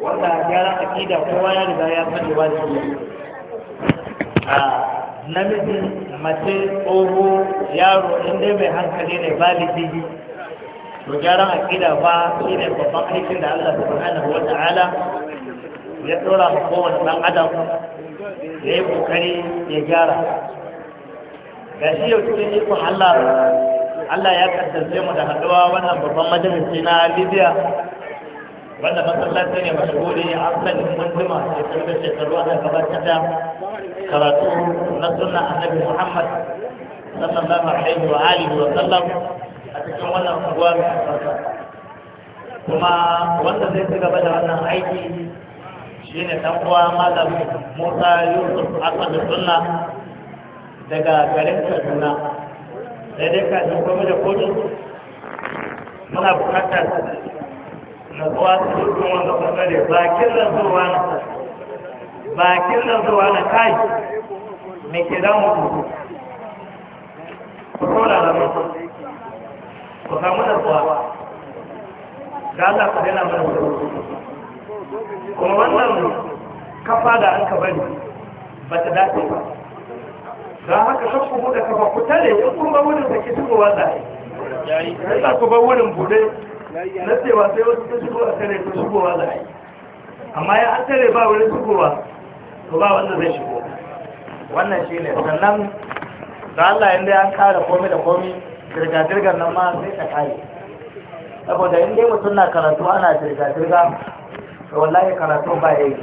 wanda gyaran akida kowa ya riga ya sani ba da a namiji mace tsoho yaro in dai mai hankali ne ba balidi to gyaran akida ba shi ne babban aikin da Allah subhanahu wata'ala ya dora ma kowane ɗan adam ya yi kokari ya gyara ga shi yau cikin ikon Allah Allah ya kasance mu da haɗuwa wannan babban majalisi na Libya wanda masallaci ne mashahuri asalin munduma shekaru da shekaru a gabatar da karatu na sunna annabi muhammad sallallahu alaihi wa alihi wa sallam a cikin wannan unguwa mai albarka kuma wanda zai ci gaba da wannan aiki shine dan uwa malam musa yusuf asalin sunna daga garin kaduna sai dai kafin kuma da kotu muna bukatar natsuwa ta cikin wanda ɓangare bakin rantsuwa na bakin rantsuwa na kai mai ke damu ku ku na da mu ku samu natsuwa da Allah ku daina mana wuri kuma wannan kafa da an ka bari ba ta dace ba don haka kan ku buɗe kafa ku tare in kun ba wurin da ke shigowa da ya yi ku ba wurin buɗe na cewa sai wasu ta shigo a tare ta shigowa za a yi amma ya an tare ba wani shigowa to ba wanda zai shigo wannan shi ne sannan da Allah inda an kare komi da komi zirga-zirgar nan ma sai ta kare saboda in dai mutum na karatu ana zirga-zirga to wallahi karatu ba ya yi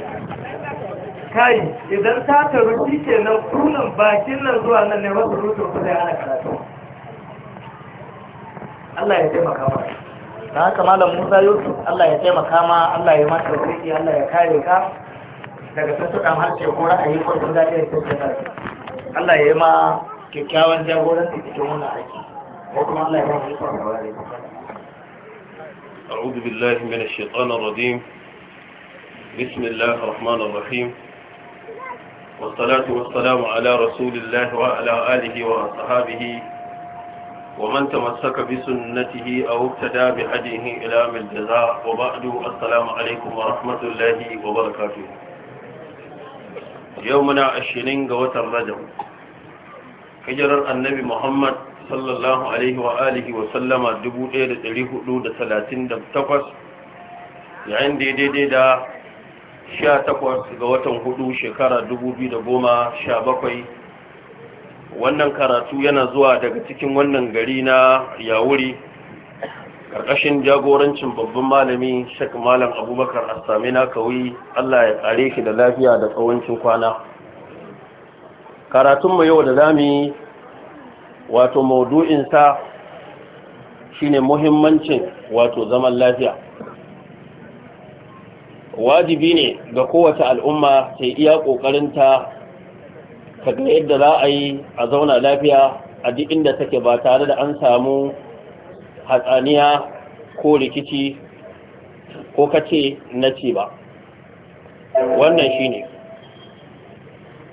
kai idan ta taru shi kenan kunan bakin nan zuwa nan ne wasu rutu kusa ana karatu Allah ya taimaka mana da haka malam Musa Yusuf Allah ya taimaka ma Allah ya mata rufi Allah ya kare ka daga sassukan harshe ko ra'ayi ko kun dace da sassukan Allah ya yi ma kyakkyawan jagoranci cikin wannan aiki ko kuma Allah ya ba mu ikon saurare أعوذ بالله من الشيطان الرجيم بسم الله الرحمن الرحيم والصلاة والسلام على رسول الله وعلى آله وصحابه ومن تمسك بسنته أو ابتدى بهديه إلى من الجزاء وبعد السلام عليكم ورحمة الله وبركاته يومنا عشرين قوة الرجم هجر النبي محمد صلى الله عليه وآله وسلم دبو إيد تليه دود ثلاثين دب تقص يعني دي دي دي دا شا تقص قوة هدو شكرا دبو بي دبوما شا بقوي wannan karatu yana zuwa daga cikin wannan gari na yawuri ƙarƙashin jagorancin babban malami shek malam abubakar na kawai allah ya tsare shi da lafiya da tsawancin kwana karatunmu yau da zami wato maudu'insa shine muhimmancin wato zaman lafiya wajibi ne ga kowace al'umma ta iya ƙoƙarinta kaga yadda za a yi a zauna lafiya a duk inda take ba tare da an samu hatsaniya ko rikici ko kace na ce ba wannan shine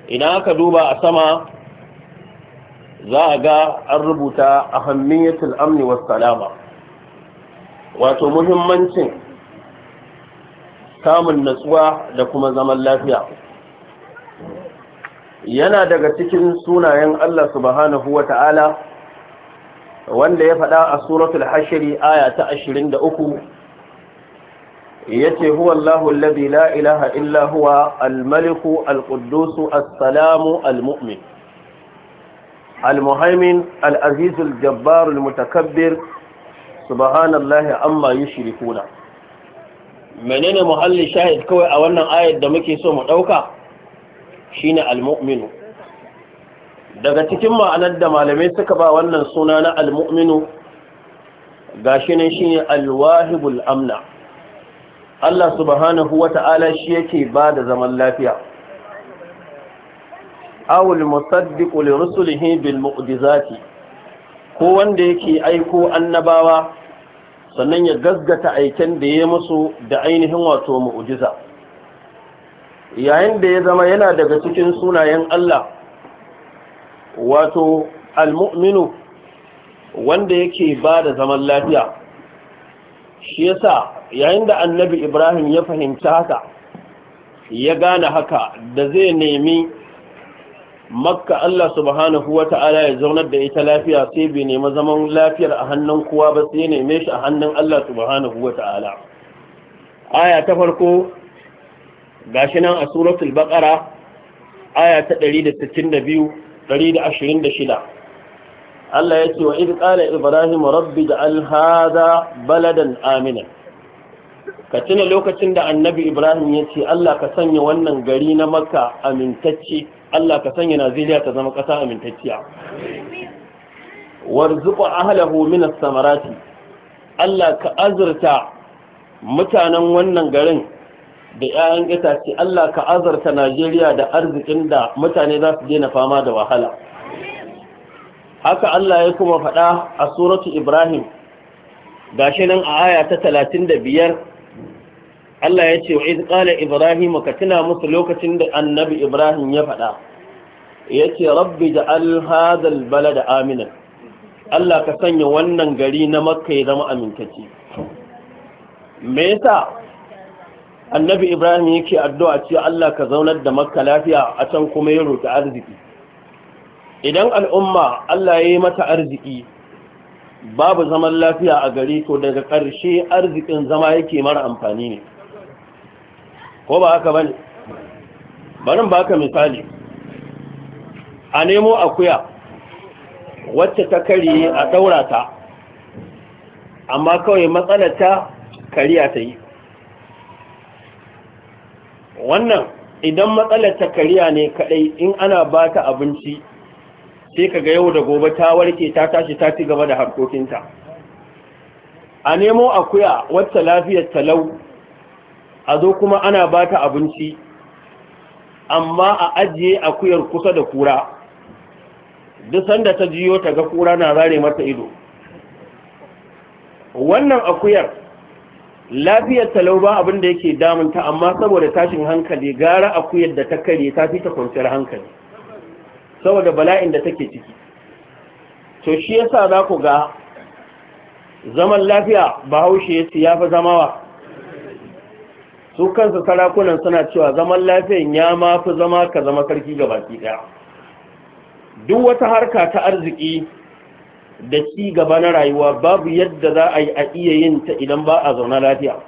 idan aka duba a sama za a ga an rubuta ahammiyatul amni was salama wato muhimmancin samun natsuwa da kuma zaman lafiya yana daga cikin sunayen Allah subhanahu wa ta'ala wanda ya faɗa a suratul hashiri aya ta 23 yace huwa Allahu alladhi la ilaha illa huwa almaliku maliku al-quddus as al-mu'min al al mutakabbir subhanallahi amma yushrikuna menene muhalli shahid kawai a wannan ayar da muke so mu ɗauka? shine almuminu. daga cikin ma'anar da malamai suka ba wannan suna na almuminu? muminu gashi ne shine al-wahibul amna Allah subhanahu wata'ala shi yake ba da zaman lafiya awul musaddiqu li rusulihi bil mu'jizati ko wanda yake aiko annabawa sannan ya gaggata aiken da ya yi musu da ainihin wato mu'jiza yayin da ya zama yana daga cikin sunayen Allah wato almu'minu wanda yake ba da zaman lafiya shi yasa yayin da annabi ibrahim ya fahimci haka ya gane haka da zai nemi makka Allah subhanahu wa ta'ala ya zaunar da ita lafiya sai bai nemi zaman lafiyar a hannun kowa ba sai ya neme shi a hannun Allah subhanahu wa ta'ala aya ta farko gashi nan a suratul baqara aya ta 162 126 Allah ya ce wa idh qala ibrahim rabbi da alhaza baladan aminan ka tuna lokacin da annabi ibrahim ya ce Allah ka sanya wannan gari na makka amintacci, Allah ka sanya najeriya ta zama ƙasa amintacciya warzuqa ahlahu min samarati Allah ka azurta mutanen wannan garin da 'ya'yan itace Allah ka azarta Najeriya da arzikin da mutane za su daina fama da wahala haka Allah ya kuma faɗa a suratu Ibrahim gashi nan a aya ta talatin da biyar Allah ya ce wa iz ƙala Ibrahim ka tuna musu lokacin da annabi Ibrahim ya faɗa ya ce, rabbi da Alhazal Bala da Amina. Allah ka sanya wannan gari na Makka ya zama amintacce me yasa annabi ibrahim yake addu'a ce Allah ka zaunar da makka lafiya a can kuma ya roƙi arziki idan al'umma Allah ya yi mata arziki babu zaman lafiya a gari to daga ƙarshe arzikin zama yake mara amfani ne ko ba haka bane barin baka misali a nemo akuya wacce ta kare a daura ta amma kawai matsalar ta kariya ta yi wannan idan matsalar ta kariya ne kadai in ana ba ta abinci sai ka ga yau da gobe ta warke ta tashi ta ci gaba da harkokinta a nemo akuya wacce lafiyar talau a zo kuma ana ba ta abinci amma a ajiye akuyar kusa da kura duk sanda ta jiyo ta ga kura na zare mata ido wannan akuyar lafiyar talau ba abin da yake damunta amma saboda tashin hankali gara akuyar da ta kare ta fi ta kwanciyar hankali saboda bala'in da take ciki to shi yasa za ku ga zaman lafiya bahaushe ya ce ya fi zama wa su kansu sarakunan suna cewa zaman lafiyan ya ma fi zama ka zama sarki ga baki ɗaya. duk wata harka ta arziki da ci gaba na rayuwa babu yadda za a yi a iya yin ta idan ba a zauna lafiya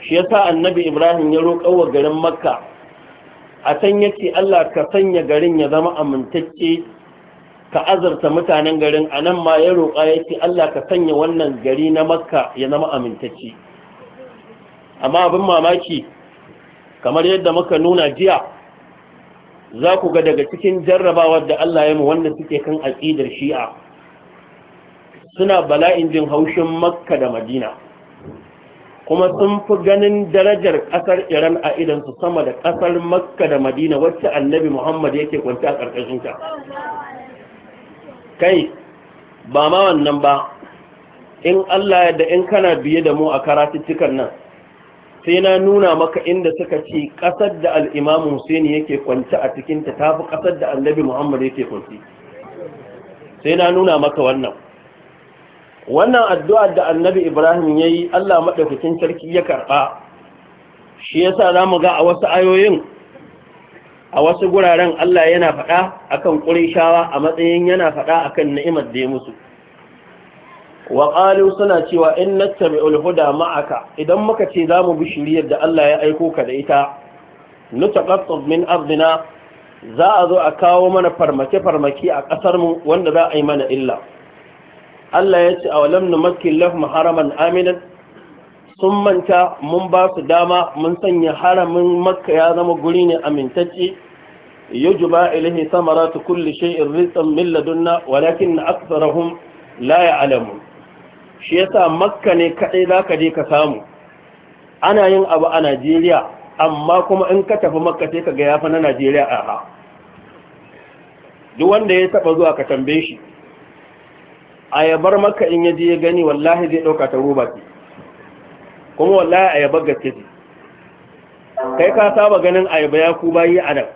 shi ya sa annabi ibrahim ya roƙa wa garin makka a can ce Allah ka sanya garin ya zama amintacce ka azarta mutanen garin a nan ma ya roƙa ya ce Allah ka sanya wannan gari na makka ya zama amintacce amma abin mamaki kamar yadda muka nuna jiya za ku ga daga cikin jarrabawar da Allah ya mu wanda suke kan aƙidar shi'a suna bala'in jin haushin makka da madina kuma sun fi ganin darajar ƙasar iran a idansu sama da kasar makka da madina wacce annabi muhammad yake kwanci a ƙarƙashinta kai ba ma wannan ba in allah da in kana biye da mu a karatuttukan nan sai na nuna maka inda suka ci kasar da al'imamu husaini yake kwanci a cikinta ta fi ƙasar da annabi muhammad yake kwanci sai na nuna maka wannan wannan addu'a da annabi ibrahim ya yi allah maɗaukacin sarki ya karɓa shi ya sa za mu ga a wasu ayoyin a wasu guraren allah yana faɗa akan ƙurishawa a matsayin yana faɗa akan na'imar da ya musu wa suna cewa in na nattabi'ul huda ma'aka idan muka ce za mu bi shiriyar da allah ya aiko ka da ita nutaqattad min za a zo a kawo mana farmake-farmake a ƙasarmu wanda za a yi mana illa Allah ya ce a walam maskin lafi haraman aminan sun manta mun ba su dama mun sanya haramin makka ya zama guri ne amintacce samara ta kulle shi in rizqan min ladunna walakin na sarahun laye alamu. shi ya sa makka ne za zaka je ka samu ana yin abu a Najeriya amma kuma in ka tafi makka sai ka ga yafa na Najeriya ha duk wanda ya taɓa zuwa ka tambaye shi ayabar maka in yaji ya gani wallahi zai ɗauka ta roba ce kuma wallahi ayabar gaske ce kai ka saba ganin ayaba ya ku bayi a nan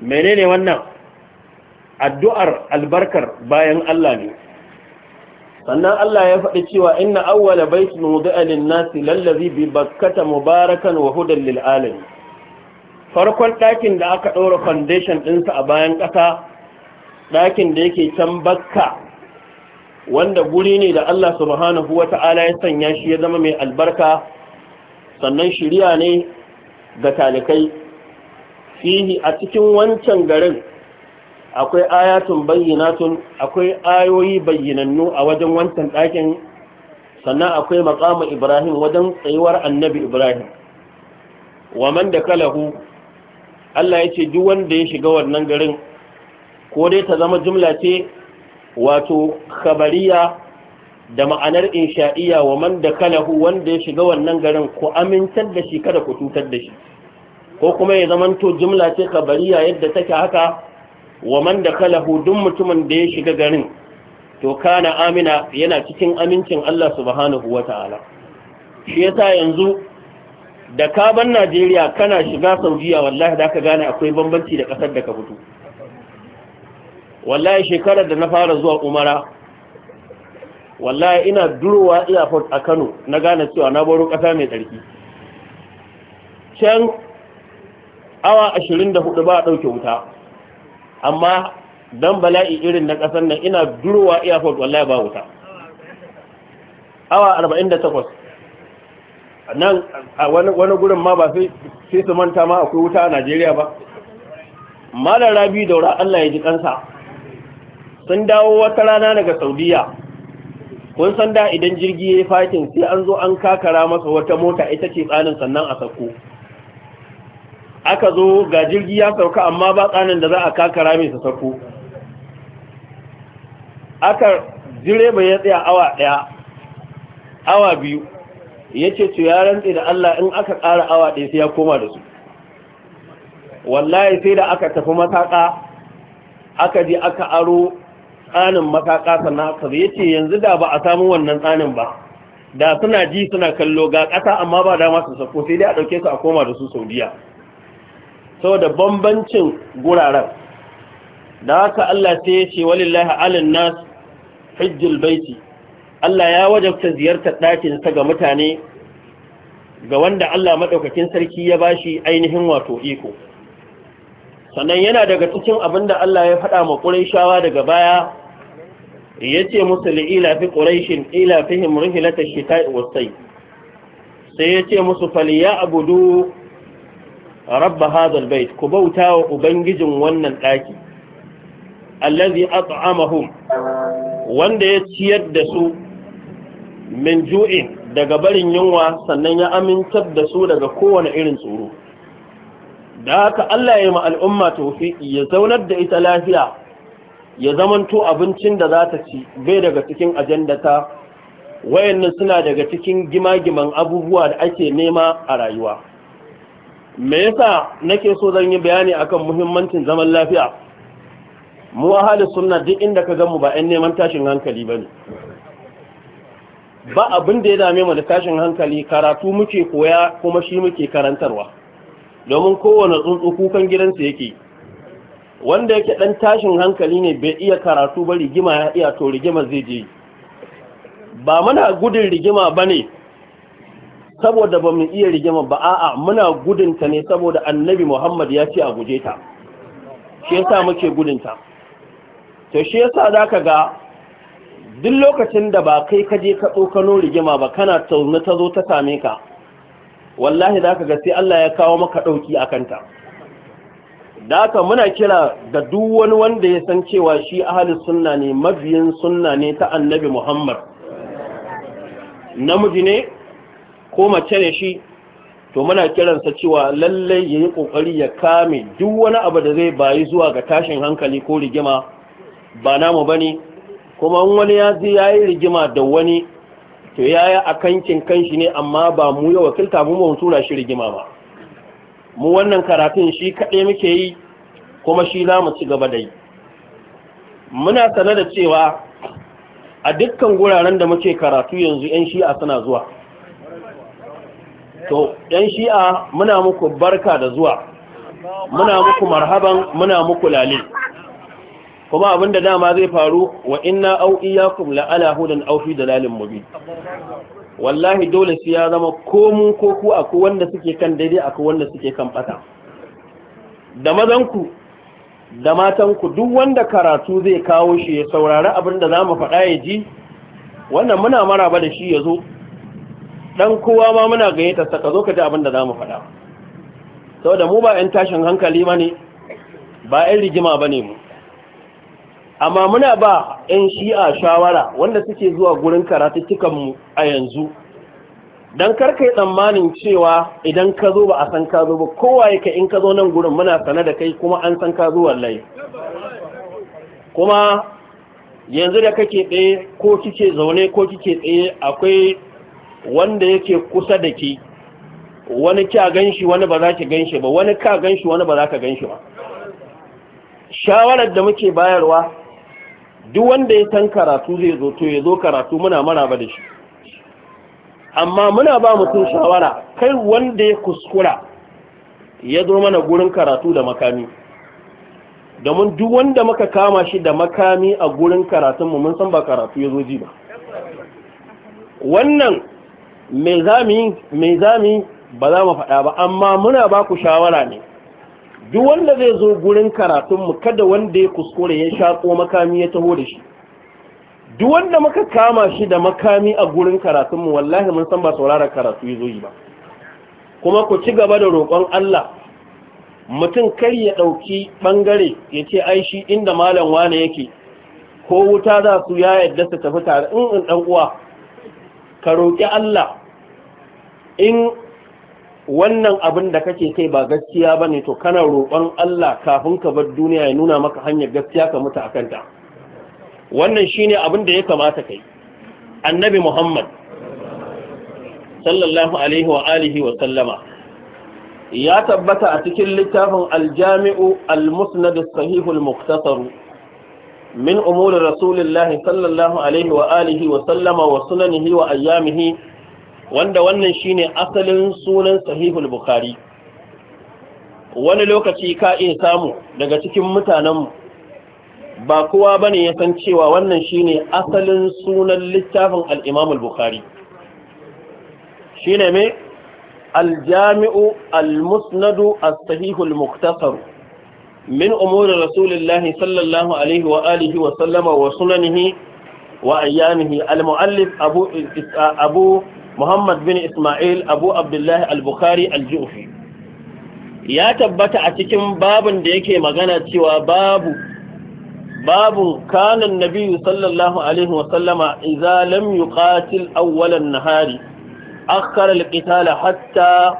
menene wannan addu'ar albarkar bayan Allah ne sannan Allah ya faɗi cewa inna awwala baitin wudi'a lin-nasi lallazi bi bakkata mubarakan wa hudan lil farkon ɗakin da aka ɗora foundation ɗinsa a bayan ƙasa ɗakin da yake can bakka wanda guri ne da Allah subhanahu wa ta'ala ya sanya shi ya zama mai albarka sannan shirya ne ga talikai fihi a cikin wancan garin akwai ayatun bayyanatun akwai ayoyi bayyanannu a wajen wancan ɗakin sannan akwai maƙamu ibrahim wajen tsayuwar annabi ibrahim wa man da kalahu Allah ya ce duk wanda ya shiga wannan garin ko dai ta zama jumla ce wato khabariya da ma'anar insha'iya wa man da kalahu wanda ya shiga wannan garin ko amintar da shi kada ku cutar da shi ko kuma ya zamanto jumla ce khabariya yadda take haka wa man da kalahu duk mutumin da ya shiga garin to kana amina yana cikin amincin Allah subhanahu wata'ala shi yasa yanzu da ka bar Najeriya kana shiga Saudiya wallahi da ka gane akwai bambanci da kasar da ka fito wallahi shekarar da na fara zuwa umara wallahi ina durowa fort a Kano na gane cewa na baro kasa mai tsarki can awa 24 ba a dauke wuta amma don bala'i irin na kasan nan ina durowa fort wallahi ba wuta awa 48 nan a wani gurin ma ba sai su manta ma akwai wuta a Najeriya ba malar rabi daura Allah ya ji kansa sun dawo wata rana daga saudiya kun san da idan jirgi ya fakin sai an zo an kakara masa wata mota ita ce tsanin sannan a sako aka zo ga jirgi ya sauka amma ba tsanin da za a kakara mai su sako aka bai ya tsaya awa ɗaya awa biyu ya ce to ya rantse da Allah in aka ƙara awa ɗaya sai ya koma da su wallahi sai da aka tafi mataka aka je aka aro tsanin makaka sannan aka ya ce yanzu da ba a samu wannan tsanin ba da suna ji suna kallo ga ƙasa amma ba dama su sako sai dai a ɗauke su a koma da su saudiya saboda bambancin guraren da haka Allah sai ya ce walillahi alin nas hajjul baiti Allah ya wajabta ziyartar ɗakin sa ga mutane ga wanda Allah maɗaukakin sarki ya ba shi ainihin wato iko sannan yana daga cikin abin da Allah ya faɗa ma shawa daga baya Ya ce musu li'ila fi ƙurashin ila fihim rihlata shita'i was-sayf sai yace musu ya abudu Rabba al-bayt ku bauta wa ubangijin wannan ɗaki allazi at'amahum wanda ya ciyar da su min ju'in daga barin yunwa sannan ya amintar da su daga kowane irin tsoro da haka Allah ya ma al'umma tofi, ya zaunar da ita lafiya ya zamanto abincin da za ta ci bai daga cikin ajandata wayannan suna daga cikin gimagiman abubuwa da ake nema a rayuwa me yasa nake so zan yi bayani akan muhimmancin zaman lafiya mu ahalus sunna duk inda ka mu ba 'yan neman tashin hankali bane ba abin da ya dame mu da tashin hankali karatu muke koya kuma shi muke karantarwa domin kowane tsuntsu kukan gidansa yake wanda yake dan tashin hankali ne bai iya karatu ba rigima ya iya to rigima zai je ba muna gudun rigima ba ne saboda ba mu iya rigima ba a'a muna gudunta ne saboda annabi muhammad ya ce a guje ta shi yasa muke gudunta to shi yasa za ka ga duk lokacin da ba kai ka je ka tsokano rigima ba kana tauna ta zo ta same ka wallahi za ka ga sai allah ya kawo maka ɗauki a kanta da aka muna kira da duk wani wanda ya san cewa shi ahalus sunna ne mabiyin sunna ne ta annabi muhammad namiji ne ko mace ne shi to muna kiransa cewa lallai ya yi ƙoƙari ya kame duk wani abu da zai bayi zuwa ga tashin hankali ko rigima ba namu ba ne kuma wani ya zai ya yi rigima da wani to ya yi a kankin kanshi ne amma ba mu ya wakilta mu ba mu tura shi rigima ba mu wannan karatun shi kaɗai muke yi kuma shi za mu ci gaba da yi muna sane da cewa a dukkan guraren da muke karatu yanzu 'yan shi'a suna zuwa to 'yan shi'a muna muku barka da zuwa muna muku marhaban muna muku lale kuma abin da dama zai faru wa inna aui ya la ala hudan aufi da lalin mubi wallahi dole su ya zama komu ko ku akwai wanda suke kan daidai akwai wanda suke kan bata da mazanku da matanku duk wanda karatu zai kawo shi ya saurari abin da za mu faɗa ya ji wannan muna maraba da shi ya zo ɗan kowa ma muna gayyata saka zo ka ji abin da za mu faɗa saboda mu ba 'yan tashin hankali ba ne ba 'yan rigima ba ne mu amma muna ba 'yan shi'a shawara wanda suke zuwa gurin karatuttukanmu a yanzu don karka yi tsammanin cewa idan ka zo ba a san ka zo ba kowa yake in ka zo nan gurin muna sane da kai kuma an san ka zo wallai. kuma yanzu da kake tsaye ko kike zaune ko kike tsaye akwai wanda yake kusa da ke wani kya ganshi wani ba za ki ganshi ba wani ka ganshi wani ba za ka ganshi ba shawarar da muke bayarwa duk wanda ya tan karatu zai zo to ya zo karatu muna maraba da shi amma muna ba mutum shawara kai wanda ya kuskura ya zo mana gurin karatu da makami domin duk wanda muka kama shi da makami a gurin karatunmu mun san ba karatu ya zo ji ba wannan mai zami ba za mu faɗa ba amma muna ba ku shawara ne duk wanda zai zo gurin karatunmu kada wanda ya kuskure ya shaƙo makami ya taho da shi duk wanda muka kama shi da makami a gurin karatunmu wallahi mun san ba saurara karatu ya zo yi ba kuma ku ci gaba da roƙon Allah mutum kar ya ɗauki ɓangare ya ce ai shi inda malam wane yake ko wuta za su ya yadda su tafi tare in in ɗan uwa ka roƙi Allah in wannan abin da kake kai ba gaskiya ba ne to kana roƙon Allah kafin ka bar duniya ya nuna maka hanyar gaskiya ka mutu a kanta wannan shi ne abin da ya kamata kai annabi muhammad sallallahu alaihi wa alihi wa sallama ya tabbata a cikin littafin aljami'u al-musnad as-sahih al min umuri rasulillahi sallallahu alaihi wa alihi wa sallama wa sunanihi wa ayyamihi wanda wannan shine asalin sunan sahihul bukhari wani lokaci ka iya samu daga cikin mutanenmu ba kowa bane ya san cewa wannan shine asalin sunan littafin al imamul al-Bukhari shine me al-Jami'u al musnadu as-Sahih muktasar. min umuri Rasulullah sallallahu alaihi wa alihi wa sallama wa sunanihi wa ayyamihi al-mu'allif Abu Abu muhammad bin isma'il abu abdullahi al-bukhari al-ju'fi ya tabbata a cikin babin da yake magana cewa babu babu kanan Nabi sallallahu alaihi wasallama idza lam yuqatil awwalan nahari akhara al-qital hatta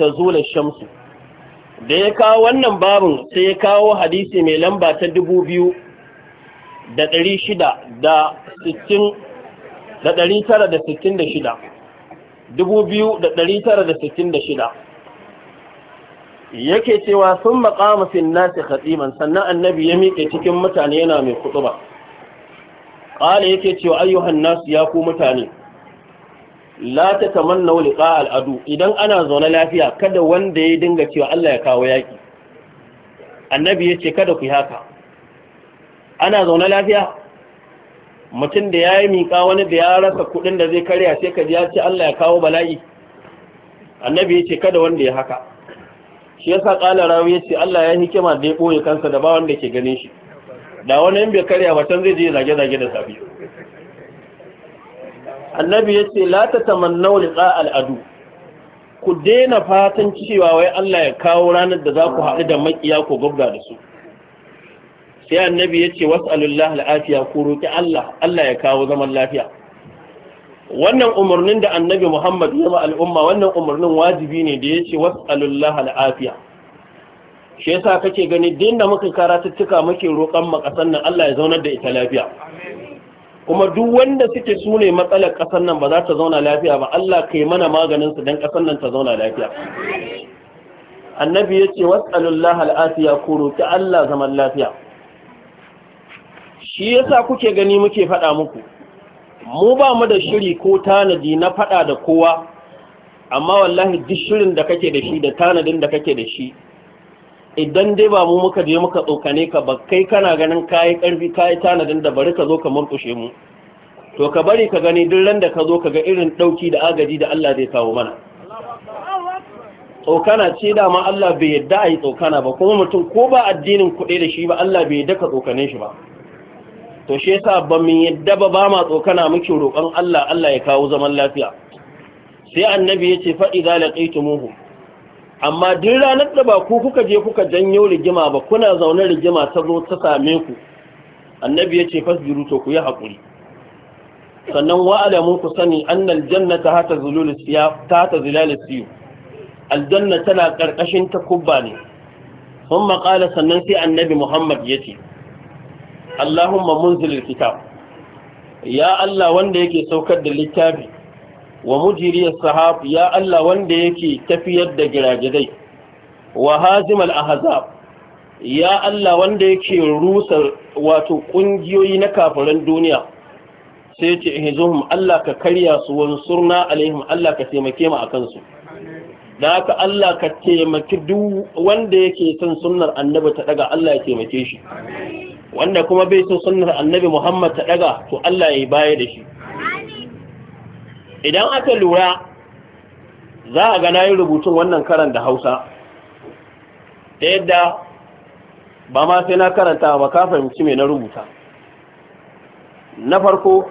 ta ash-shamsu da ya kawo wannan babin sai ya kawo hadisi mai lamba ta dubu biyu da ɗari shida da sittin da ɗari da sittin da shida 2966 yake cewa sun maqama fil nasi khatiman sannan annabi ya miƙe cikin mutane yana mai kutuba ƙala yake cewa ayyuhan nasu ya ku mutane la tatamannu liqa al al'adu. idan ana zaune lafiya kada wanda ya dinga cewa Allah ya kawo yaƙi. annabi ya ce kada ku yi haka ana zaune lafiya mutum da ya yi miƙa wani da ya rasa kuɗin da zai karya sai ka ji ya ce Allah ya kawo bala'i annabi ya ce kada wanda ya haka shi yasa ƙala rawu ya ce Allah ya hikima da ya ɓoye kansa da ba wanda ke ganin shi da wani bai karya ba can zai je zage-zage da safi annabi ya ce la ta tamannau liqa al'adu ku daina fatan cewa wai Allah ya kawo ranar da za ku haɗu da makiya ko gubga da su sai annabi ya ce was'alullah al'afiya ku roki Allah Allah ya kawo zaman lafiya wannan umarnin da annabi Muhammad ya ma al'umma wannan umarnin wajibi ne da ya ce was'alullah al'afiya shi yasa kake gani din da muka karatuttuka muke roƙon makasan nan Allah ya zaunar da ita lafiya kuma duk wanda suke su ne matsalar ƙasar nan ba za ta zauna lafiya ba Allah kai mana maganin su don ƙasar nan ta zauna lafiya annabi ya ce was'alullah al'afiya ku roki Allah zaman lafiya shi yasa kuke gani muke faɗa muku mu ba mu da shiri ko tanadi na faɗa da kowa amma wallahi duk shirin da kake da shi da tanadin da kake da shi idan dai ba mu muka je muka tsokane ka ba kai kana ganin kayi karfi kayi tanadin da bari ka zo ka murkushe mu to ka bari ka gani duk randa ka zo ka ga irin dauki da agaji da Allah zai kawo mana tsokana ce da ma Allah bai yadda a yi tsokana ba kuma mutum ko ba addinin kuɗi da shi ba Allah bai yadda ka tsokane shi ba to shi yasa ba mu yadda ba ba ma tsokana muke roƙon Allah Allah ya kawo zaman lafiya sai annabi ya ce fa idza amma duk ranar da ba ku kuka je kuka janyo rigima ba kuna zaune rigima ta zo ta same ku annabi ya ce fasbiru to ku yi hakuri sannan wa'alamu ku sani annal jannata hata ta hata zilal siyu aljanna tana karkashin takubba ne sun maƙala sannan sai annabi muhammad ya ce Allahumma munzil kitab ya Allah wanda yake saukar da littafi wa mujiriyar sahab ya Allah wanda yake tafiyar da giragidai wa hazimal ahzab ya Allah wanda yake rusa wato kungiyoyi na kafiran duniya sai ce hizuhum Allah ka karya su wansurna alaihim Allah ka taimake mu akan su da haka Allah ka taimaki duk wanda yake son sunnar annabi ta daga Allah ya taimake shi amin wanda kuma bai so sunnar annabi Muhammad ta daga to Allah ya baya da shi idan aka lura za a ga yin rubutun wannan karan da Hausa ta yadda ba ma sai na karanta ba ka fahimci me na rubuta na farko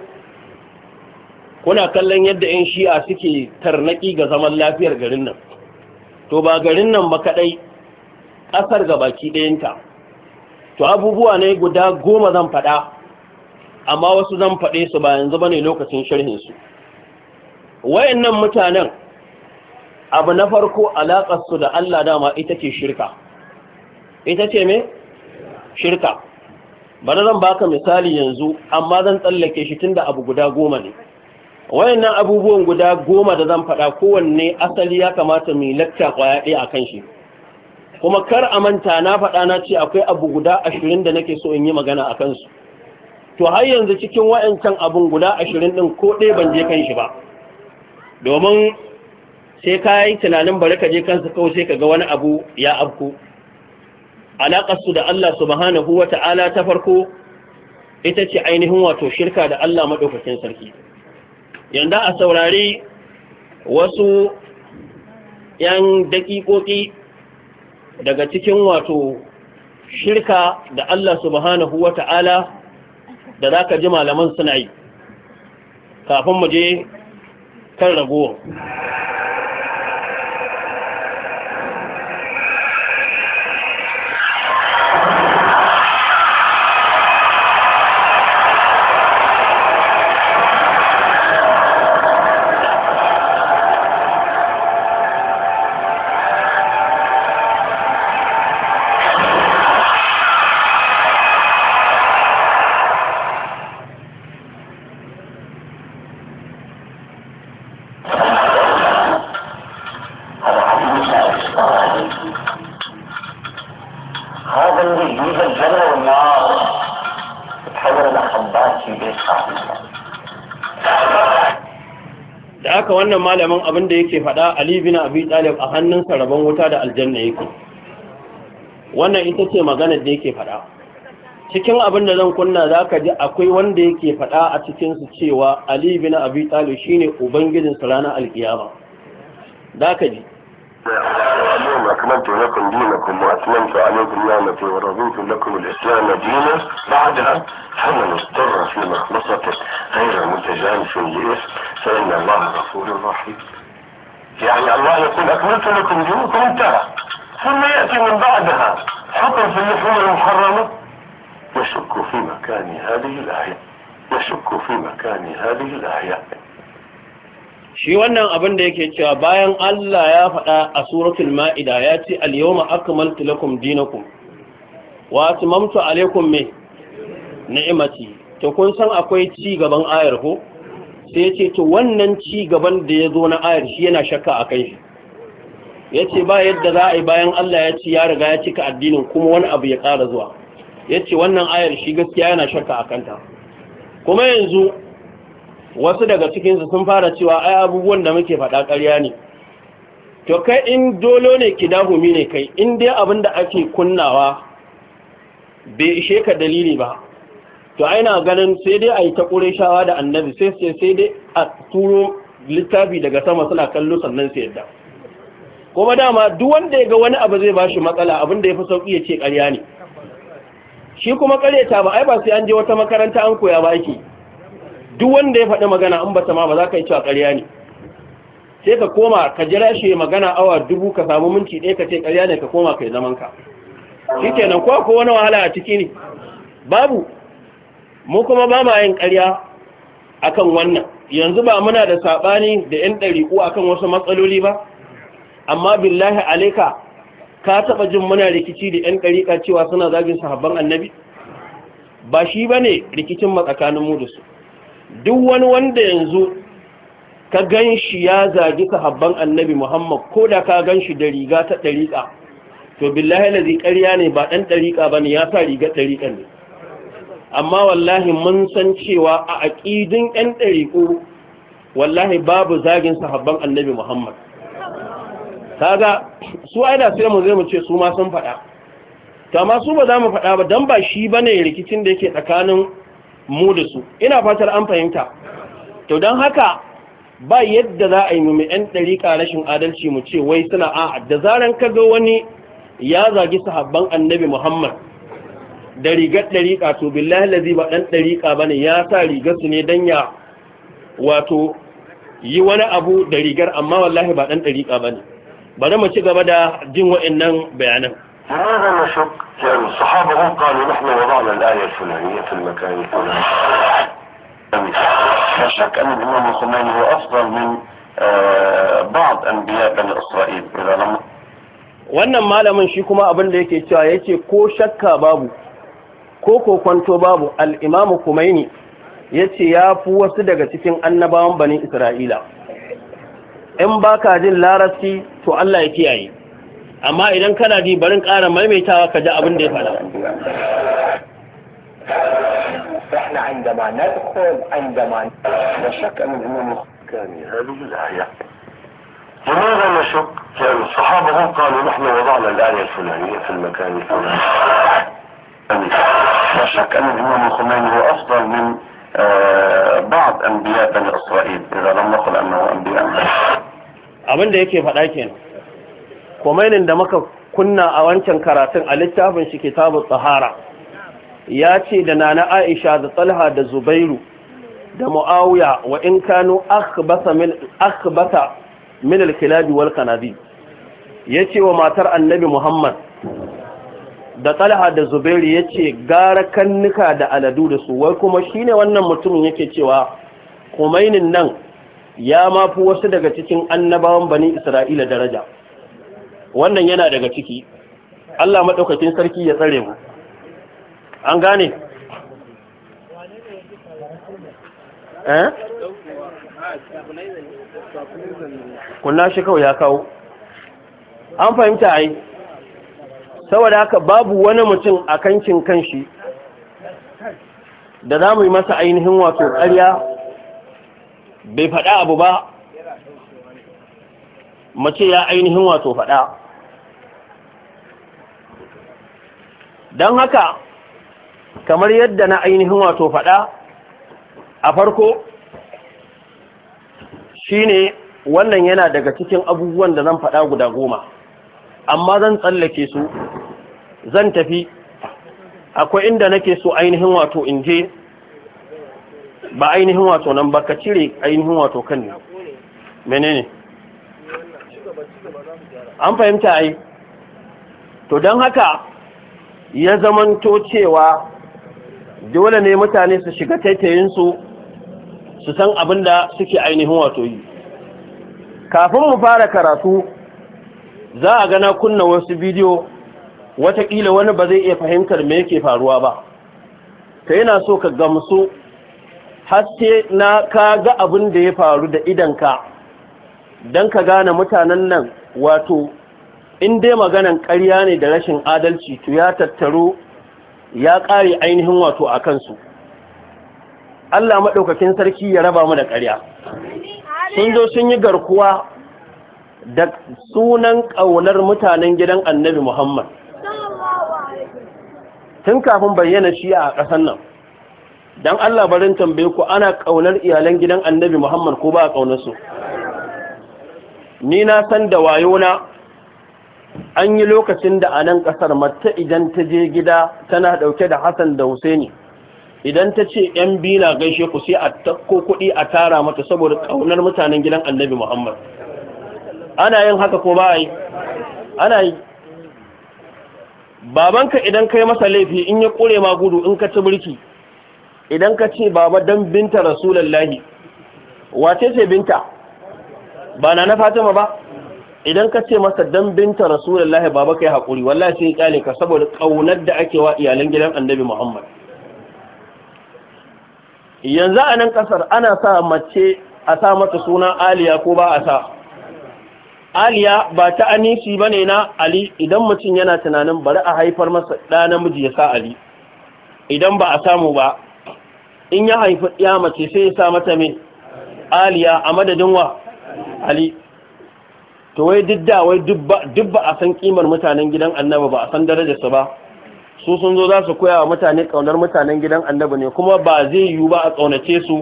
kuna kallon yadda 'yan shi'a suke tarnaki ga zaman lafiyar garin nan to ba garin nan ba kadai ƙasar ga baki ɗayanta to abubuwa ne guda goma zan faɗa amma wasu zan faɗe su ba yanzu bane lokacin sharhinsu wayannan mutanen abu na farko alaƙarsu da Allah dama ita ce shirka ita ce me shirka ba zan baka misali yanzu amma zan tsallake shi tunda abu guda goma ne wayannan abubuwan guda goma da zan faɗa kowanne asali ya kamata mu lakta kwaya ɗaya kan shi kuma kar a manta na faɗa na ce akwai abu guda ashirin da nake so in yi magana a kansu to har yanzu cikin wa'ancan abun guda ashirin ɗin ko ɗaya ban je kan shi ba domin sai ka yi tunanin bari ka je kansu kawai sai ka ga wani abu ya afku alaƙarsu da Allah su subhanahu wa ta'ala ta farko ita ce ainihin wato shirka da Allah maɗaukakin sarki yanda a saurari wasu ‘yan daƙiƙoƙi daga cikin wato shirka da Allah subhanahu wa ta'ala da za ka ji malaman suna yi kafin mu je kan ragowar wannan malamin abin da yake faɗa Ali bin Abi Talib a hannunsa rabon wuta da aljanna yake wannan ita ce magana da yake faɗa cikin abin da zan kunna zaka ji akwai wanda yake faɗa a cikin su cewa Ali bin Abi Talib shine ubangijin su ranar alkiyama zaka ji اليوم أكملت لكم دينكم وأتممت عليكم نعمتي ورضيت لكم الإسلام دينا بعدها فمن اضطر في مخلصة غير متجانس لإثم فإن الله غفور رحيم يعني الله يقول أكملت لكم دينكم انتهى ثم يأتي من بعدها حكم في اللحوم المحرمة نشك في مكان هذه الآية نشك في مكان هذه الآية shi wannan abin da yake cewa bayan Allah ya faɗa a suratul ma'ida ya ce al-yawma akmaltu lakum dinakum wa atmamtu alaykum me ni'mati to kun san akwai ci gaban ayar ko sai ya ce to wannan ci gaban da ya zo na ayar shi yana shakka a kai shi ya ce ba yadda za a yi bayan Allah ya ci ya riga ya cika addinin kuma wani abu ya ƙara zuwa ya ce wannan ayar shi gaskiya yana shakka a kanta kuma yanzu wasu daga cikinsu sun fara cewa ai abubuwan da muke faɗa ƙarya ne to kai in dolo ne ki dahumi ne kai in dai abin da ake kunnawa bai ishe ka dalili ba to aina ganin sai dai a yi ta shawa da annabi sai sai dai a turo littafi daga sama suna kallo sannan sai yadda kuma dama duk wanda ya ga wani abu zai ba shi matsala abin da ya fi sauƙi ya ce ƙarya ne shi kuma ƙaryata ba ai ba sai an je wata makaranta an koya ba duk wanda ya faɗi magana an ba ma ba za ka yi cewa ƙarya ne sai ka koma ka jira shi magana awa dubu ka samu minti ɗaya ka ce ƙarya ne ka koma ka yi zaman ka shi kenan ko ko wani wahala a ciki ne babu mu kuma ba ma yin ƙarya akan wannan yanzu ba muna da saɓani da 'yan ɗariƙu akan wasu matsaloli ba amma billahi alaika ka taɓa jin muna rikici da yan ɗariƙa cewa suna zagin sahabban annabi ba shi ba ne rikicin matsakanin mu da su duk wani wanda yanzu ka gan shi ya zagi sahabban annabi muhammad ko da ka gan shi da riga ta ɗariƙa to billahi lazi ƙarya ne ba ɗan ɗariƙa ba ne ya sa riga ɗariƙa ne amma wallahi mun san cewa a aƙidin ɗan ɗariƙo wallahi babu zagin sahabban annabi muhammad kaga su aida sai mu zai mu ce su ma sun faɗa ta amma su ba za mu faɗa ba don ba shi ba ne rikicin da yake tsakanin mu da su ina fatar an fahimta to don haka ba yadda za a yi mu yan ɗarika rashin adalci mu ce wai suna a da zaran kaga wani ya zagi sahabban annabi muhammad da rigar ɗariƙa to billahi lazi ba ɗan ɗariƙa ba ne ya sa rigar su ne don ya wato yi wani abu da rigar amma wallahi ba ɗan ɗariƙa ba ne mu ci gaba da jin waɗannan bayanan لماذا نشك؟ يعني الصحابة هم قالوا نحن وضعنا الآية الفلانية في المكان الفلاني لا شك أن الإمام الخميني هو أفضل من بعض أنبياء بني إسرائيل إذا لم wannan malamin shi kuma abin da yake cewa yace ko shakka babu ko kokwanto babu al-imamu kumaini yace ya fi wasu daga cikin annabawan bani isra'ila in baka jin larasi to Allah ya kiyaye amma idan kana ji barin ƙara maimaitawa ka ji abin da ya faɗa عندما ندخل عندما لا شك أن هذه الآية لماذا نشك؟ يعني الصحابة هم قالوا نحن وضعنا الآية الفلانية في المكان الفلاني لا شك أن الإمام الخميني هو أفضل من آه، بعض أنبياء بني إسرائيل إذا لم نقل أنه أنبياء بني إسرائيل. yake faɗa Komainin da muka kunna a wancan karatun a littafin shi kitabun tsahara ya ce da nana aisha da Tsalha da zubairu da mu'awiya wa in kanu akhbata min alkilabi wal kanadi ce wa matar annabi muhammad da talha da zubairu ya ce gara kannuka da aladu da su wai kuma shine wannan mutumin yake cewa kumainin nan ya mafi wasu daga cikin annabawan bani isra'ila daraja wannan yana daga ciki Allah maɗaukakin sarki ya tsare mu an gane eh? kunna shi kawai ya kawo an fahimta ai saboda haka babu wani mutum a kankin kanshi da za mu yi masa ainihin wato ƙarya bai faɗa abu ba mace ya ainihin wato faɗa don haka kamar yadda na ainihin wato faɗa a farko shine wannan yana daga cikin abubuwan da zan faɗa guda goma amma zan tsallake su zan tafi akwai inda nake so ainihin wato in je ba ainihin wato nan ba ka cire ainihin wato kan ne menene an fahimta ai to don haka ya zamanto cewa dole ne mutane su shiga taitayinsu su san abin da suke ainihin wato yi kafin mu fara karatu za a gana kunna wasu bidiyo watakila wani ba zai iya fahimtar me yake faruwa ba Ta yana so ka gamsu haske na ka ga abin da ya faru da idanka don ka gane mutanen nan wato in dai maganan ƙarya ne da rashin adalci to ya tattaro ya ƙare ainihin wato a kansu Allah maɗaukakin sarki ya raba mu da ƙarya sun zo sun yi garkuwa da sunan ƙaunar mutanen gidan annabi Muhammad tun kafin bayyana shi a ƙasar nan don Allah barin tambaye ku ana ƙaunar iyalan gidan annabi Muhammad ko ba a ƙaunarsu ni na san da wayona an yi lokacin da a nan ƙasar mace idan ta je gida tana ɗauke da hassan da husaini idan ta ce yan biyu na gaishe ku sai a takko kuɗi a tara mata saboda ƙaunar mutanen gidan annabi muhammad ana yin haka ko ba yi ana yi babanka idan kai masa laifi in ya ƙure ma gudu in ka ci birki idan ka ce baba dan binta rasulallahi wace ce binta ba na na fatima ba idan ka ce masa dan binta rasulullahi baba kai hakuri wallahi sai kyale ka saboda kaunar da ake wa iyalan gidan annabi Muhammad yanzu a nan kasar ana sa mace a sa mata suna Aliya ko ba a sa Aliya ba ta anisi bane na Ali idan mutum yana tunanin bari a haifar masa ɗa namiji ya sa Ali idan ba a samu ba in ya haifi ya mace sai ya sa mata mai Aliya a madadin wa Ali to wai duk wai duk ba a san kimar mutanen gidan annaba ba a san darajarsa ba su sun zo za su koya wa mutane kaunar mutanen gidan annaba ne kuma ba zai yiwu ba a kaunace su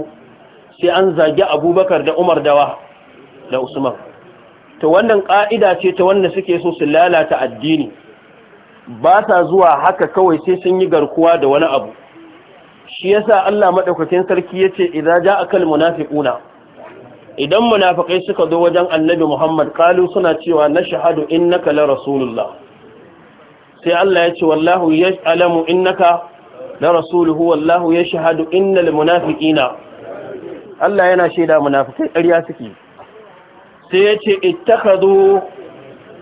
sai an zagi abubakar da umar dawa da usman to wannan ƙa'ida ce ta wanda suke so su lalata addini ba ta zuwa haka kawai sai sun yi garkuwa da wani abu shi yasa Allah madaukakin sarki ya yace idza ja'a kal munafiquna idan munafikai suka zo wajen annabi Muhammad kalu suna cewa na shahadu innaka la rasulullah sai Allah ya ce wallahu ya'lamu innaka la rasuluhu wallahu yashhadu innal munafiqina Allah yana shaida munafikai ƙarya suke sai ya ce ittakhadhu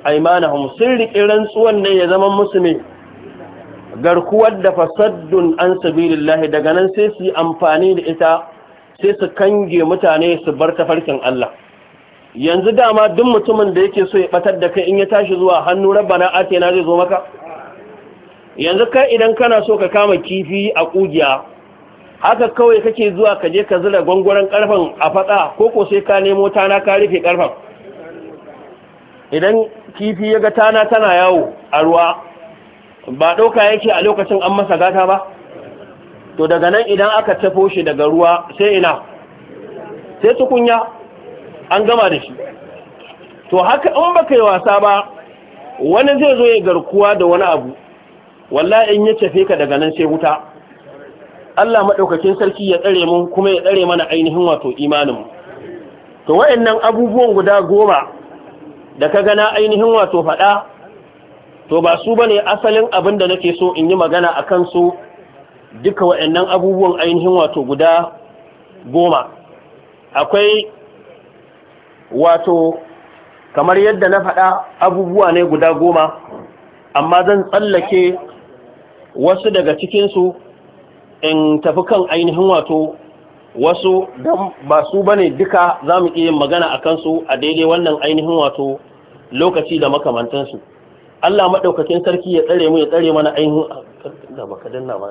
aymanahum Sirri riƙe rantsuwan nan ya zama musulmi garkuwar da fasaddun an sabilillahi daga nan sai su yi amfani da ita sai su kange mutane su bar tafarkin Allah yanzu dama duk mutumin da yake so ya batar da kai in ya tashi zuwa hannu na, atina zai zo maka yanzu kai idan kana so ka kama kifi a ƙugiya, haka kawai kake zuwa ka je ka zura gwangwaren karfan a fada ko ko sai ka nemo tana ka rufe karfan idan kifi ya ga tana tana yawo a ruwa ba ɗauka yake a lokacin an masa gata ba to daga nan idan aka tafo shi daga ruwa sai ina sai tukunya an gama da shi to haka in baka yi wasa ba wani zai zo ya garkuwa da wani abu wallahi in ya tafe ka daga nan sai wuta Allah maɗaukakin sarki ya tsare mu kuma ya tsare mana ainihin wato imaninmu to wayannan abubuwan guda goma da ka gana ainihin wato faɗa to ba su bane asalin abin da nake so in yi magana a su. duka waɗannan abubuwan ainihin wato guda goma akwai wato kamar yadda na faɗa abubuwa ne guda goma amma zan tsallake wasu daga cikinsu in tafi kan ainihin wato wasu don ba su ba ne duka za mu iya magana a kansu a daidai wannan ainihin wato lokaci da makamantansu Allah maɗaukakin sarki ya tsare mu ya tsare mana ainihin da baka danna ba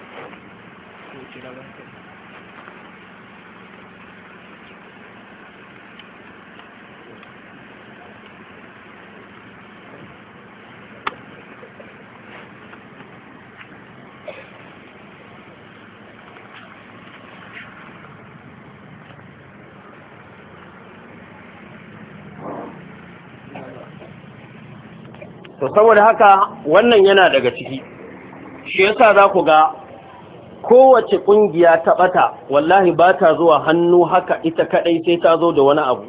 saboda haka wannan yana daga ciki shi yasa za ku ga kowace ƙungiya ta ɓata wallahi ba ta zuwa hannu haka ita kaɗai sai ta zo da wani abu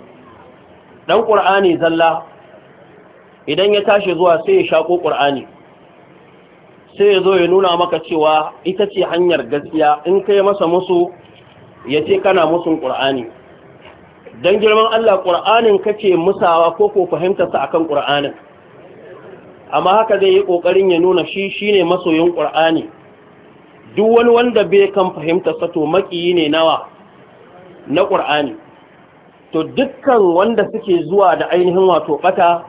ɗan ƙur'ani zalla idan ya tashi zuwa sai ya shaƙo ƙur'ani sai ya zo ya nuna maka cewa ita ce hanyar gaskiya in kai masa musu ya ce kana musu ƙur'ani dan girman Allah ƙur'anin kake musawa ko ko sa akan ƙur'anin amma haka zai yi ƙoƙarin ya nuna shi shine masoyin ƙur'ani duk wani wanda bai kan fahimta sato makiyi ne nawa na ƙur'ani to dukkan wanda suke zuwa da ainihin wato ɓata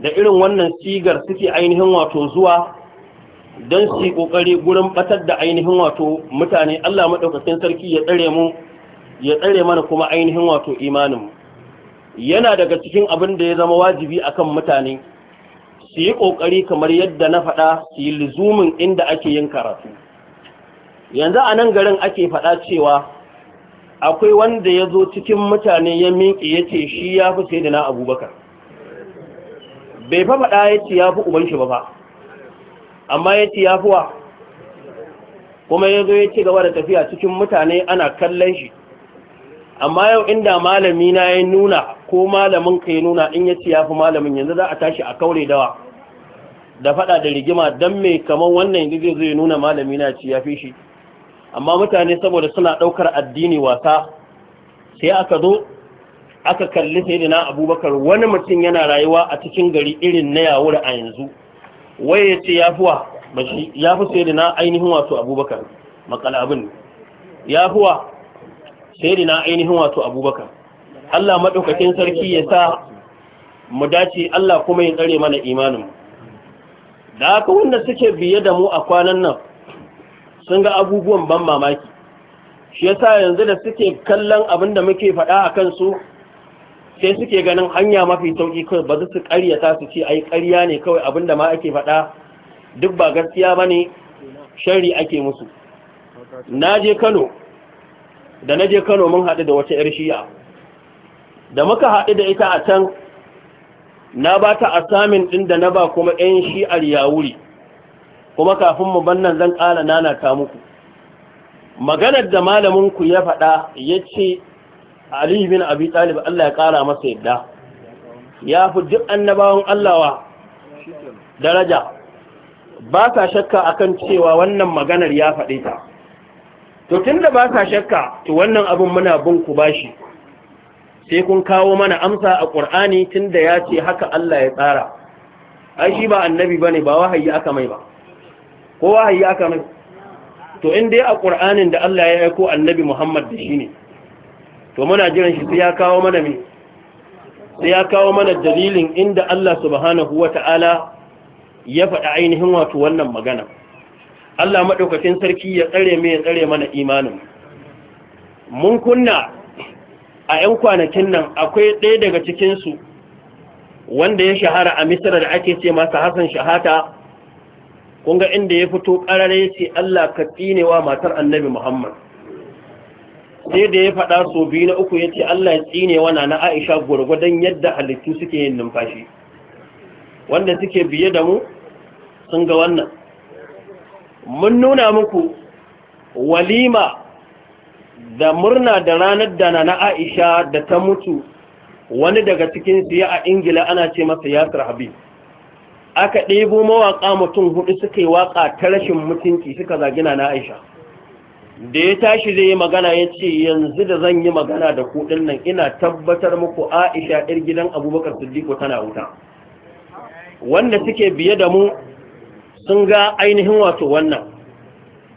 da irin wannan sigar suke ainihin wato zuwa don su ƙoƙari gurin ɓatar da ainihin wato mutane Allah maɗaukakin sarki ya tsare mu ya tsare mana kuma ainihin wato imaninmu yana daga cikin abin da ya zama wajibi akan mutane su yi ƙoƙari kamar yadda na faɗa su yi lizumin inda ake yin karatu yanzu a nan garin ake faɗa cewa akwai wanda ya zo cikin mutane ya miƙe ya ce shi ya fi sai da na abubakar bai fa faɗa ya ce ya fi uban shi ba fa amma ya ce ya fi wa kuma ya zo ya ci gaba da tafiya cikin mutane ana kallon shi amma yau inda malami na ya nuna ko malamin ka ya nuna in ya ce ya fi malamin yanzu za a tashi a kaure dawa da faɗa da rigima don mai kamar wannan yanzu zai zo ya nuna malami na ci ya fi shi amma mutane saboda suna ɗaukar addini wasa sai aka zo aka kalli sayyidina abubakar wani mutum yana rayuwa a cikin gari irin na yawura a yanzu waye ya ce yafuwa ya fi sayyidina ainihin wato abubakar makala abin yafuwa sayyidina ainihin wato abubakar Allah madaukakin sarki ya sa mu dace Allah kuma ya tsare mana imanin da haka wanda suke biye da mu a kwanan nan sun ga abubuwan ban mamaki shi yasa yanzu da suke kallon abin da muke faɗa a kansu sai suke ganin hanya mafi sauƙi kawai ba su ta su ce ai ƙarya ne kawai abin da ma ake faɗa duk ba gaskiya ba ne shari ake musu na je kano da na je kano mun haɗu da wata 'yar shi'a da muka haɗu da ita a can na ba ta asamin ɗin da na ba kuma 'yan shi'ar yawuri kuma kafin mu bannan zan ƙara nanata muku maganar da malamin ku ya faɗa ya ce Ali bin Abi Talib Allah ya ƙara masa yadda ya fi duk annabawan Allah wa daraja ba ka shakka akan cewa wannan maganar ya faɗe ta to tunda ba ka shakka to wannan abin muna bin ku bashi sai kun kawo mana amsa a Qur'ani tunda ya ce haka Allah ya tsara ai shi ba annabi bane ba wahayi aka mai ba ko wahayi aka mai to in dai a ƙur'anin da Allah ya aiko annabi Muhammad da shi ne to muna jiran shi sai ya kawo mana ya kawo mana dalilin inda Allah subhanahu Ta'ala ya faɗa ainihin wato wannan magana Allah maɗaukacin sarki ya tsare mai ya tsare mana imanin mun kunna a 'yan kwanakin nan akwai ɗaya daga cikinsu wanda ya shahara a misira da ake ce masa hassan shahata kun ga inda ya fito karare ya ce Allah ka tsine wa matar annabi Muhammad sai da ya faɗa so biyu na uku ya ce Allah ya tsine wa na Aisha gwargwadon yadda halittu suke yin numfashi wanda suke biye da mu sun ga wannan mun nuna muku walima da murna da ranar da na Aisha da ta mutu wani daga cikin siya a Ingila ana ce masa Yasir Habib aka ɗebo mawaƙa mutum hudu suka yi waƙa ta rashin mutunci suka zagina na aisha da ya tashi zai yi magana ya ce yanzu da zan yi magana da kuɗin nan ina tabbatar muku aisha ɗir gidan abubakar siddiqu tana wuta wanda suke biye da mu sun ga ainihin wato wannan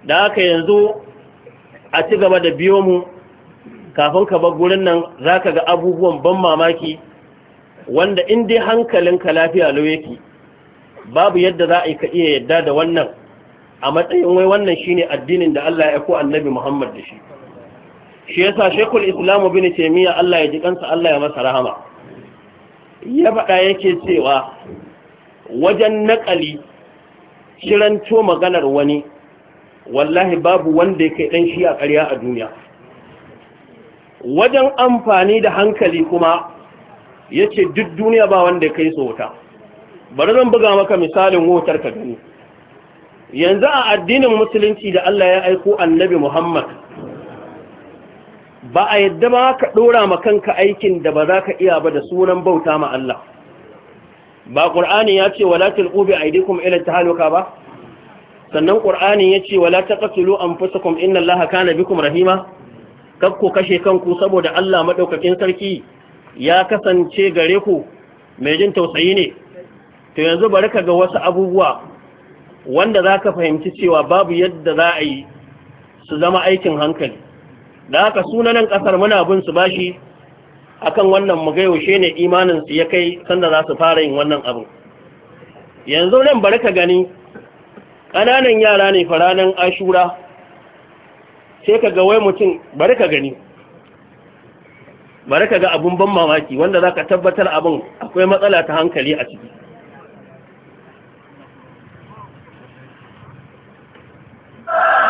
da aka yanzu a ci gaba da biyo mu kafin ka bar gurin nan za ka ga abubuwan ban mamaki wanda in dai hankalinka lafiya lau yake babu yadda za a yi ka iya yadda da wannan a matsayin wai wannan shine addinin da Allah ya ko annabi Muhammad da shi shi yasa Sheikhul Islam Ibn Taymiyyah Allah ya ji kansa Allah ya masa rahama ya faɗa yake cewa wajen naƙali shiranto maganar wani wallahi babu wanda ya kai ɗan shi a ƙarya a duniya wajen amfani da hankali kuma yace duk duniya ba wanda ya kai su wuta bari zan buga maka misalin wutar ka gani yanzu a addinin musulunci da Allah ya aiko annabi Muhammad ba a yadda ba ka ɗora ma kanka aikin da ba za ka iya ba da sunan bauta ma Allah ba ƙur'ani ya ce wala tilqu bi aydikum ila tahaluka ba sannan ƙur'ani ya ce wala taqtulu anfusakum inna Allah kana bikum rahima Karku kashe kanku saboda Allah madaukakin sarki ya kasance gare ku mai jin tausayi ne to yanzu bari ka ga wasu abubuwa wanda za ka fahimci cewa babu yadda za a yi su zama aikin hankali da haka sunanan ƙasar muna bin su bashi akan wannan mu yaushe ne imaninsu ya kai sanda za su fara yin wannan abu yanzu nan bari ka gani ƙananan yara ne faranan ashura sai ka ga wai mutum bari ka gani bari ka ga abun ban mamaki wanda za ka tabbatar abin akwai matsala ta hankali a ciki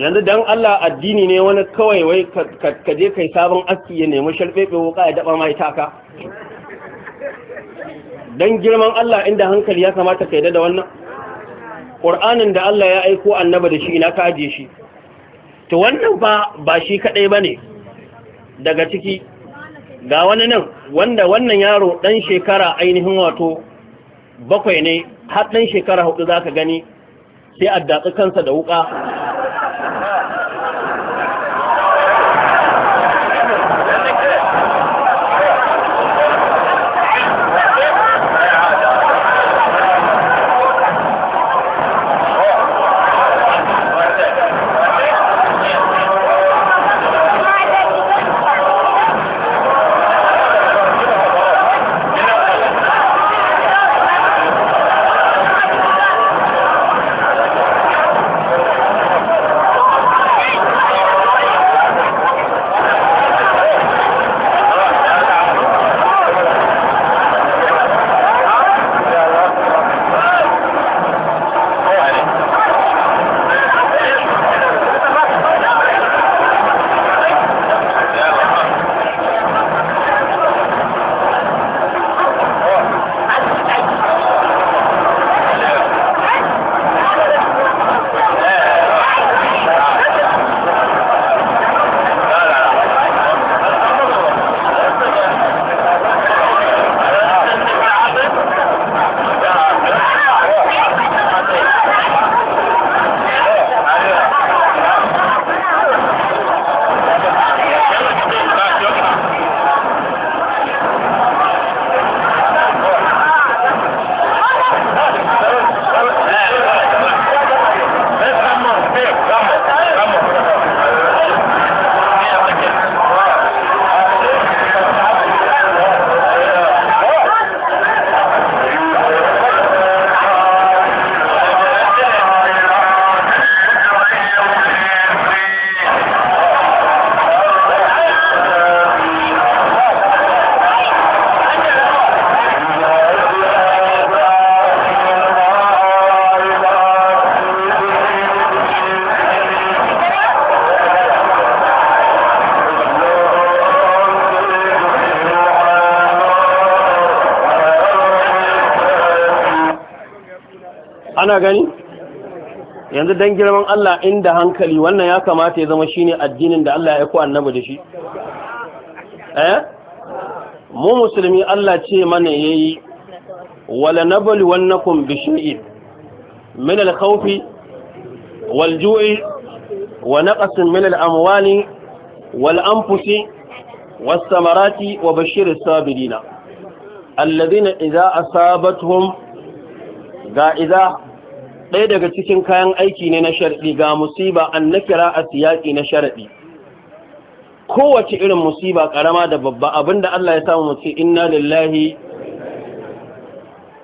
yanzu dan Allah addini ne wani kawai wai ka je kai sabon aski ya nemi sharfefe wuka ya daba mai taka dan girman Allah inda hankali ya kamata ka yadda da wannan Qur'anin da Allah ya aiko annaba da shi ina ka aje shi to wannan ba ba shi kadai bane daga ciki ga wani nan wanda wannan yaro dan shekara ainihin wato bakwai ne har dan shekara hudu zaka gani sai a datsi kansa da wuka kana gani yanzu dan girman Allah inda hankali wannan ya kamata ya zama shine addinin da Allah ya ku annabi da shi eh mu musulmi Allah ce mana yayi wala nabli wannakum bi shay'in min al-khawf wal-ju'i wa naqsin min al-amwali wal-anfusi was-samarati wa bashshiris sabirina alladhina idza asabatuhum ga idza ɗaya daga cikin kayan aiki ne na sharɗi ga musiba an na kira a siyaƙi na sharaɗi kowace irin musiba ƙarama da babba abinda Allah ya samu mutu inna lillahi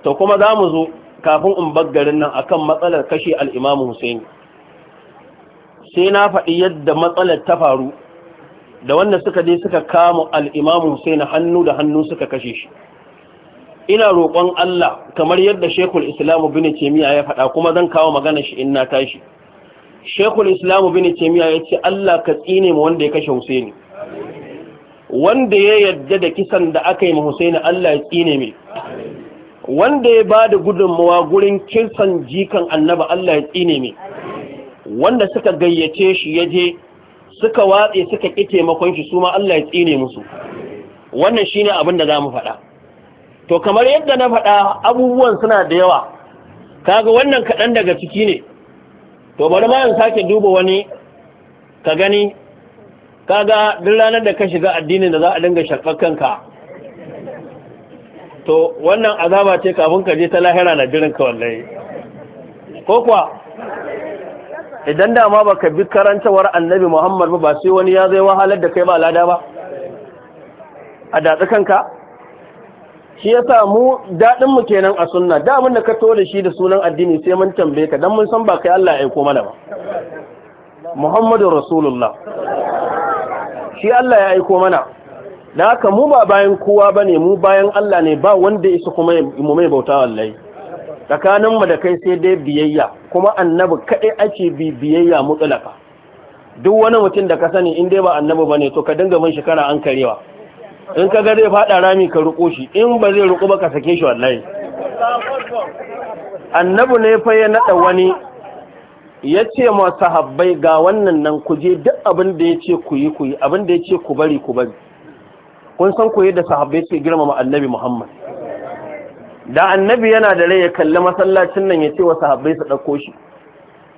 to kuma za mu zo kafin in baggarin nan akan matsalar kashe al'imamu Hussein sai na faɗi yadda matsalar ta faru da wanda suka je suka kama al'imamu Hussein hannu da hannu suka kashe shi ina roƙon Allah kamar yadda Sheikhul Islam bin Taymiyyah ya faɗa kuma zan kawo magana shi in na tashi Sheikhul Islam bin Taymiyyah ya ce Allah ka tsine mu wanda ya kashe Husaini wanda ya yadda da kisan da aka yi ma Husaini Allah ya tsine mai wanda ya ba da gudunmawa gurin kisan jikan annaba Allah ya tsine mai wanda suka gayyace shi ya je suka watse suka ƙi taimakon shi su ma Allah ya tsine musu wannan shine abin da za mu faɗa to kamar yadda na faɗa abubuwan suna da yawa kaga wannan kaɗan daga ciki ne to bari ma sake duba wani ka gani kaga duk ranar da ka shiga addinin da za a dinga shakar kanka to wannan azaba ce kafin ka je ta lahira na jirin ka wallahi ko kuwa idan da ma baka bi karantawar annabi Muhammad ba sai wani ya zai wahalar da kai ba lada ba a datsi kanka shi ya sa mu daɗin mu kenan a sunna da abin da ka to shi da sunan addini sai mun tambaye ka dan mun san ba kai Allah ya aiko mana ba Muhammadu Rasulullah shi Allah ya aiko mana da haka mu ba bayan kowa bane mu bayan Allah ne ba wanda isa kuma mu mai bauta wallahi tsakanin mu da kai sai dai biyayya kuma annabi kadai ake bi biyayya mutlaka duk wani mutum da ka sani in dai ba annabi bane to ka dinga mun shekara an karewa in ka ga zai faɗa rami ka ruko shi in ba zai ruko ba ka sake shi wallahi annabi ne fa ya naɗa wani ya ce ma sahabbai ga wannan nan ku je duk abin da ya ce ku yi ku yi abin da ya ce ku bari ku bari kun san ku da sahabbai ce girmama annabi muhammad da annabi yana da rai ya kalli masallacin nan ya ce wa sahabbai su ɗauko shi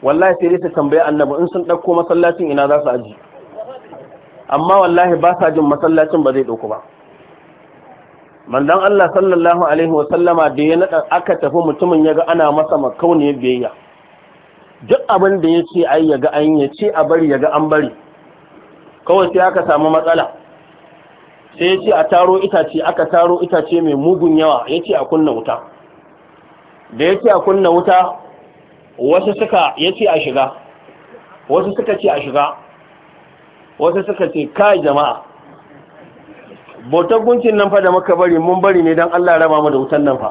wallahi sai dai su tambayi annabi in sun ɗauko masallacin ina za su aji amma wallahi ba sa jin masallacin ba zai ɗauku ba mandan Allah sallallahu alaihi wa sallama da ya naɗa aka tafi mutumin ya ga ana masa makauniyar biyayya duk abin da ya ce ai ya ga an ya ce a bari ya ga an bari kawai sai aka samu matsala sai ya ce a taro itace aka taro itace mai mugun yawa ya ce a kunna wuta da ya ce a kunna wuta wasu suka ya ce a shiga wasu suka ce a shiga wasu suka ce kai jama'a bautar guncin nan fa da muka bari mun bari ne don Allah raba mu da wutan nan fa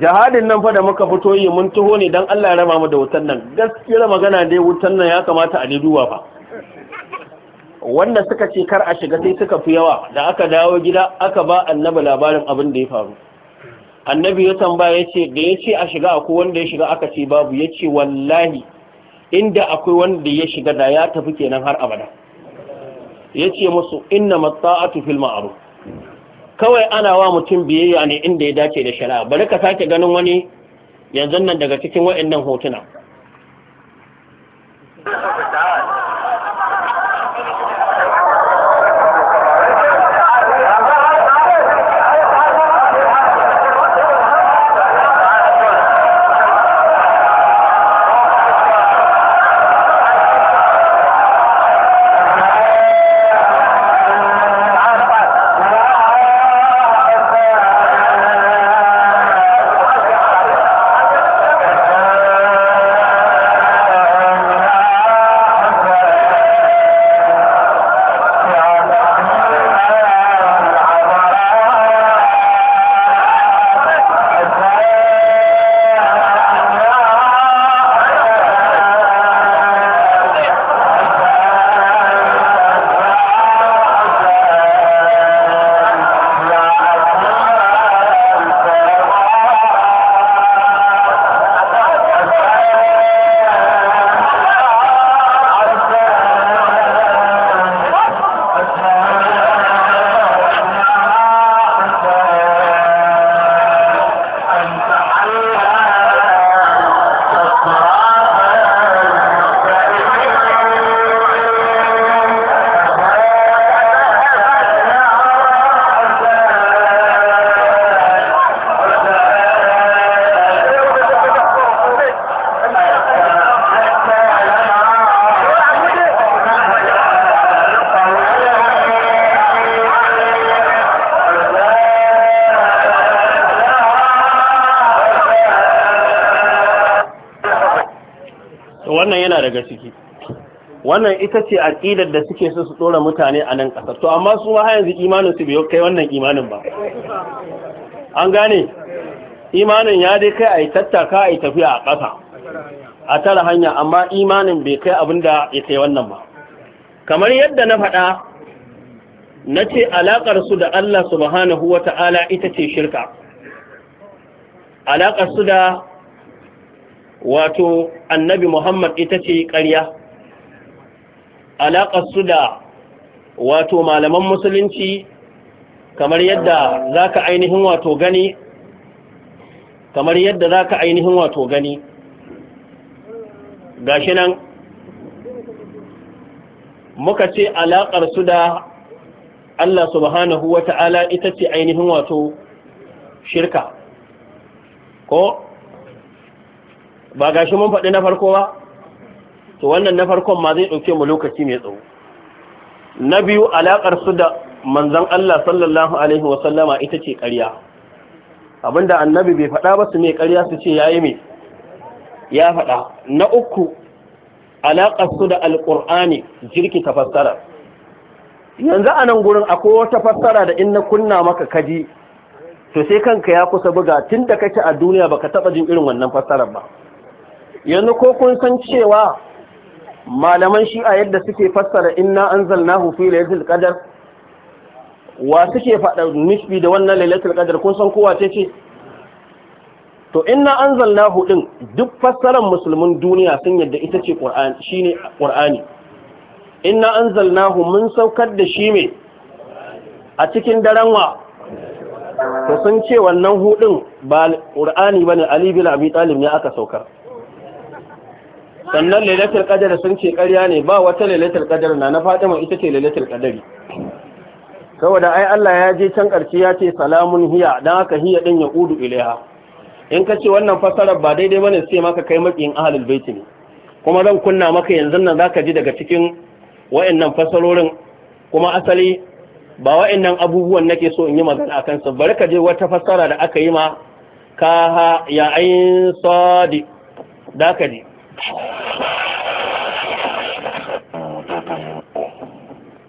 jihadin nan fa da muka fito yi mun tuho ne don Allah raba mu da wutan nan gaskiyar magana dai wutan nan ya kamata a duba fa wanda suka ce kar a shiga sai suka fi yawa da aka dawo gida aka ba annabi labarin abin da ya faru annabi ya tambaya ya ce da ya ce a shiga a wanda ya shiga aka ce babu ya ce wallahi inda akwai wanda ya shiga da ya tafi kenan har abada ya ce musu inna matta'atu fil ma'ruf kawai ana wa mutum biyayya ne inda ya dace da shari'a bari ka sake ganin wani yanzu nan daga cikin waɗannan hotuna yana daga ciki wannan ita ce aƙidar da suke so su tsora mutane a nan ƙasar to amma su ma yanzu imanin su bai kai wannan imanin ba an gane imanin ya dai kai a yi tattaka a yi tafiya a ƙasa a tara hanya amma imanin bai kai abin da ya kai wannan ba kamar yadda na faɗa na ce alaƙar su da Allah subhanahu wa ta'ala ita ce shirka alaƙar su da wato annabi Muhammad ita ce ƙarya alaƙar su da wato malaman musulunci kamar yadda za ka ainihin wato gani kamar yadda za ka ainihin wato gani gashi nan muka ce alaƙar su da Allah subhanahu wa ta'ala ita ce ainihin wato shirka ko ba ga shi mun faɗi na farko ba to wannan na farkon ma zai ɗauke mu lokaci mai tsawo na biyu alaƙar su da manzan Allah sallallahu alaihi wa sallama ita ce ƙarya abinda annabi bai faɗa ba su mai ƙarya su ce yayi mai ya faɗa na uku alaƙar su da alƙur'ani jirki ta fassara yanzu a nan gurin akwai wata fassara da in na kunna maka kaji to sai kanka ya kusa buga tun da kake a duniya baka taɓa jin irin wannan fassarar ba yanzu ko kun san cewa malaman shi a yadda suke fassara inna anzalnahu fi lailatul qadar wa suke faɗa nufi da wannan lailatul qadar kun san kowa ce ce to inna anzalnahu din duk fassarar musulmin duniya sun yadda ita ce qur'ani shine qur'ani inna anzalnahu mun saukar da shi me a cikin daren wa to sun ce wannan hudin ba qur'ani bane ali bin abi talib ne aka saukar sannan lailatul qadar sun ce ƙarya ne ba wata lailatul qadar na na Fatima ita ce lailatul qadari saboda ai Allah ya je can ƙarshe ya ce salamun hiya dan haka hiya din ya udu ilaiha in ka ce wannan fasarar ba daidai bane sai maka kai makin ahlul bait ne kuma zan kunna maka yanzu nan zaka ji daga cikin wa'annan fasarorin kuma asali ba wa'annan abubuwan nake so in yi magana akan su bari ka je wata fasara da aka yi ma ka da ka ji.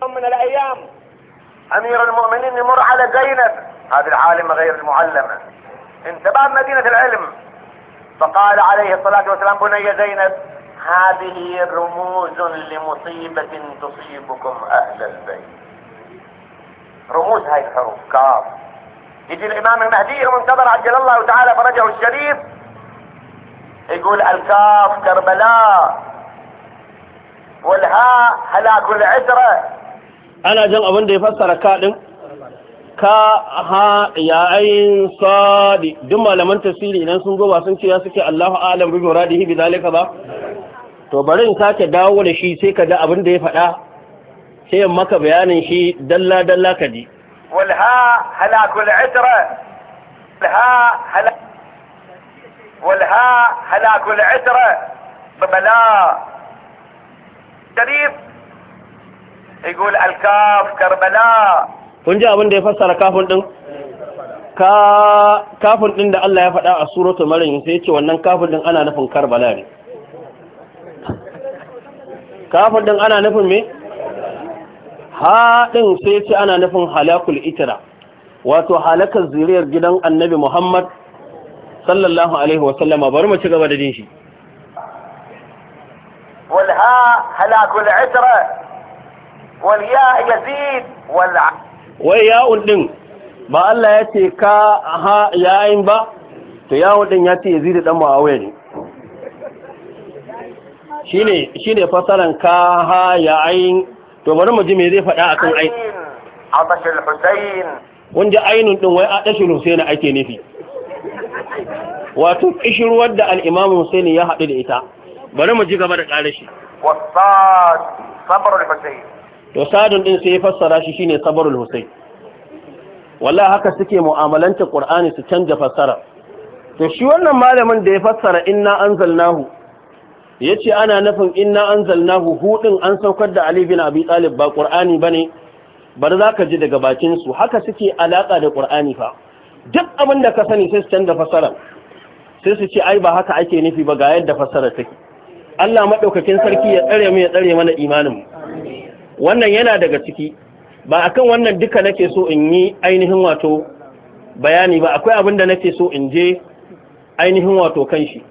من الايام امير المؤمنين يمر على زينب هذه العالمة غير المعلمة باب مدينة العلم فقال عليه الصلاة والسلام بني زينب هذه رموز لمصيبة تصيبكم اهل البيت رموز هاي الحروف كاف يجي الامام المهدي المنتظر عجل الله تعالى فرجه الشريف يقول الكاف كربلاء والهاء هلاك العسرة أنا جن أبن دي فسر كادم ka ha ya ayin sadi duk malaman tafsiri idan sun zo ba sun ce ya suke Allahu alam bi muradihi zalika ba to bari in sake dawo da shi sai ka da abin da ya faɗa sai in maka bayanin shi dalla dalla ka ji wal halakul itra ha halak والهاء هلاك العترة ببلاء شريف يقول الكاف كربلاء kun ji abin da ya fassara kafin din da Allah ya faɗa a suratul maryam sai ce wannan kafin din ana nufin karbala ne kafin din ana nufin me ha din sai ana nufin halakul itira wato halakar zuriyar gidan annabi muhammad sallallahu alaihi wasallama bari mu ci gaba da jin shi والها هلاك العسرة والياء يزيد والع وياء دين ba Allah ya ce ka ha yayin ba to yawon din ya ce yazid dan muawiya ne shine shine fasaran ka ha yayin to bari mu ji me zai faɗa akan ai Abashul Husayn wanda wai ake nufi wato kishirwar da al'imamin Hussaini ya haɗu da ita bari mu ji gaba da ƙarashi shi to sadun din sai ya fassara shi shine sabrul husayn wallahi haka suke mu'amalanta ƙur'ani su canja fassara to shi wannan malamin da ya fassara inna anzalnahu yace ana nufin inna anzalnahu hudin an saukar da Ali bin Abi Talib ba Qur'ani bane bar zaka ji daga bakin su haka suke alaƙa da ƙur'ani fa duk abin da ka sani sai su canza fasara sai su ce ai ba haka ake nufi ba ga yadda fasara take Allah madaukakin sarki ya tsare mu ya tsare mana imanin wannan yana daga ciki ba akan wannan duka nake so in yi ainihin wato bayani ba akwai abin da nake so in je ainihin wato kan shi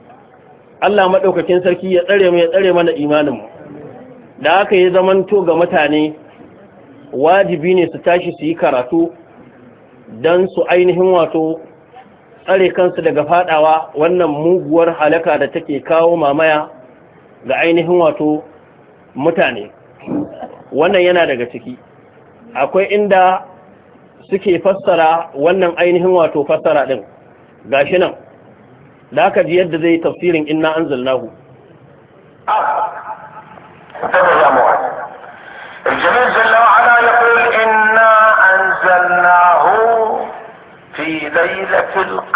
Allah madaukakin sarki ya tsare mu ya tsare mana imanin mu da haka ya zamanto ga mutane wajibi ne su tashi su yi karatu don su ainihin wato tsare kansu daga fadawa wannan muguwar halaka da take kawo mamaya ga ainihin wato mutane wannan yana daga ciki akwai inda suke fassara wannan ainihin wato fassara din gashi nan da aka ji yadda zai tafsirin inna anzalnahu الجميل جل وعلا يقول إنا أنزلناه في ليلة القدر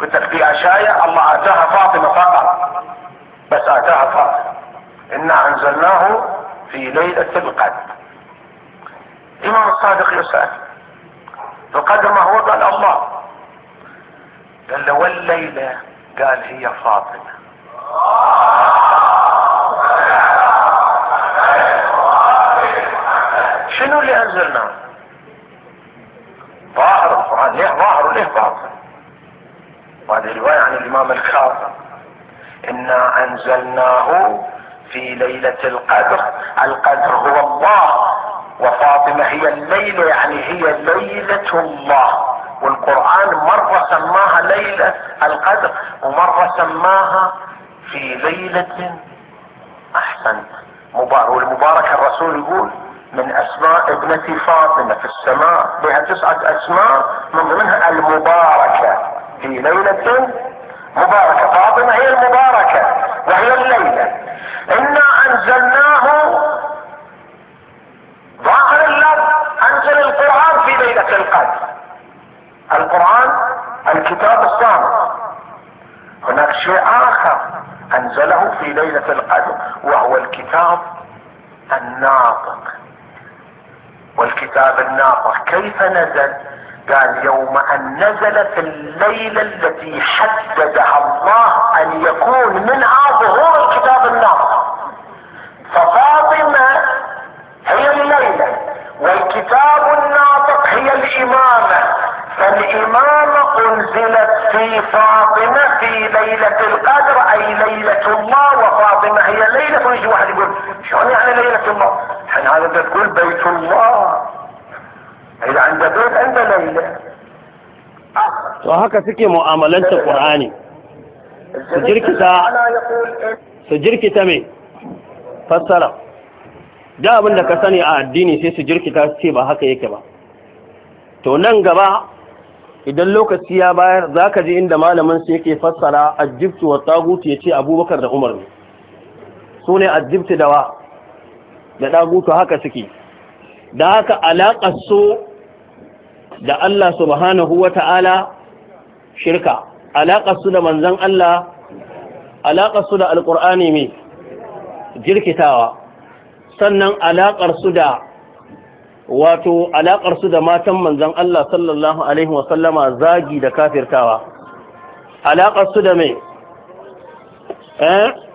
قلت لك في عشايا الله اتاها فاطمة فقط بس اتاها فاطمة انا انزلناه في ليلة القدر امام الصادق يسأل القدر ما هو قال الله قال له والليلة قال هي فاطمة شنو اللي انزلناه طبعا ظاهر وليه باطن وهذه رواية عن الإمام الكاظم إنا أنزلناه في ليلة القدر القدر هو الله وفاطمة هي الليلة يعني هي ليلة الله والقرآن مرة سماها ليلة القدر ومرة سماها في ليلة أحسن مبارك الرسول يقول من اسماء ابنتي فاطمة في السماء بها تسعة اسماء من ضمنها المباركة في ليلة مباركة فاطمة هي المباركة وهي الليلة انا انزلناه ظاهر اللفظ انزل القرآن في ليلة القدر القرآن الكتاب الصامت هناك شيء اخر انزله في ليلة القدر وهو الكتاب الناطق والكتاب الناطق كيف نزل قال يوم ان نزل في الليله التي حددها الله ان يكون منها ظهور الكتاب الناطق ففاطمه هي الليله والكتاب الناطق هي الامامه فالإمامة أنزلت في فاطمة في ليلة القدر أي ليلة الله وفاطمة هي ليلة ويجي واحد يقول شلون يعني ليلة الله؟ يعني هذا تقول بيت الله إذا عند بيت عند ليلة وهكا سكي معاملة القرآن سجركتا سجركتا مين fassara da abin da ka sani a addini sai su jirkita ce ba haka yake ba to idan lokaci ya bayar za ka ji inda malamin su yake fassara ajibtu wa tagutu ya ce abubakar da umar ne su ne ajibtu da wa da ɗagutu haka suke da haka alaƙar so da Allah subhanahu wa ta'ala shirka alaƙar su da manzan Allah alaƙar su da alƙur'ani mai jirkitawa sannan alaƙar su da wato alaƙar su da matan manzan Allah sallallahu alaihi wasallama zagi da kafirtawa alaƙar su da mai eh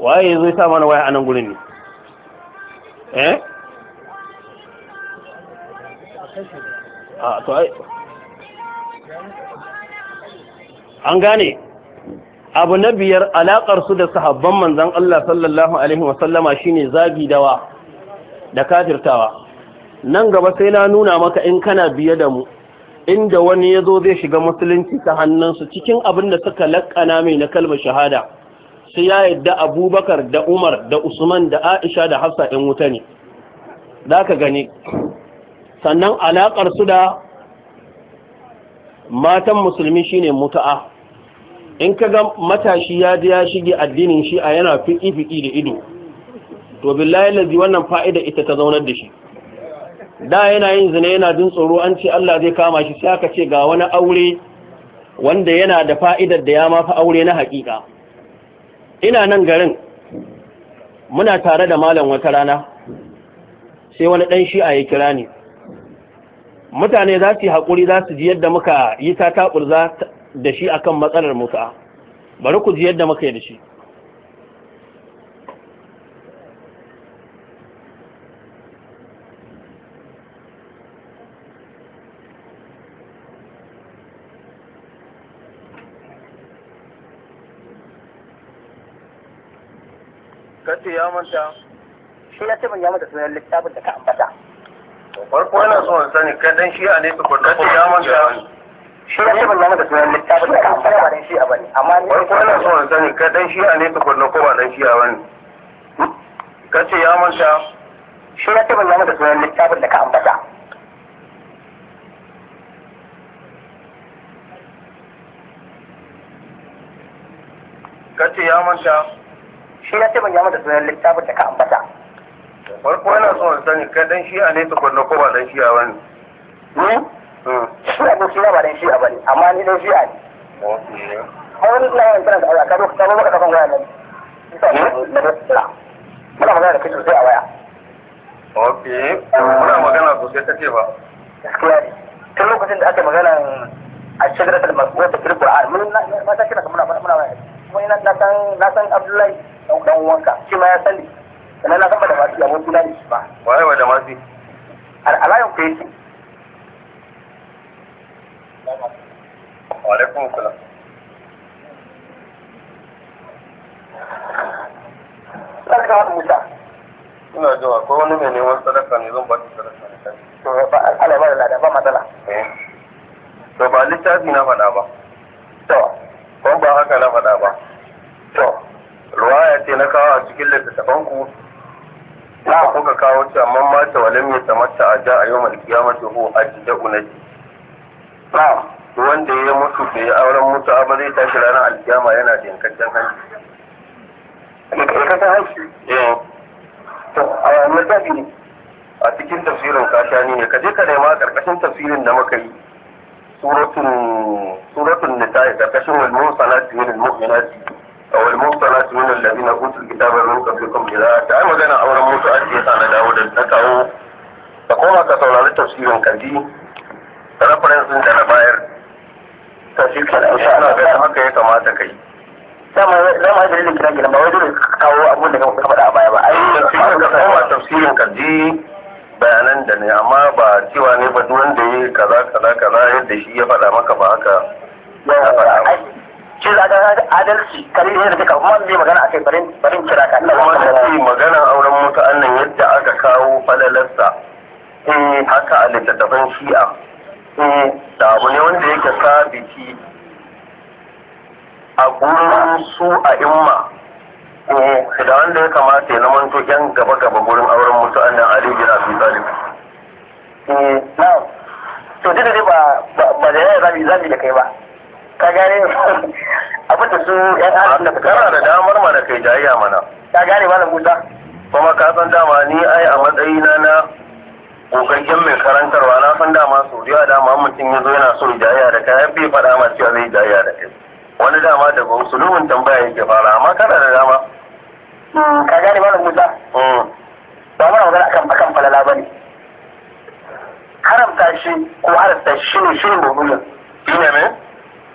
waye zai sa mana waya a nan gurin ne eh? ah, an gane abu na biyar alaƙar su da sahabban manzan Allah sallallahu alaihi wasallama shine zagi dawa da kafirtawa nan gaba sai na nuna maka in kana biye da mu inda wani ya zo zai shiga musulunci ta hannunsu cikin abin da suka laƙana mai na kalmar shahada sai ya yadda abubakar da umar da usman da aisha da hafsa ɗin wuta ne za ka gani sannan alaƙar su da matan musulmi shine mutu'a in ka ga matashi ya ji ya shige addinin shi a yana fiƙi-fiƙi da ido to billahi lazi wannan fa'ida ita ta zaunar da shi da yana yin zina yana jin tsoro an ce Allah zai kama shi sai aka ce ga wani aure wanda yana da fa'idar da ya mafi aure na haƙiƙa ina nan garin muna tare da malam wata rana sai wani ɗan shi'a ya kira ni mutane za su yi haƙuri za su ji yadda muka yi ta taɓurza da shi akan matsalar mutu'a bari ku ji yadda muka yi da shi ya manta shi ya ce ban ya manta sunan littafin da ka ambata farko yana son sani kai shi a ne tukun da ya manta shi ya ce ban ya manta sunan littafin da ka ambata ba dan shi a bane amma ni farko yana so sani kai shi a ne tukun ko ba dan shi a bane kace ya manta shi ya ce ban ya manta sunan littafin da ka ambata kace ya manta shi ya ce ban ya sunan littafin da ka ambata farko yana son sani kai dan shi a ne ko kowa dan shi a wani? ni shi a dan shi ba dan hmm. shi a bane amma ni dan shi a ne na yawan da aya ka ka ba waya nan hmm? muna magana da a waya ok muna magana sosai ta ce ba gaskiya ne tun lokacin da aka magana a shagaratar masu wata a dan dan wanka shi ma ya sani sannan na saba da masu yawon suna da shi ba waye wa da masu al'alayan ku yake alaikum salam sarka wani musa ina jin akwai wani mai neman sadaka ne zan ba ki sadaka ne to ba al'ala ba da lada ba matsala eh. to ba littafi na faɗa ba to ko ba haka na faɗa ba tambaya ce na kawo a cikin littattafan ku na kuka kawo ce amma ma ta walam ya tamatta a ja a yau mai kiyamata ko a ji da unaji na wanda ya mutu da ya auren mutu ba zai tashi ranar alkiyama yana da yankaccen hanci eh. a cikin tafsirin kashani ne ka je ka nema karkashin tafsirin da muka yi suratun nisa'i karkashin wal musanat wal mu'minat awal mubtalat min alladhina utul kitaba min auren mutu aje sa na dawo da na kawo ka koma ka saurari tafsirin kandi referensin da na bayar tafsirin insha Allah ga haka ya kamata kai a baya ba ka tafsirin bayanan da ne amma ba cewa ne ba duk da ya kaza kaza kaza yadda shi ya faɗa maka ba haka ya faɗa shi za ga adalci kare ne da duka kuma ne magana akai barin barin kira ka Allah wanda ke magana auren mutu annan yadda aka kawo falalarsa eh haka a littattafan shi'a eh da abu ne wanda yake sabiti a gurin su a imma eh da wanda ya kamata ya zamanto yan gaba gaba gurin auren mutu annan Ali bin Abi Talib eh na, to duk ba ba da yayi zabi zabi da kai ba ka gane abin da su yan arewa da kana da damar mana kai jayayya mana ka gane malam musa kuma ka san dama ni ai a matsayina na gogaggen mai karantarwa na san dama su yawa dama mutum ya zo yana so jayayya da kai bai faɗa ma cewa zai jayayya da kai wani dama daga wasu usulumin tambaya yake fara amma kana da dama hmm, ka gane malam musa hmm. ba mana magana akan akan falala bane haramta shi ko haramta shi ne shi ne mu'minin shi ne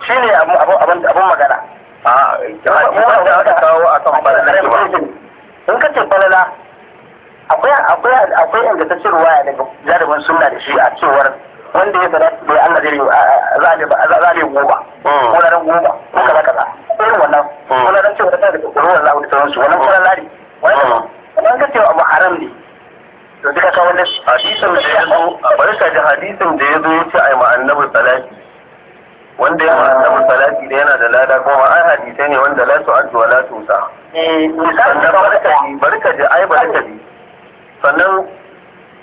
shi ne abin magana a kan in ka ce falala akwai ingantaccen ruwaya daga jarumin suna da shi a cewar wanda ya fada bai Allah zai zale goma ko hmm. goma ko kaza kaza irin wannan ko hmm. cewa ta da ruwan da sauransu wannan hmm. falala ne wannan ka cewa abu haram ne to duka ka wannan hadisin da ya zo bari ka ji hadisin da ya zo ya ce ai ma annabi salati wanda ya ma'ana masalati da yana da lada kuma ai hadisai ne wanda la tu'addu wa la tusa eh, sannan barkaji barkaji ai barkaji sannan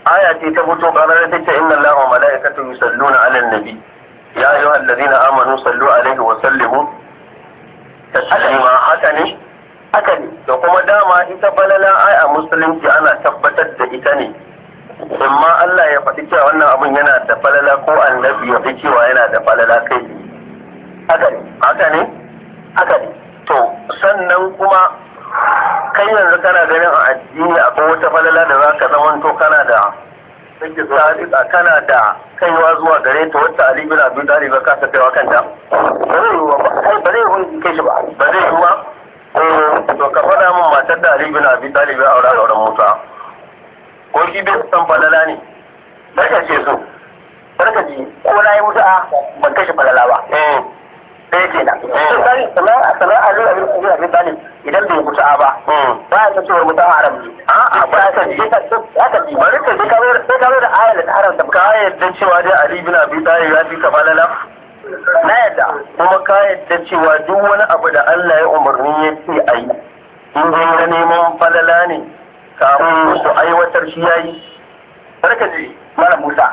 aya ce ta fito karar ta ce inna allaha wa malaikatu yusalluna ala nabi ya ayyuha alladhina amanu sallu alaihi wa sallimu taslima haka ne haka ne da kuma dama ita balala ai a musulunci ana tabbatar da ita ne amma Allah ya faɗi cewa wannan abun yana da falala ko annabi ya fi cewa yana da falala kai haka ne haka ne haka ne to sannan kuma kai yanzu kana ganin a addini akwai wata falala da za ka to kana da sadiqa kana da kaiwa zuwa gare ta wata Ali bin Abi Talib ka ta kaiwa kanta ba zai yiwu ba ba zai yiwu kai shi ba ba zai yiwu ba eh, to ka faɗa min matar da Ali bin Abi Talib ya aura ga wurin Musa ko shi bai san falala ne barka ce so barka ji ko na yi mutu'a ban kashe falala ba eh. ɗaya ke nan eh. sannan a sanar a lura bin kuma bin bani idan bai mutu'a ba hmm. ba a san cewa mutu'a haram ne a'a ba ka ji haka ji bari ka ji sai kamar da ayar da ta haramta ka yadda cewa dai Ali bin Abi Talib ya fi ka falala na yadda kuma ka yadda cewa duk wani abu da Allah ya umarni ya ce a yi in dai na neman falala ne samu su aiwatar shi yayi barka ji mara musa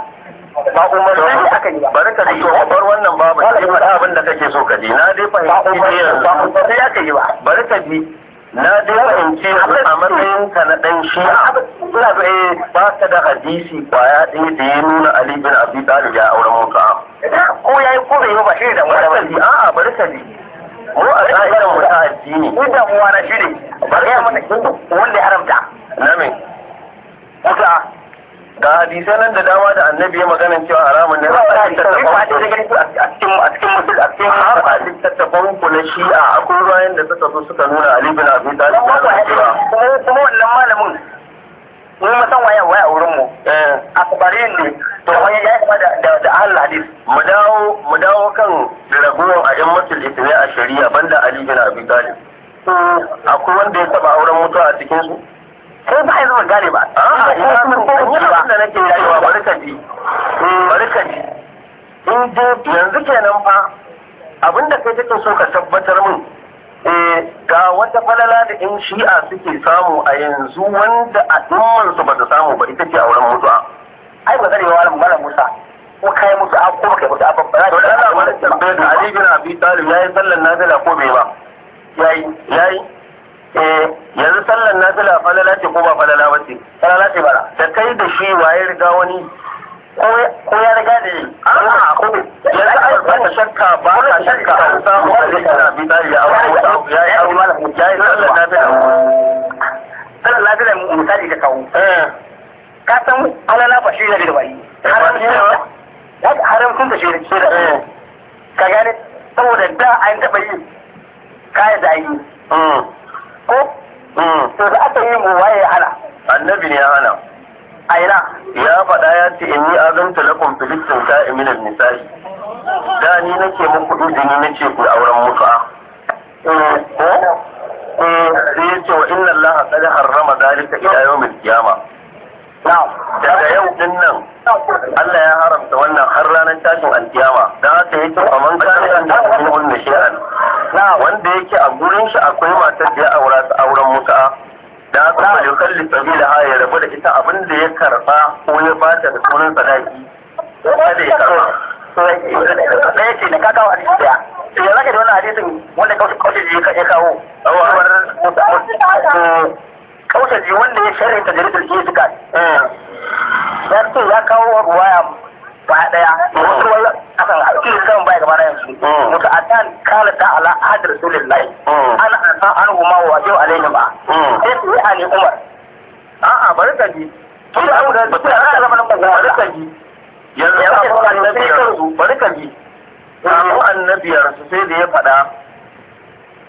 ba umarni ne aka yi ba barka ji to bar wannan babu ki faɗa abin da kake so ka ji na dai fahimci ne ba ya aka yi ba barka ji na dai fahimci a matsayin ka na dan shi ina ga eh, ba ka da hadisi kwaya ɗaya da ya nuna Ali bin Abi Talib ya aure mota. ko yayi ko bai ba shi da wani a'a barka ji mu a mu ta addini ni ga wanda ya hadisai nan da dama da annabi ya magana cewa haramun ne a cikin littattafan ku na shi'a akwai bayan da suka zo suka nuna ali bin abi talib kuma wannan malamin mun musan waye waye a wurin mu eh, akbari ne to wani ya kuma da da ahlul hadis mu dawo mu dawo kan ragowar a yan mutul ismi a shari'a banda ali bin abi talib akwai wanda ya taba auren mutuwa a cikin su sai ba yanzu ban gane ba a'a ah, ina kuma da nake rayuwa bari ka hmm. in dai yanzu kenan fa abinda kai take so ka tabbatar min Eh, ga wata falala da in shi'a suke samu a yanzu wanda a su ba ta samu ba ita ce a wurin mutuwa. ai ba zai yi wa mara musa ko kai musu a ko kai musu a babbara da wannan wani tambaye da Ali bin Abi Talib yayi sallan nafila ko bai ba yayi yayi eh yanzu sallan nafila falala ce ko ba falala ba ce falala ce bara da kai da shi waye riga wani ko ya riga da yi a'a ko yanzu ai ba ka shakka ba ka shakka an samu wanda ya rabi da ya aure ya yi aure ya yi sallar lafiya sallar lafiya misali ka kawo ka san alala ba shi ne da bai haramcin da shi ne da ka gane saboda da an taɓa yi kayan da yi ko to da aka yi mu waye hana annabi ne ya hana ya faɗa ya ce in yi azanta lakum filistin ta iminan misali. da ni nake muku izini ce ku auren mutuwa. Eh, ko eh, sai ya ce wa inna allaha qad harrama zalika ila yawmil qiyamah daga yau din nan Allah ya haramta wannan har ranar tashin alkiyama da haka yake a man da kuma wannan shi'an wanda yake a gurin shi akwai matar da ya aura ta auren mutuwa? da aka yi kalli kabila da ya rabu da ita abin da ya karba ko ya bata da sunan sadaki da ya karba ɗaya ce da ka kawo hadisi ɗaya to ya zaka da wannan hadisin wanda kaushe ji ya kawo kaushe ji wanda ya sharri ta jaridar ji suka ya ce ya kawo ruwaya ba ɗaya wasu wani akan haƙƙi kan baya gaba na yanzu mutu a kan kala ta ala ahadar sulin an san an huma wa yau alaihim ba hmm. sai su yi ali umar a'a bari ka ji tun da an gaza tun da an zama nan bari ka ji yanzu ya ce ba na biyar su bari ka ji samu annabiyar su sai da ya faɗa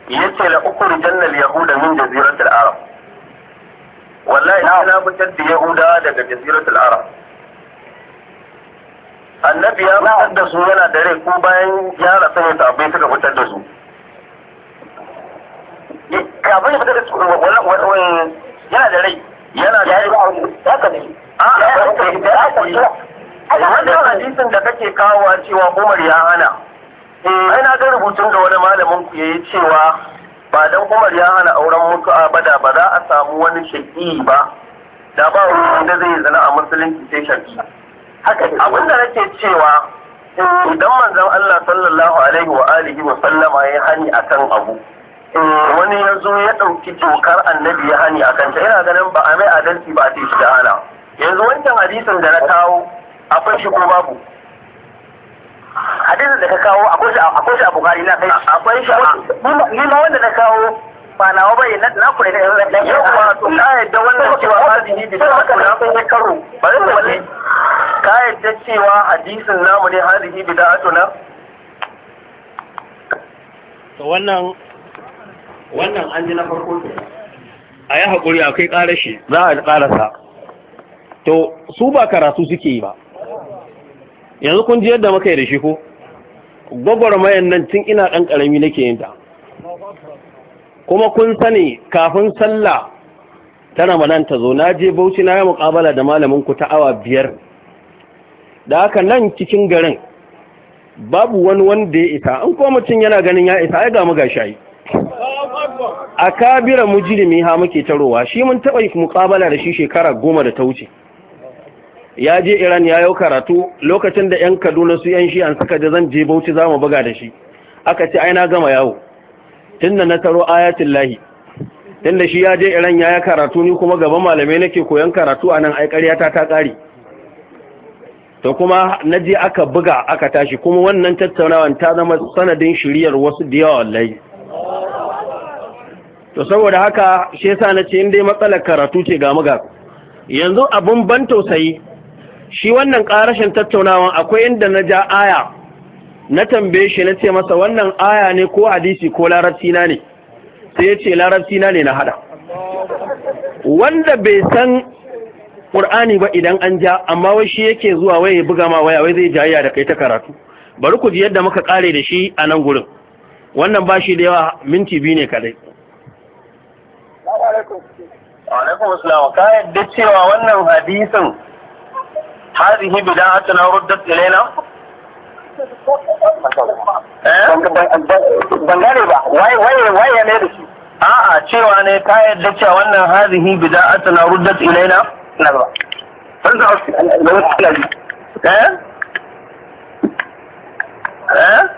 ya ce la ukuri jannal yahuda min jaziratul arab wallahi na fitar da yahuda daga jaziratul arab annabi ya fitar da su yana da rai ko bayan ya rasa ne sabai suka fitar da su kafin ya fita da wani yana da rai yana da rai haka ne wannan hadisin da kake kawowa cewa Umar ya hana eh. ai na ga rubutun da wani malamin ku yayi cewa ba dan Umar ya hana auren mutu'a ba da ba za a samu wani shaki ba da ba wanda zai zana a musulunci sai shaki abin da nake cewa idan manzon Allah sallallahu alaihi wa alihi wa sallama ya hani akan abu Eh. wani ya zo ya ɗauki dokar annabi ya hani a kanta yana ganin ba a mai adalci ba ta shi da hana yanzu wancan hadisin da na kawo akwai shi ko babu hadisin da ka kawo akwai shi a bukari na kai akwai shi ni ma wanda na kawo ba bai na na kure da da yau ba to ka yadda wannan cewa hadisi bi ta na kai karo ba zai wani ka yadda cewa hadisin namu ne hadisi bi da na. to wannan wannan an ji na farko ke a yi haƙuri a kai ƙarashi za a ƙarasa to su ba karatu suke yi ba yanzu kun ji yadda muka yi da shi ko gwagwarmayan nan tun ina ɗan ƙarami nake yin ta kuma kun sani kafin sallah ta ramadan ta zo na je bauchi na yi muƙabala da malamin ku ta awa biyar da haka nan cikin garin babu wani wanda ya isa in kuma mutum yana ganin ya isa ai ga mu ga shayi a kabira mujirimi ha muke tarowa shi mun taɓa muƙabala da shi shekara goma da ta wuce ya je iran ya yau karatu lokacin da 'yan kaduna su 'yan shi an suka da zan je bauchi za mu buga da shi aka ce aina gama yawo tun da na taro ayatul lahi tun da shi ya je iran ya yi karatu ni kuma gaba malamai nake koyan karatu a nan ai ta ta ƙari to kuma na je aka buga aka tashi kuma wannan tattaunawan ta zama sanadin shiryar wasu da yawa wallahi to saboda haka shi yasa na ce in dai matsalar karatu ce ga muga yanzu abun ban tausayi shi wannan karashin tattaunawa akwai inda na ja aya na tambaye shi na ce masa wannan aya ne ko hadisi ko larabci na ne sai ya ce larabci na ne na hada wanda bai san ƙur'ani ba idan an ja amma wai shi yake zuwa wai ya buga ma waya wai zai jayya da kai ta karatu bari ku ji yadda muka kare da shi a nan gurin wannan ba shi da yawa minti biyu ne kadai alaikum assalam ka yadda cewa wannan hadisin hadhihi bid'atuna ruddat ilaina eh? ban gane ba waye waye waye ne da shi a'a cewa ne ka yadda cewa wannan hadhihi bid'atuna ruddat ilaina na ba ban da eh eh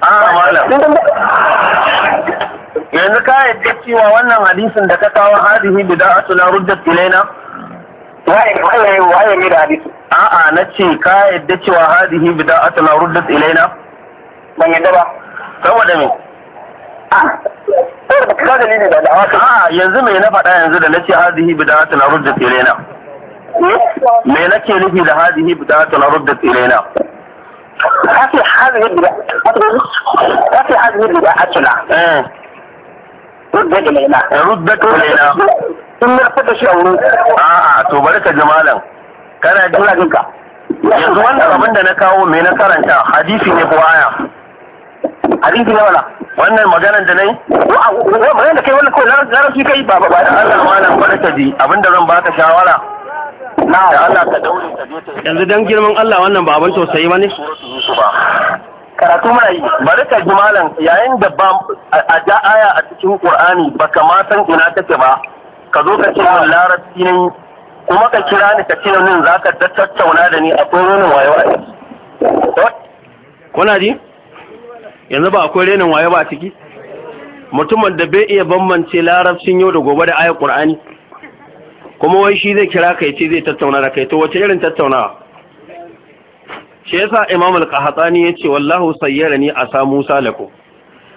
a ah, malam yanzu ka yadda cewa wannan hadisin da ka kawo hadihi bida'atu la rujjat ilaina waye waye ne da hadisi a'a na ce ka yadda cewa da bida'atu la rujjat ilaina ban yadda ba saboda me ah, A'a yanzu me na faɗa yanzu da na ce hadihi bida'atu la rujjat ilaina eh? me nake nufi da hadihi bida'atu la rujjat ilaina ka ce hazin bida ka ce hazin bida atula rudda ilaina rudda ilaina in na fata shi a wurin a'a to bari ka ji malam kana ji ka yanzu wannan abin da na eh. kawo mai na karanta hadisi ne ko aya hadisi ne wala wannan maganar da nayi maganar da kai wannan ko larabci kai ba ba ba Allah malam bari ka ji abin da zan baka shawara Allah ka daure je ta yanzu dan girman Allah wannan ba abin tausayi bane karatu mai bari ka ji malam yayin da ba a ja'aya aya a cikin Qur'ani ba ma san ina take ba ka zo ka ce min larabci ne kuma ka kira ni ka ce min zaka tattauna da ni a wani wayo kuna ji yanzu ba akwai renin waye ba ciki mutumin da bai iya bambance larabcin yau da gobe da ayar qur'ani kuma wai shi zai kira ka yace zai tattauna da kai to wace irin tattaunawa shi yasa imam al-qahtani yace wallahu sayyarani asa musa lako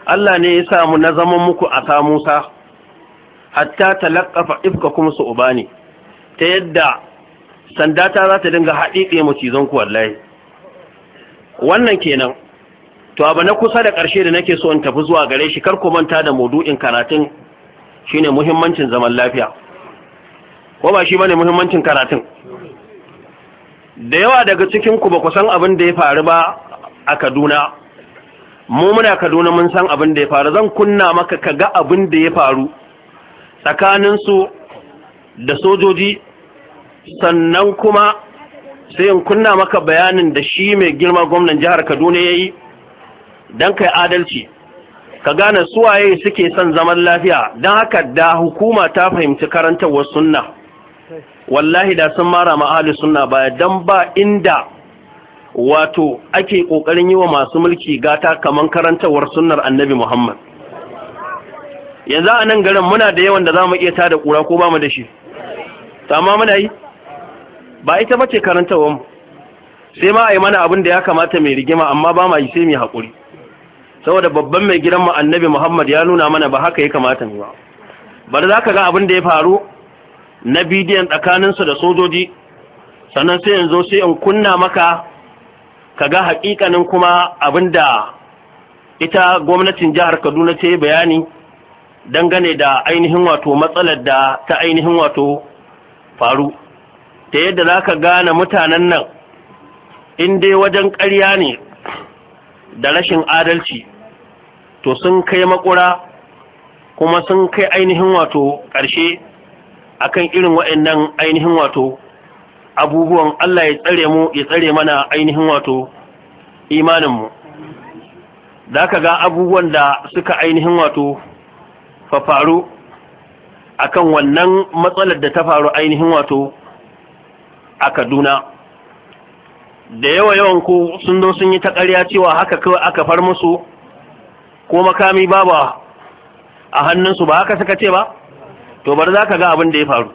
Allah ne ya sa mu na zaman muku asa musa hatta talaqqafa ifkakum ne. ta yadda sanda ta za ta dinga haɗiɗe mu cizon ku wallahi wannan kenan to abu na kusa da ƙarshe da nake so in tafi zuwa gare shi kar ku manta da maudu'in karatun shine muhimmancin zaman lafiya ko ba shi bane muhimmancin karatun da yawa daga cikin ku ba ku san abin da ya faru ba a Kaduna mu muna Kaduna mun san abin da ya faru zan kunna maka ka ga abin da ya faru tsakanin su da sojoji sannan kuma sai in kunna maka bayanin da shi mai girma gwamnan jihar Kaduna yayi dan kai adalci ka gane suwaye suke son zaman lafiya don haka da hukuma ta fahimci karantarwar sunna wallahi da sun mara ma ahli sunna baya dan ba inda wato ake kokarin yi wa masu mulki gata kamar karantawar sunnar annabi Muhammad yanzu a nan garin muna da yawan da za mu iya tada kura ko ba mu da shi amma muna yi ba ita bace karantawar mu sai ma a yi mana abin da ya kamata mai rigima amma ba ma yi sai mai haƙuri saboda babban mai gidan mu annabi muhammad ya nuna mana ba haka ya kamata mu ba bari za ka ga abin da ya faru na bidiyon tsakaninsu da sojoji sannan sai yanzu sai in kunna maka ka ga haƙiƙanin kuma abin da ita gwamnatin jihar kaduna ta yi bayani dangane da ainihin wato matsalar da ta ainihin wato faru ta yadda za ka gane mutanen nan in dai wajen ƙarya ne da rashin adalci to sun kai makura kuma sun kai ainihin wato ƙarshe akan irin waɗannan ainihin wato abubuwan Allah ya tsare mu ya tsare mana ainihin wato imaninmu da ka ga abubuwan da suka ainihin wato faru akan wannan matsalar da ta faru ainihin wato a Kaduna da yawa yawan ku sun zo sun yi ta ƙarya cewa haka kawai aka far musu ko makami babu a hannunsu ba haka suka ce ba to bari za ka ga abin da ya faru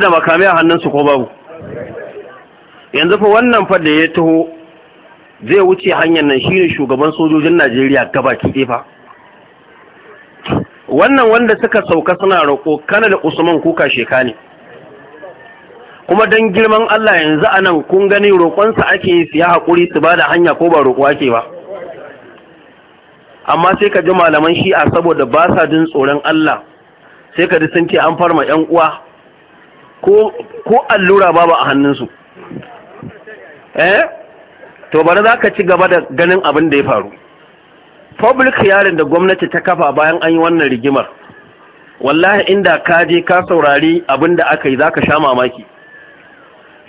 yanzu da makami a hannunsu ko babu yanzu fa wannan fa da ya taho zai wuce hanyar nan shine shugaban sojojin Najeriya gabaki fa wannan wanda suka sauka suna roƙo kana da Usman kuka sheka ne kuma don girman Allah yanzu anan kun gani roƙonsa ake yi su ya haƙuri su ba da hanya ko ba roƙo ake ba amma sai ka ji malaman shi'a saboda ba sa jin tsoron Allah sai ka ji sun ce an farma 'yan uwa ko allura babu a hannunsu eh to bari za ka ci gaba da ganin abin da ya faru public yarin da gwamnati ta kafa bayan an yi wannan rigimar wallahi inda ka je ka saurari abin da aka yi za ka sha mamaki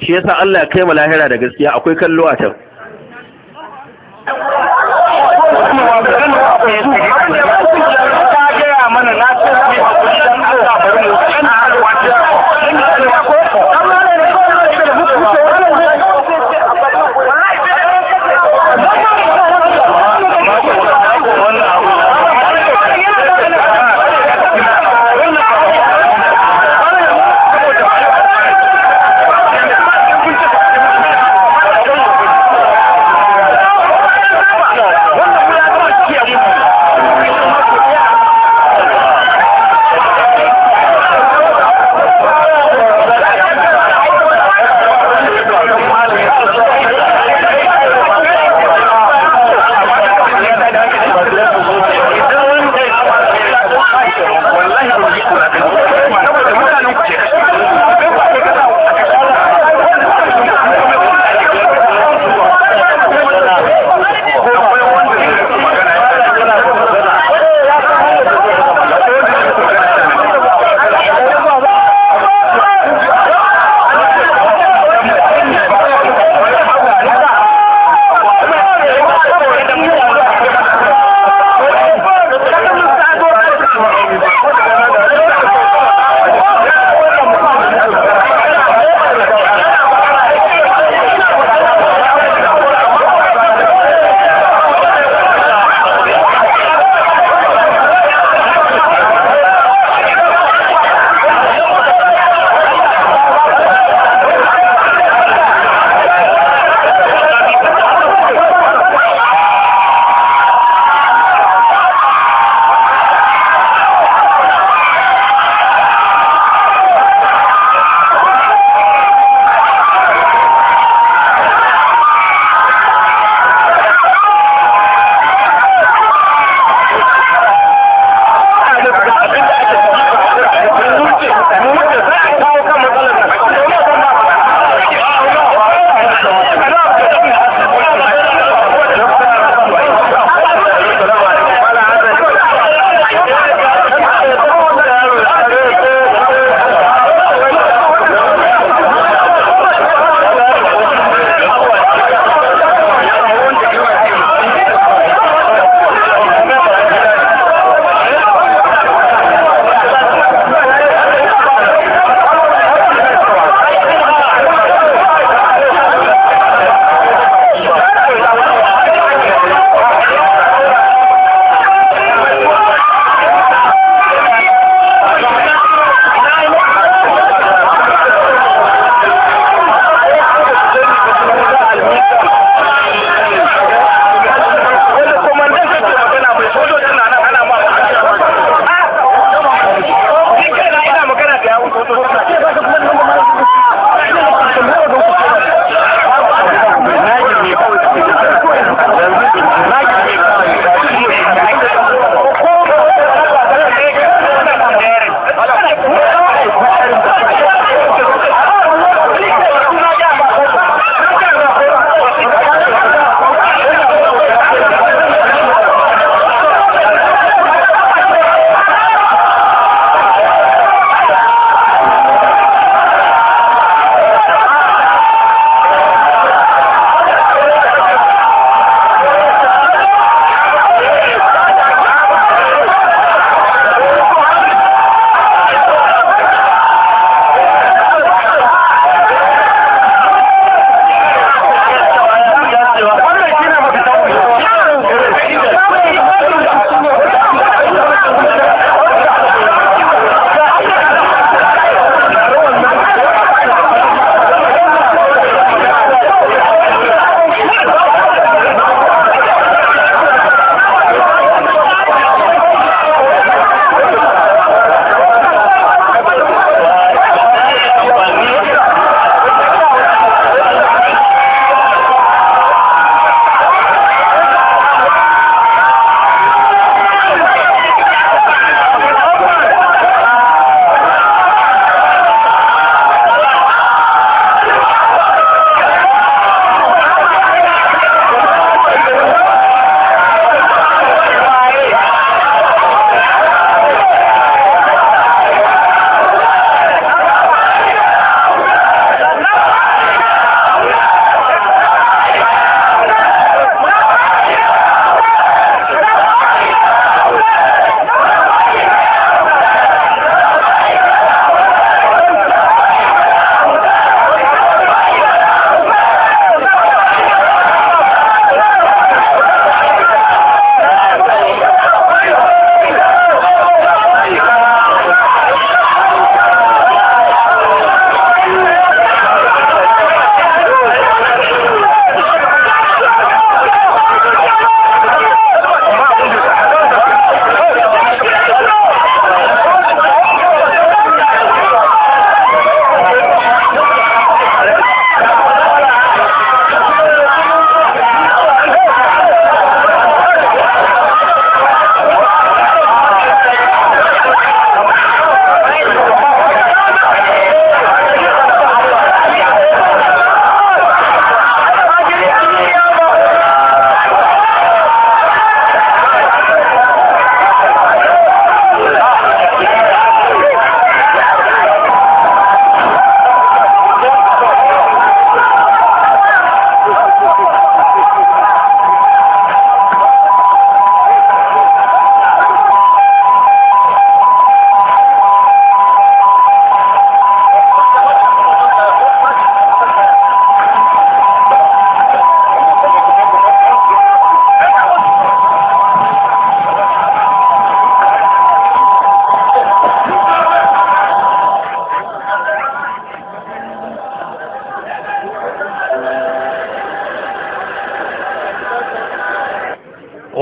shi yasa Allah ya kai mu lahira da gaskiya akwai kallo a can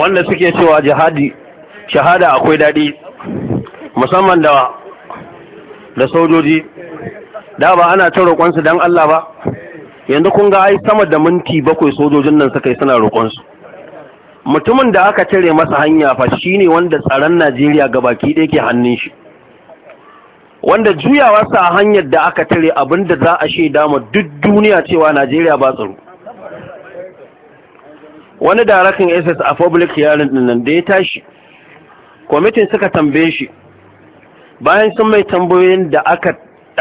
wanda suke cewa jihadi shahada akwai daɗi musamman da da sojoji da ba ana ta roƙonsu don Allah ba yanzu kun ga ai sama da minti bakwai sojojin nan suka yi suna roƙonsu mutumin da aka cire masa hanya fa shine wanda tsaron Najeriya gabaki ɗaya ke hannun shi wanda juyawa sa hanyar da aka tare abin da za a shaida ma duk duniya cewa Najeriya ba tsaro wani darakan ss a public hearing din nan da ya tashi kwamitin suka tambaye shi bayan sun mai tambayoyin da aka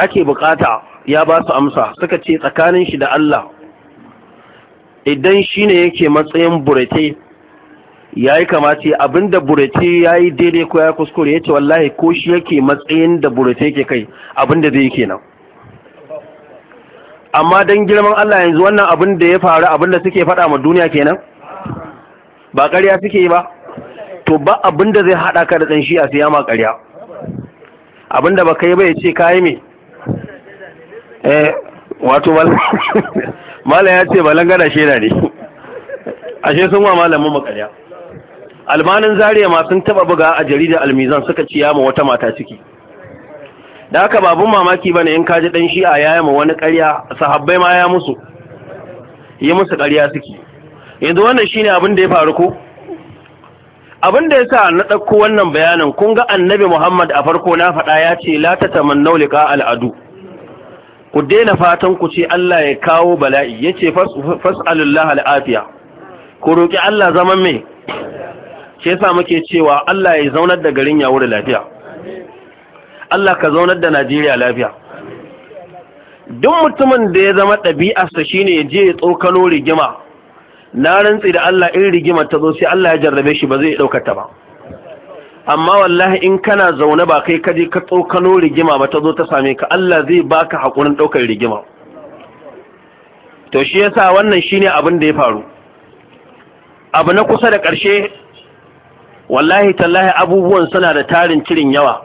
ake bukata ya ba su amsa suka ce tsakanin shi da Allah idan shi ne yake matsayin burete ya yi kamata abinda burete ya yi daidai ko ya kuskure ya ce wallahi ko shi yake matsayin da burete ke kai abinda zai kenan amma don girman Allah yanzu wannan abin ya faru abinda suke faɗa ma duniya kenan ba ƙarya suke yi ba to ba abin da zai haɗa ka da ɗan shi'a sai ma ƙarya abin da ba yi ba ya ce kayi me eh wato Malam ya ce gada shaida ne ashe sun wa mu makarya almanin zariya ma sun taba buga a jaridar almizan suka ci yama wata mata ciki da haka babun mamaki bane in kaji dan shi'a ya yama wani ƙarya sahabbai ma ya musu yi musu ƙarya suke. yanzu wannan shine abin da ya faru ko abin da yasa na ɗauko wannan bayanin kun ga annabi Muhammad a farko na faɗa ya ce la tatamannau naulika al'adu ku daina fatan ku ce Allah ya kawo bala'i Ya yace fas'alullah al'afiya ku roƙi Allah zaman mai. Ke sa muke cewa Allah ya zaunar da garin ya lafiya Allah ka zaunar da Najeriya lafiya duk mutumin da ya zama ɗabi'arsa shine ya je ya tsokano rigima na rantsi da Allah in rigima ta zo sai Allah ya jarrabe shi ba zai ɗaukar ta ba amma wallahi in kana zaune ba kai kaje ka tsokano rigima ba ta zo ta same ka Allah zai baka hakurin ɗaukar rigima to shi yasa wannan shine abin da ya faru abu na kusa da ƙarshe wallahi tallahi abubuwan suna da tarin cirin yawa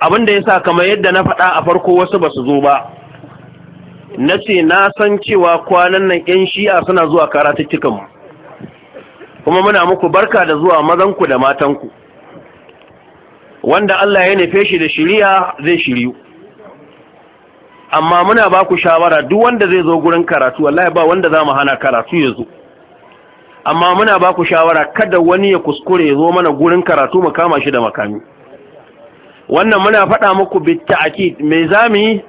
abin da yasa kamar yadda na faɗa a farko wasu ba su zo ba na ce na san cewa kwanan nan 'yan shi'a suna zuwa karatuttukanmu kuma muna muku barka da zuwa mazanku da matanku wanda Allah ya nufe shi da shiriya zai shiriyu amma muna ba ku shawara duk wanda zai zo gurin karatu wallahi ba wanda za mu hana karatu ya zo amma muna ba ku shawara kada wani ya kuskure ya zo mana gurin karatu mu kama shi da makami wannan muna faɗa muku bitta'akid me zamu yi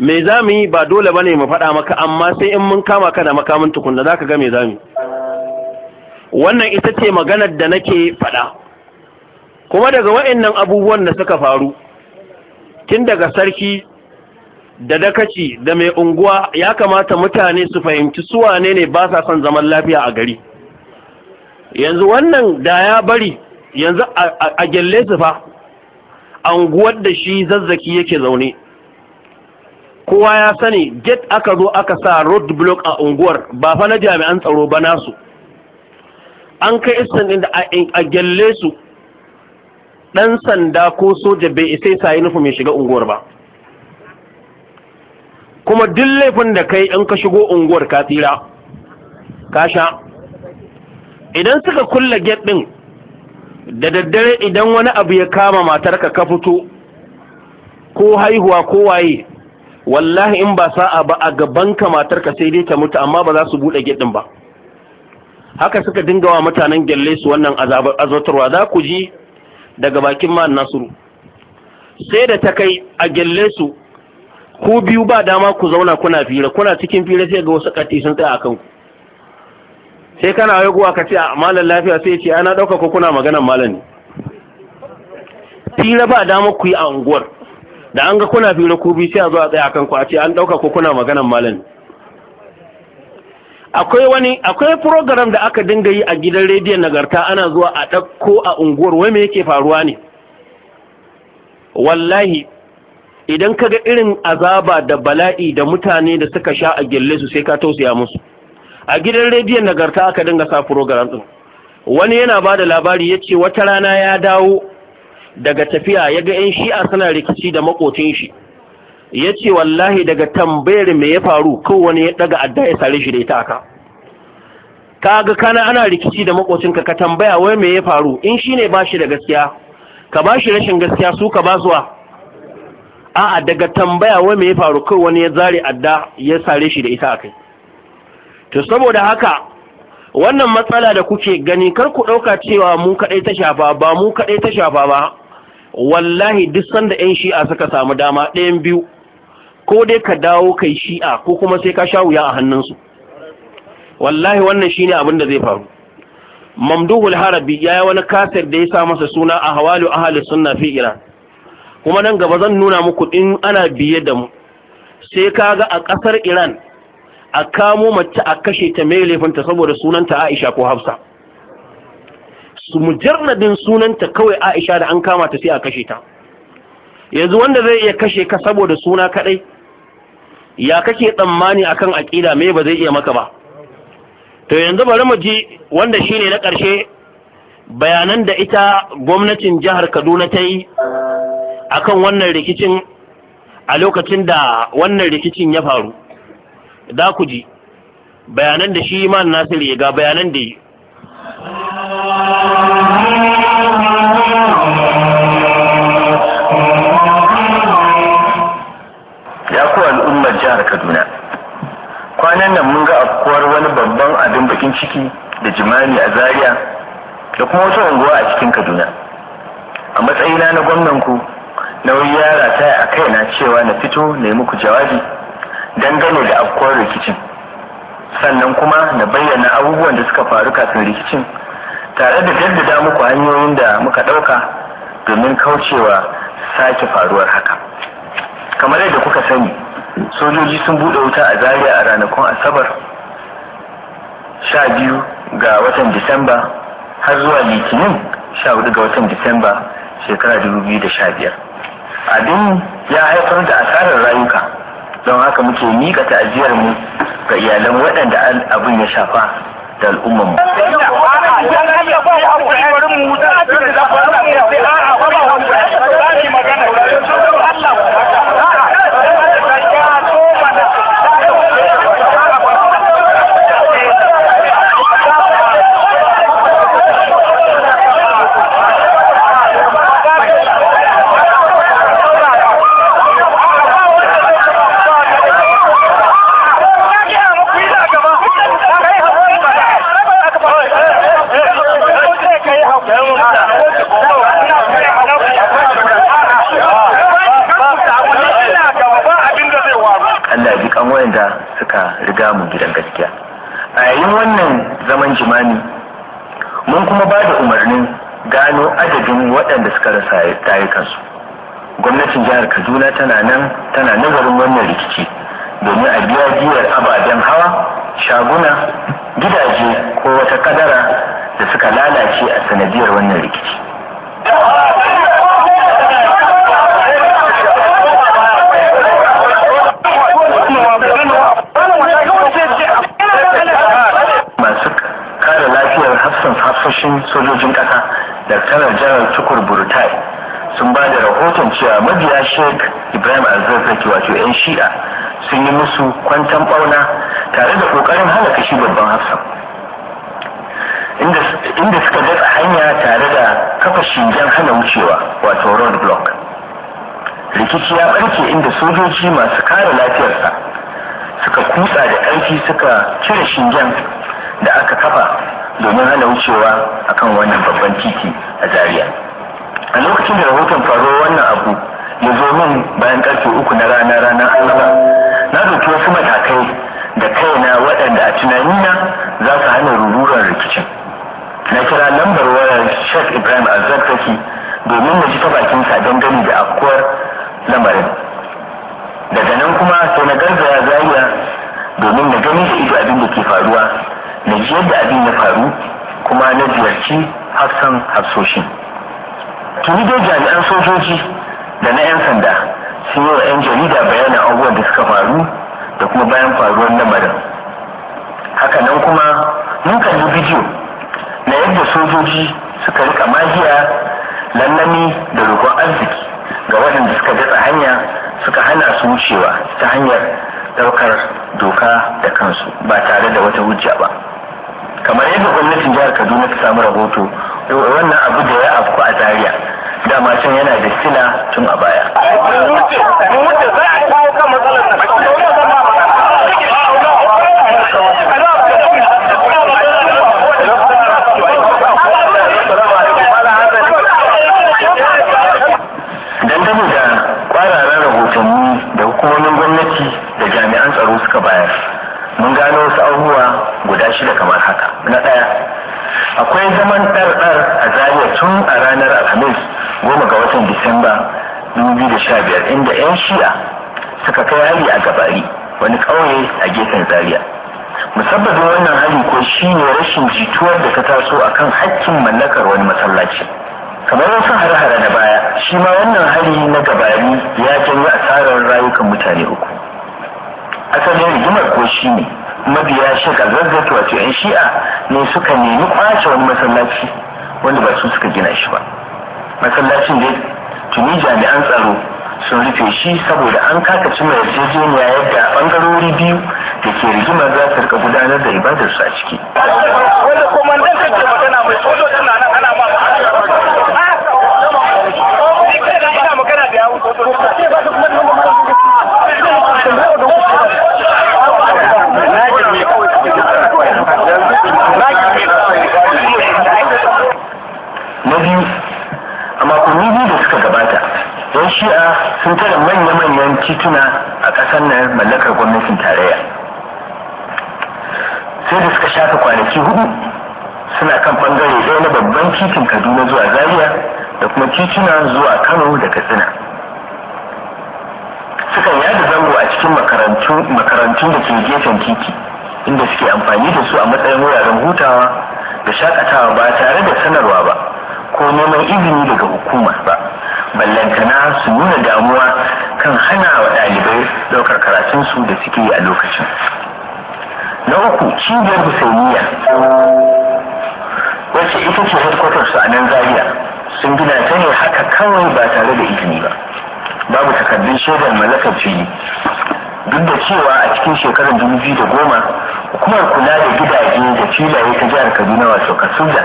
me za mu yi ba dole ba ne mu faɗa maka amma sai in mun kama ka da makamin tukunna za ka ga me za mu wannan ita ce maganar da nake faɗa kuma daga wa'annan abubuwan da suka faru tun daga sarki da dakaci da mai unguwa ya kamata mutane su fahimci su wane ne ba sa son zaman lafiya a gari yanzu wannan da ya bari yanzu a gyalle su fa anguwar da shi zazzaki yake zaune kowa ya sani get aka zo aka sa road block a unguwar ba fa na jami'an tsaro ba nasu an kai istan din da a gyalle su dan sanda ko soja bai isai sa uniform ya shiga unguwar ba kuma duk laifin da kai in ka shigo unguwar ka tsira ka sha idan suka kulle get din da daddare idan wani abu ya kama matarka ka fito ko haihuwa ko waye wallahi in ba sa'a ba a gaban ka matarka sai dai ta mutu amma ba za su buɗe gidin ba haka suka dinga wa mutanen gelle su wannan azabatarwa za ku ji daga bakin ma nasiru sai da ta kai a gelle su ku biyu ba dama ku zauna kuna fira kuna cikin fira sai ga wasu kati sun tsaya a ku? sai kana guwa ka ce a malam lafiya sai ce ana dauka ko kuna magana malam ne fira ba dama ku yi a unguwar da an ga kuna fi rukubi sai a zo a tsaye akan ku a ce an dauka ko kuna maganan malam akwai wani akwai program da aka dinga yi a gidan rediyon nagarta ana zuwa a ɗauko a unguwar wai me yake faruwa ne wallahi idan ka ga irin azaba da bala'i da mutane da suka sha a gelle su sai ka tausaya musu a gidan rediyon nagarta aka dinga sa program din wani yana ba da labari ya ce wata rana ya dawo daga tafiya ya ga 'yan shi'a suna rikici da makotin shi ya ce wallahi daga tambayar me ya faru kowane ya daga adda ya sare shi da ita aka ka ga kana ana rikici da makocinka ka tambaya wai me ya faru in shi ne ba shi da gaskiya ka ba shi rashin gaskiya su ka ba zuwa a'a daga tambaya wai me ya faru kowane ya zare adda ya sare shi da ita akai to saboda haka wannan matsala da kuke gani kar ku ɗauka cewa mu kaɗai ta shafa ba mu kaɗai ta shafa ba wallahi duk sanda yan shi'a suka samu dama ɗayan biyu ko dai ka dawo kai shi'a ko kuma sai ka sha wuya a hannunsu wallahi wannan shi ne abin da zai faru mamduhul harabi ya yi wani kasir da ya sa masa suna a a halin suna fi iran kuma nan gaba zan nuna muku in ana biye da mu sai ka ga a ƙasar iran a kamo mace a kashe ta mai laifinta saboda sunanta aisha ko hafsa su mujarradin sunanta kawai Aisha da an kama ta sai a kashe ta yanzu wanda zai iya kashe ka saboda suna kadai ya kake tsammani akan aqida me ba zai iya maka ba to yanzu bari mu ji wanda shine na karshe bayanan da ita gwamnatin jihar Kaduna ta yi akan wannan rikicin a lokacin da wannan rikicin ya faru da ku ji bayanan da shi Iman Nasir ya ga bayanan da kaduna kwanan nan mun ga afkuwar wani babban abin bakin ciki da jimani a zaria da kuma wata unguwa a cikin kaduna a matsayina na gwamnan ku nauyi ya rata a kaina cewa na fito na yi muku jawabi dangane da afkuwar rikicin sannan kuma na bayyana abubuwan da suka faru kafin rikicin tare da jaddada muku hanyoyin da muka ɗauka domin kaucewa sake faruwar haka kamar yadda kuka sani sojoji sun buɗe wuta a zaria a ranakun asabar sha biyu ga watan disamba har zuwa litinin sha hudu ga watan disamba shekara dubu biyu da sha biyar abin ya haifar da asarar rayuka don haka muke miƙa ta'aziyarmu mu ga iyalan waɗanda abin ya shafa da al'ummar mu Allah samun gidan gaskiya a yayin wannan zaman jimami mun kuma ba da umarnin gano adadin waɗanda suka rasa tayukansu gwamnatin jihar kaduna tana nan tana nazarin wannan rikici domin a biya biyar ababen hawa shaguna gidaje ko wata kadara da suka lalace a sanadiyar wannan rikici hafsin hafashin sojojin ƙasa da kanar janar tukur burtai sun ba da rahoton cewa mabiya sheik ibrahim alzazzaki wato 'yan shi'a sun yi musu kwantan bauna tare da ƙoƙarin halaka shi babban hafsan inda suka datsa hanya tare da kafa shingen hana wucewa wato road block rikici ya barke inda sojoji masu kare lafiyarsa suka kutsa da ƙarfi suka cire shingen da aka kafa domin hana wucewa akan wannan babban titi a Zariya. a lokacin da rahoton faruwar wannan abu ya zo min bayan karfe uku na rana rana alaba na ɗauki wasu matakai da kaina waɗanda a tunanina za su hana rururan rikicin na kira lambar wayar shek ibrahim a azzakaki domin na ji ta bakin don gani da afkuwar lamarin daga nan kuma sai na garzaya zaria domin na gani da shi abin da ke faruwa na ji yadda abin ya faru kuma na ziyarci hafsan hafsoshin tuni dai jami'an sojoji da na 'yan sanda sun yi wa 'yan jarida bayanin abubuwan da suka faru da kuma bayan faruwar lamarin hakanan kuma mun kalli bidiyo na yadda sojoji suka rika magiya lallami da roƙon arziki ga waɗanda suka datsa hanya suka hana su wucewa ta hanyar ɗaukar doka da kansu ba tare da wata hujja ba. kamar yadda gwamnatin jihar kaduna ta samu rahoto wannan abu da ya afku a zaria dama can yana da sila tun a baya dangane da kwararren rahotanni da hukumomin gwamnati da jami'an tsaro suka bayar shida kamar haka na ɗaya akwai zaman ɗarɗar a zariya tun a ranar alhamis goma ga watan disamba 2015 inda 'yan shi'a suka kai hali a gabari wani ƙauye a gefen Zariya. musabbabin wannan hali ko shi ne rashin jituwar da ta taso a kan hakkin mallakar wani masallaci kamar wasu hare-hare na baya shi ma wannan hali na gabari ya janyo asarar rayukan mutane uku asalin rigimar ko shi ne. mabiya shek azazzatu wato yan shi'a ne suka nemi kwace wani masallaci wanda ba su suka gina shi ba masallacin da tuni jami'an tsaro sun rufe shi saboda an kakaci mai yarjejeniya yadda bangarori biyu da ke rigima za su rika gudanar da ibadar su a ciki. Wanda komandan kake magana mai sojo suna nan ana ma magana da yawon sojo. na biyu a makonni biyu da suka gabata yan shi'a sun tara manya-manyan tituna a ƙasar nan mallakar gwamnatin tarayya sai da suka shafe kwanaki hudu suna kan bangare ɗaya na babban titin kaduna zuwa zaria da kuma tituna zuwa kano da katsina sukan yada zango a cikin makarantun da ke gefen titi inda suke amfani da su a matsayin wuraren hutawa da shakatawa ba tare da sanarwa ba ko neman izini daga hukuma ba ballantana su nuna damuwa kan hana wa ɗalibai ɗaukar karatun su da suke yi a lokacin na uku cibiyar husainiya wacce ita ce headquarters a nan zaria sun gina ta ne haka kawai ba tare da izini ba babu takardun shaidar mallakar fili duk da cewa a cikin shekarar dubu biyu da goma hukumar kula da gidaje da filaye ta jihar kaduna wato kasuda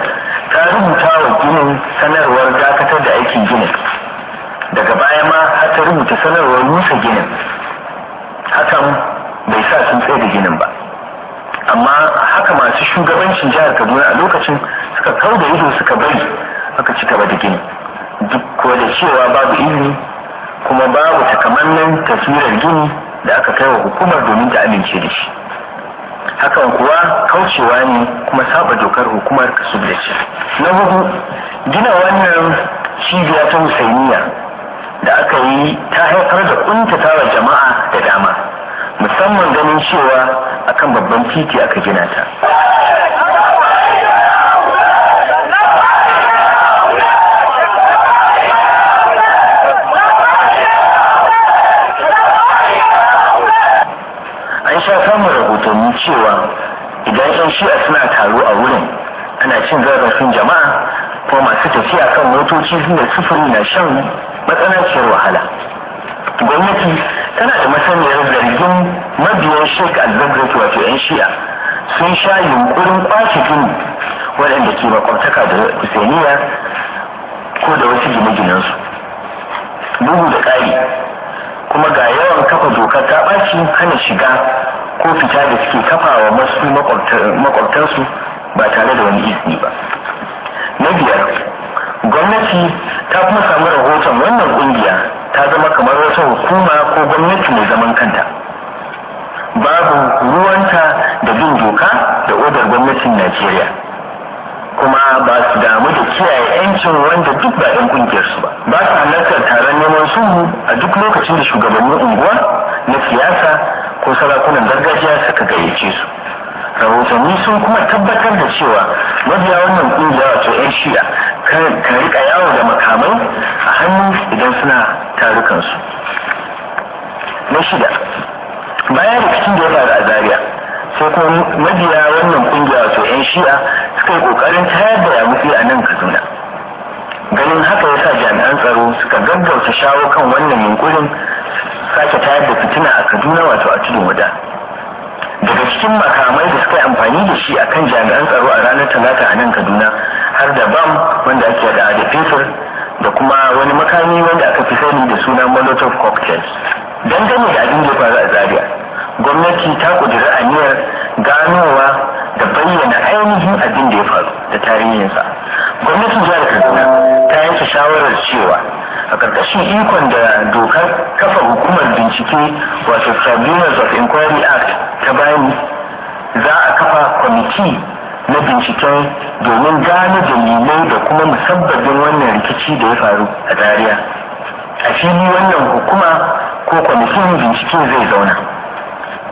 ta rubuta wa ginin sanarwar dakatar da aikin ginin daga baya ma har ta rubuta sanarwar nusa ginin hakan bai sa sun tsaye da ginin ba amma haka masu shugabancin jihar kaduna a lokacin suka kau da ido suka bari aka ci gaba da gini duk kuwa da cewa babu izini kuma babu takamaiman taswirar gini da aka kai wa hukumar domin ta amince da shi hakan kuwa kaucewa ne kuma saba dokar hukumar kasu da ce na hudu gina wannan cibiya ta husainiya da aka yi ta haifar da ƙuntatawa jama'a da dama musamman ganin cewa akan babban titi aka gina ta samun rahotanni cewa idan yan shi'a suna taro a wurin ana cin zarafin jama'a ko masu tafiya kan motoci suna sufuri na shan matsananciyar wahala gwamnati tana da masaniyar zargin mabiyan sheik al wato yan shi'a sun sha yunkurin kwace gini waɗanda ke makwabtaka da husainiya ko da wasu gine-ginensu bugu da ƙari kuma ga yawan kafa dokar ta ɓaci hana shiga ko fita da suke kafa wa masu makwabtansu ba tare da wani izini ba na biyar gwamnati ta kuma samu rahoton wannan kungiya ta zama kamar wata hukuma ko gwamnati mai zaman kanta babu ruwanta da bin doka da odar gwamnatin najeriya kuma ba su damu da kiyaye yancin wanda duk ba ɗan ƙungiyarsu ba ba su halartar taron neman sulhu a duk lokacin da shugabannin unguwa na siyasa ko sarakunan gargajiya suka gayyace su rahotanni sun kuma tabbatar da cewa mabiya wannan kungiya wato yan shi'a kan rika yawo da makamai a hannu idan suna tarukansu na shida bayan rikicin da ya faru a zaria sai kuma mabiya wannan kungiya wato yan shi'a suka yi kokarin tayar da yamutsi a nan kaduna ganin haka ya sa jami'an tsaro suka gaggauta shawo kan wannan yunkurin sake tayar da fitina a kaduna wato a tudun wada daga cikin makamai da suka yi amfani da shi akan jami'an tsaro a ranar talata a nan kaduna har da bam wanda ake da da fetur da kuma wani makami wanda aka fi sani da suna molotov cocktail dangane da abin da ya faru a zaria gwamnati ta kudura aniyar ganowa da bayyana ainihin abin da ya faru da tarihinsa gwamnatin jihar kaduna ta yanke shawarar cewa a ƙarƙashin ikon da dokar kafa hukumar bincike wato tribunals of inquiry act ta bayani za a kafa kwamiti na binciken domin gane dalilai da kuma musabbabin wannan rikici da ya faru a dariya a fili wannan hukuma ko kwamitin bincike zai zauna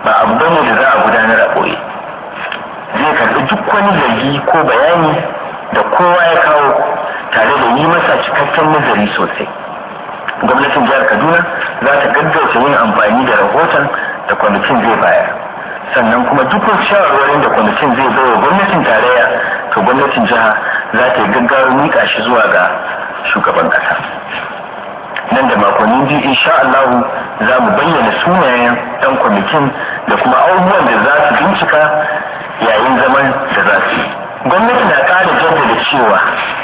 ba abu bane da za a gudanar a ɓoye zai karɓi duk wani zargi ko bayani da kowa ya kawo tare da yi masa cikakken nazari sosai gwamnatin jihar kaduna za ta gaggauta yin amfani da rahoton da kwamitin zai bayar sannan kuma duk wasu shawarwarin da kwamitin zai bai wa gwamnatin tarayya to gwamnatin jiha za ta yi gaggawar miƙa shi zuwa ga shugaban ƙasa nan da makonni biyu insha Allah za mu bayyana sunayen ɗan kwamitin da kuma abubuwan da za su bincika yayin zaman da za su yi gwamnati na ƙara jaddada cewa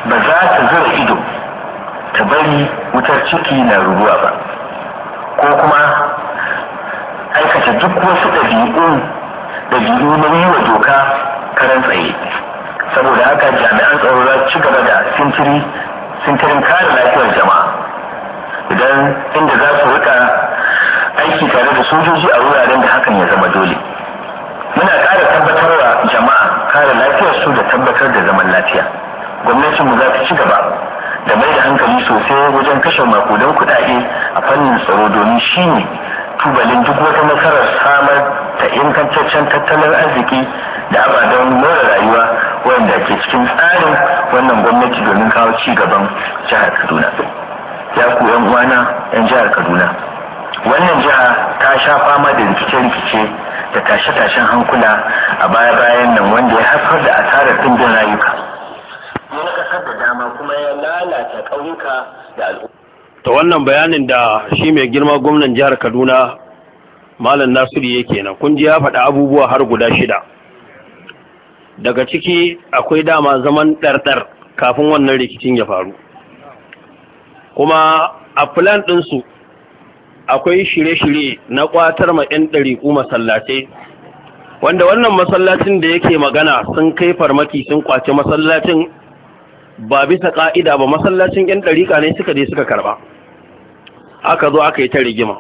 ba za ta zura ido ta bari wutar ciki na ruruwa ba ko kuma aikata duk wasu ɗabi'u ɗabi'u na yi wa doka karan tsaye saboda haka jami'an tsaro za ci gaba da sintiri sintirin kare lafiyar jama'a idan inda za su rika aiki tare da sojoji a wuraren da hakan ya zama dole muna ƙara tabbatarwa jama'a kare lafiyar su da tabbatar da zaman lafiya gwamnatinmu za ta ci gaba da mai da hankali sosai wajen kashe makudan kudade a fannin tsaro domin shi ne tubalin duk wata nasarar samar ta ingantaccen tattalin arziki da ababen more rayuwa wanda ke cikin tsarin wannan gwamnati domin kawo ci gaban jihar kaduna ya ku yan uwana yan jihar kaduna wannan jiha ta sha fama da rikice-rikice da tashe-tashen hankula a baya-bayan nan wanda ya haifar da asarar ɗimbin rayuka Ya da dama kuma ya lalata ƙauyuka da al'umma. ta wannan bayanin da shi mai girma gwamnan jihar kaduna malam nasiru yake nan kun ji ya faɗi abubuwa har guda shida daga ciki akwai dama zaman ɗarɗar kafin wannan rikicin ya faru kuma a filan ɗinsu akwai shirye-shirye na ƙwatar ma 'yan ɗariƙu masallace wanda wannan masallacin da yake magana sun kai farmaki sun kwace masallacin ba bisa ƙa'ida ba masallacin yan ɗariƙa ne suka je suka karɓa aka zo aka yi ta rigima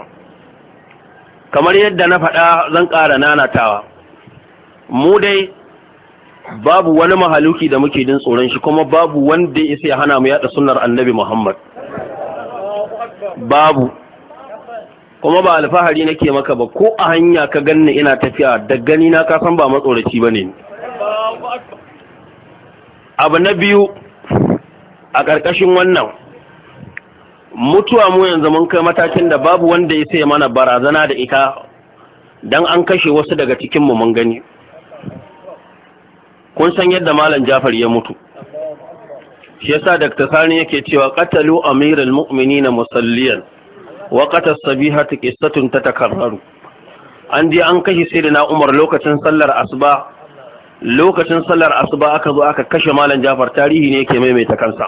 kamar yadda na faɗa zan ƙara nanatawa mu dai babu wani mahaluki da muke jin tsoron shi kuma babu wanda ya sai hana mu yaɗa sunnar annabi muhammad babu kuma ba alfahari nake maka ba ko a hanya ka ganni ina tafiya da gani na ka ba matsoraci ba ne abu na biyu a ƙarƙashin wannan mutuwa mu yanzu mun kai matakin da babu wanda ya sai mana barazana da ita don an kashe wasu daga cikinmu mun gani kun san yadda malam jafar ya mutu shi yasa dr sani yake cewa qatalu amiral mu'minina musalliyan wa qata sabihatu qissatun tatakarraru an je an kashe sayyidina umar lokacin sallar asuba lokacin sallar asuba aka zo aka kashe malam jafar tarihi ne yake maimaita kansa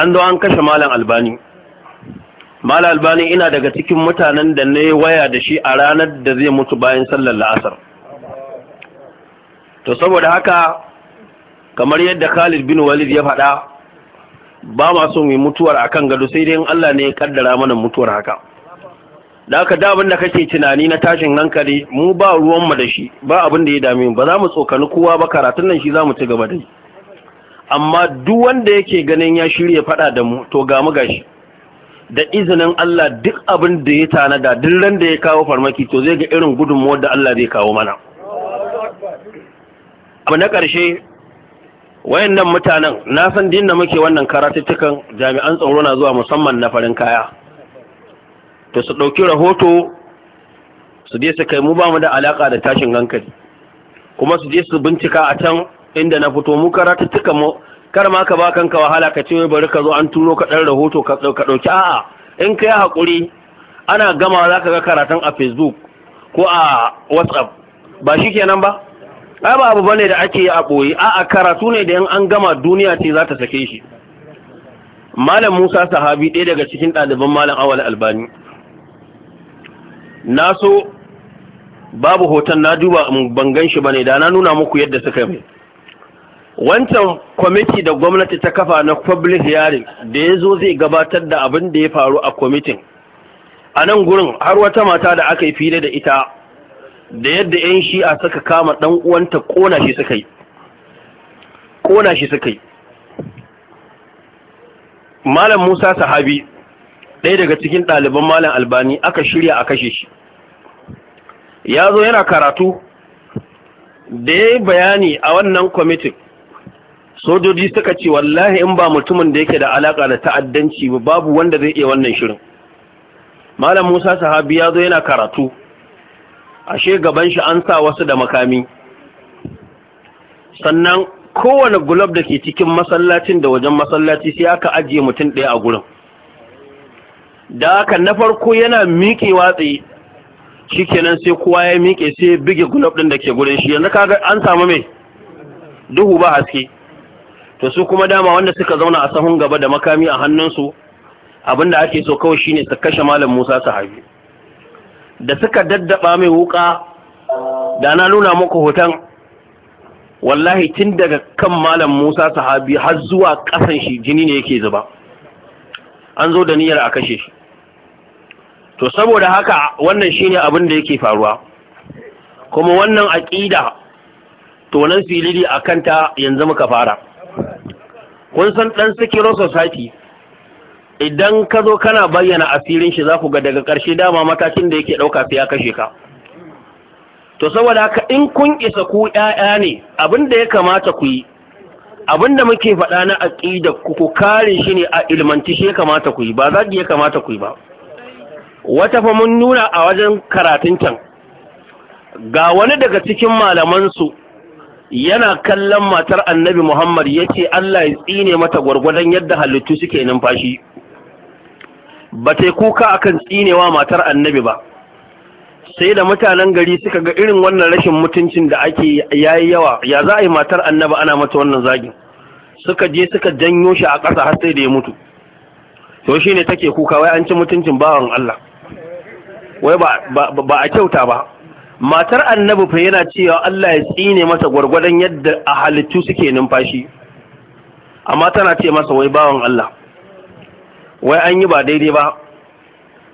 an zo an kashe malam albani malam albani ina daga cikin mutanen da na waya da shi a ranar da zai mutu bayan sallar la'asar to saboda haka kamar yadda khalid bin walid ya faɗa ba ma son mutuwar mutuwar akan gado sai dai in allah ne ya kaddara mana mutuwar haka da aka da abin da kake tunani na tashin hankali mu ba ruwan mu da shi ba abin da ya dame mu ba za mu tsokani kowa ba karatun nan shi za mu ci gaba da amma duk wanda yake ganin ya shirya faɗa da mu to ga mu gashi da izinin Allah duk abin da ya tanada duk ran da ya kawo farmaki to zai ga irin gudunmuwar da Allah zai kawo mana abu na ƙarshe wayannan mutanen na san din muke wannan karatuttukan jami'an tsaro na zuwa musamman na farin kaya to su ɗauki rahoto su je su kai mu ba mu da alaƙa da tashin hankali kuma su je su bincika a can inda na fito mu tuka mu kar ma ka ba kanka wahala ka ce bari ka zo an turo ka ɗan rahoto ka ɗauki a'a in ka hakuri ana gama za ka ga karatun a facebook ko a whatsapp ba shi kenan ba ai ba abu bane da ake yi a ɓoye a'a karatu ne da 'yan an gama duniya ce za ta sake shi malam musa sahabi ɗaya daga cikin ɗaliban malam awal albani na so babu hoton na duba um, ban gan shi bane da na nuna muku yadda suka yi wancan kwamiti da gwamnati ta kafa na public hearing da ya zo zai gabatar da abin da ya faru a kwamitin a nan gurin har wata mata da aka yi fili da ita da yadda 'yan shi'a suka kama ɗan uwanta kona shi suka yi ƙona shi suka yi malam musa sahabi ɗaya daga cikin ɗaliban malam albani aka shirya a kashe shi ya zo yana karatu da ya bayani a wannan kwamitin sojoji suka ce wallahi in ba mutumin da yake da alaƙa da ta'addanci ba babu wanda zai iya wannan shirin malam musa sahabi ya zo yana karatu ashe gaban shi an sa wasu da makami sannan kowane gulob da ke cikin masallacin da wajen masallaci sai aka ajiye mutum ɗaya a gurin da haka na farko yana miƙe watsi shikenan sai kowa ya miƙe sai bige gulab ɗin da ke gurin shi yanzu kaga an samu mai duhu ba haske to su kuma dama wanda suka zauna a sahun gaba da makami a hannunsu abinda ake so kawai shine su kashe malam Musa sahabi da suka daddaba mai wuka da na nuna muku hoton wallahi tun daga kan malam Musa sahabi har zuwa kasan shi jini ne yake zuba an zo da niyyar a kashe shi to saboda haka wannan shine abin da yake faruwa kuma wannan aƙida to nan filili a kanta yanzu muka fara kun san ɗan sikiro society idan ka zo kana bayyana asirin shi za ku ga daga ƙarshe dama matakin da yake ɗauka fiye ya kashe ka to saboda haka in kun isa ku ƴaƴa ne abin da ya kamata ku yi abin da muke faɗa na aƙida ku kare shi ne a ilmantishe kamata ku yi ba zagi ya kamata ku yi ba wata fa mun nuna a wajen karatun can ga wani daga cikin malamansu yana kallon matar annabi Muhammad ya ce Allah ya tsine mata gwargwadon yadda halittu suke numfashi ba ta kuka akan tsinewa matar annabi ba sai da mutanen gari suka ga irin wannan rashin mutuncin da ake yayi yawa ya za a yi matar annabi ana mata wannan zagin suka je suka janyo shi a ƙasa har sai da ya mutu to shine take kuka wai an ci mutuncin bawan Allah wai ba a kyauta ba matar annabi fa yana cewa Allah ya tsine masa gwargwadon yadda a halittu suke numfashi amma tana ce masa wai bawan Allah wai an yi ba daidai ba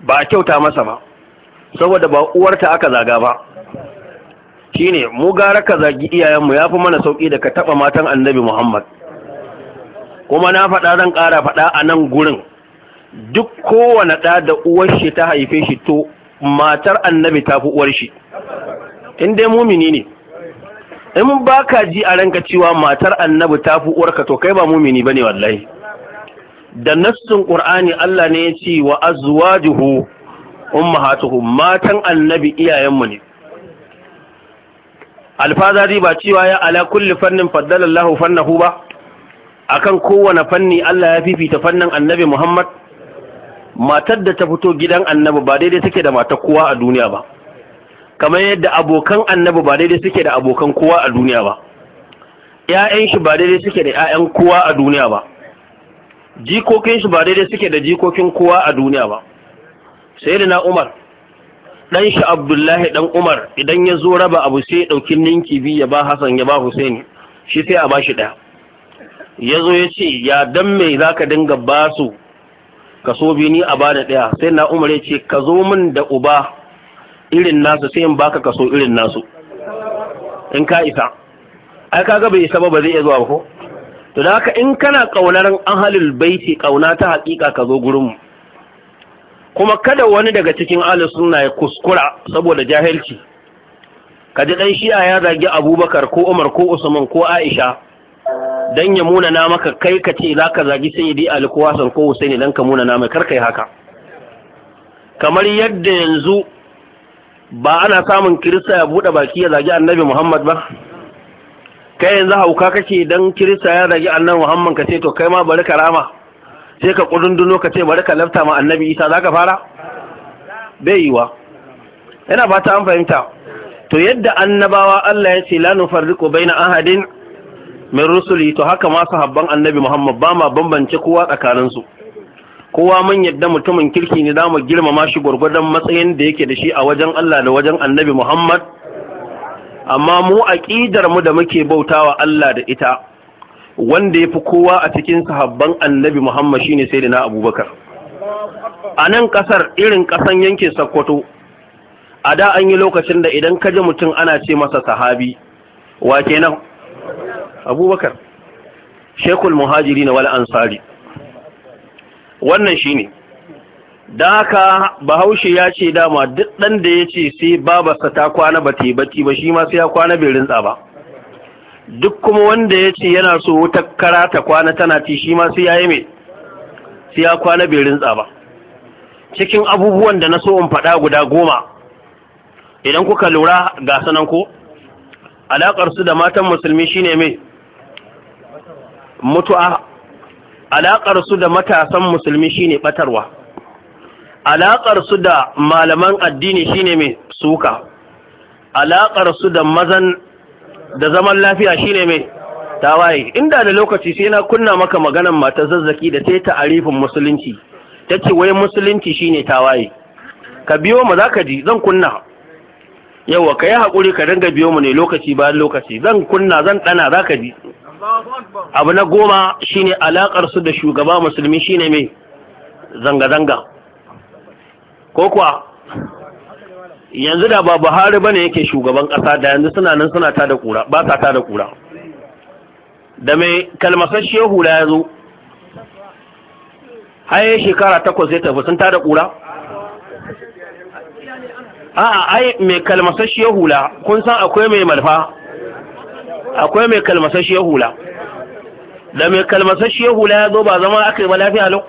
ba a kyauta masa ba saboda ba uwarta aka zaga ba Shi ne mu gara ka zagi iyayenmu ya fi mana sauƙi da ka taɓa matan annabi Muhammad kuma na faɗa zan ƙara faɗa a nan gurin duk kowane ɗa da uwar shi ta haife shi to matar annabi ta fi uwar shi in dai mumini ne in ba ka ji a ranka cewa matar annabi ta fi uwarka to kai ba mumini bane wallahi da nassun ƙur'ani Allah ne ya ce wa azwajuhu ummahatuhum matan annabi iyayenmu ne alfazari ba cewa ya ala kulli fannin faddala Allahu fannahu ba akan kowane fanni Allah ya fifita fannin annabi Muhammad matar da ta fito gidan annabi ba daidai take da matar kowa a duniya ba kamar yadda abokan annabi ba daidai suke da abokan kowa a duniya ba ‘ya'yan shi ba daidai suke da ‘ya'yan kowa a duniya ba jikokin shi ba daidai suke da jikokin kowa a duniya ba sai da na umar ɗan shi abdullahi ɗan umar idan ya zo raba abu sai ya ɗauki ninki biyu ya ba hassan ya ba husaini shi sai a ba shi ɗaya ya zo ya ce ya dan me za ka dinga Basu? kaso bi ni a bada ɗaya sai na umar ya ce ka zo min da uba irin nasu sai in baka kaso irin nasu in ka isa ai ka ga bai isa ba ba zai iya zuwa ba ko to da haka in kana kaunar ahlul baiti kauna ta hakika ka zo gurin kuma kada wani daga cikin ahlus sunna ya kuskura saboda jahilci kaji dan shi'a ya zagi abubakar ko umar ko usman ko aisha dan ya muna na maka kai ka ce za ka zagi sayyidi ali ko hasan ko ne dan ka muna na mai karkai haka kamar yadda yanzu ba ana samun kirista ya buɗe baki ya zagi annabi muhammad ba kai yanzu hauka kake dan kirista ya zagi annabi muhammad ka ce to kai ma bari ka rama sai ka kudunduno ka ce bari ka lafta ma annabi isa za ka fara bai yi wa. yana ba ta an fahimta to yadda annabawa allah ya ce la nufarriqu baina ahadin min rusuli to haka ma sahabban annabi Muhammad ba ma bambance kowa tsakanin su kowa mun yadda mutumin kirki ne da girmama shi gwargwadon matsayin da yake da shi a wajen Allah da wajen annabi Muhammad amma mu aqidar mu da muke bautawa Allah da ita wanda yafi kowa a cikin sahabban annabi Muhammad shine na Abubakar a nan kasar irin kasan yankin Sokoto a da an yi lokacin da idan ka ji mutum ana ce masa sahabi wa kenan abubakar shekul muhajiri na wal ansari wannan shine da haka bahaushe ya ce dama duk ɗan da ya ce sai babarsa ta kwana ba ta ba shi ma sai ya kwana bai rintsa ba duk kuma wanda ya ce yana so wuta karata ta kwana tana ci shi ma sai ya yi mai sai ya kwana bai rintsa ba cikin abubuwan da na so in faɗa guda goma idan kuka lura ga sanan ko alaƙar su da matan musulmi shine mai mutu'a alaƙar su da matasan musulmi shine batarwa alaƙar su da malaman addini shine mai suka alaƙar su da mazan da zaman lafiya shine mai tawaye inda da lokaci sai na kunna maka maganan matar zazzaki da ta ta'arifin musulunci ta ce wai musulunci shine tawaye ka biyo mu za ka ji zan kunna yawa ka yi haƙuri ka dinga biyo mu ne lokaci bayan lokaci zan kunna zan ɗana za ka ji abu na goma shine alakar su da shugaba musulmi shine mai zanga-zanga ko kuwa yanzu da ba buhari bane yake shugaban ƙasa da yanzu suna nan suna ta da kura ba sa ta da kura da mai shehu da ya zo haye shekara takwas ya tafi sun ta da kura a'a ai mai shehu la kun san akwai mai malfa akwai mai kalmasasshiyar hula da mai kalmasasshiyar hula ya zo ba zama aka yi ba lafiya lau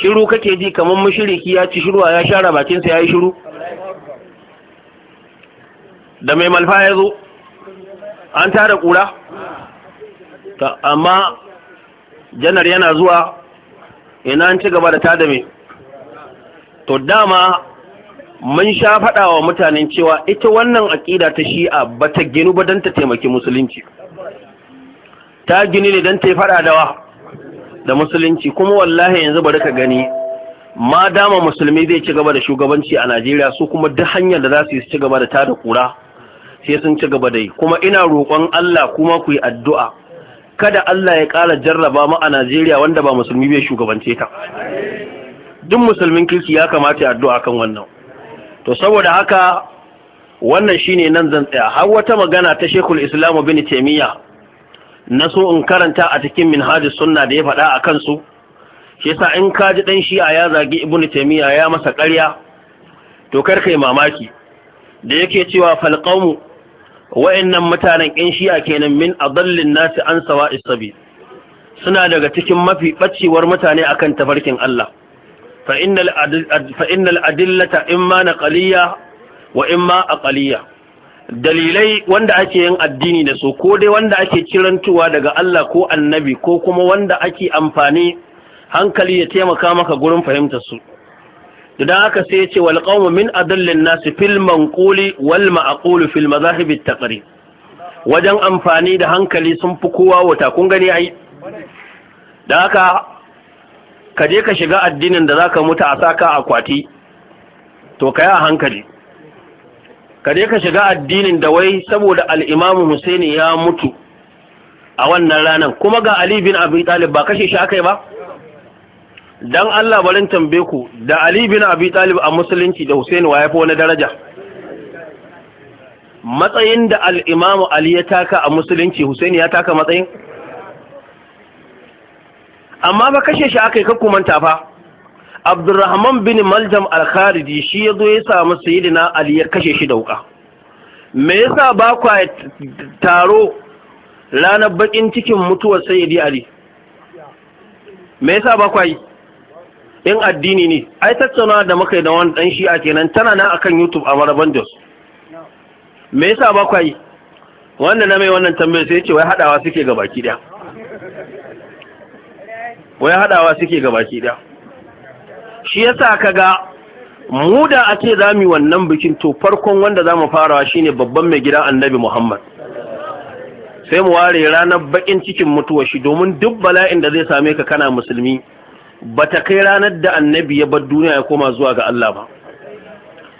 shiru kake ji kamar mashiriki ya ci shiru? ya share bakinsa ya yi shiru da mai malfa ya zo an tara kura amma janar yana zuwa ina an ci gaba da tada mai to dama mun sha faɗa wa mutanen cewa ita wannan aƙida ta shi'a ba ta ginu ba don ta taimaki musulunci ta gini ne don ta yi faɗa dawa da musulunci kuma wallahi yanzu bari ka gani ma dama musulmi zai ci gaba da shugabanci a najeriya su kuma duk hanyar da za su yi ci gaba da tada kura sai sun ci gaba da yi kuma ina roƙon allah kuma ku yi addu'a kada allah ya ƙara jarraba mu a najeriya wanda ba musulmi bai shugabance ta duk musulmin kirki ya kamata ya addu'a kan wannan to saboda haka wannan shine nan zantsaya har wata magana ta shekul Islamu bin Taymiyyah na so in karanta a cikin Minhajus Sunna da ya faɗa a kansu shi yasa in ka ji ɗan Shi'a ya zagi Ibn Taymiyyah ya masa ƙarya to kar kai mamaki da yake cewa fal qawmu wa'annan mutanen in Shi'a kenan min adallin nasi an sawa'is suna daga cikin mafi ɓacewar mutane akan tafarkin Allah فإن الأدلة إما نقلية وإما أقلية dalilai wanda ake yin addini da su ko dai wanda ake kirantuwa daga Allah ko annabi ko kuma wanda ake amfani hankali ya taimaka maka gurin fahimtar su idan aka sai ya ce wal qawmu min adallin nasi fil manquli wal ma'qul fil madahib at taqri wajen amfani da hankali sun fi kowa wata kun gani ai dan haka ka je ka shiga addinin da za ka mutu a saka akwati to ka yi a hankali ka je ka shiga addinin da wai saboda al'imamu Hussein ya mutu a wannan ranar kuma ga Ali bin Abi Talib ba kashe shi aka ba dan Allah barin tambaye ku da Ali bin Abi Talib a musulunci da Hussein wa yafi wani daraja matsayin da al'imamu Ali ya taka a musulunci Hussein ya taka matsayin amma ba kashe shi aka yi kakkumanta fa abdurrahman bin maljam al shi ya zo ya samu sayidina ali ya kashe shi da wuka me yasa ba kwa taro ranar bakin cikin mutuwar sayyidi ali me yasa ba kwa yi in addini ne ai tattauna da muka yi da wani dan shi'a kenan tana nan akan youtube a maraban jos me yasa ba kwa yi wanda na mai wannan tambayar sai ce wai hadawa suke ga baki daya wai haɗawa suke gabaki da? shi yasa kaga mu da a ce wannan bikin to farkon wanda za mu farawa shine babban mai gidan annabi muhammad sai mu ware ranar bakin cikin mutuwa shi domin duk bala'in da zai same ka kana musulmi ba ta kai ranar da annabi ya bar duniya ya koma zuwa ga allah ba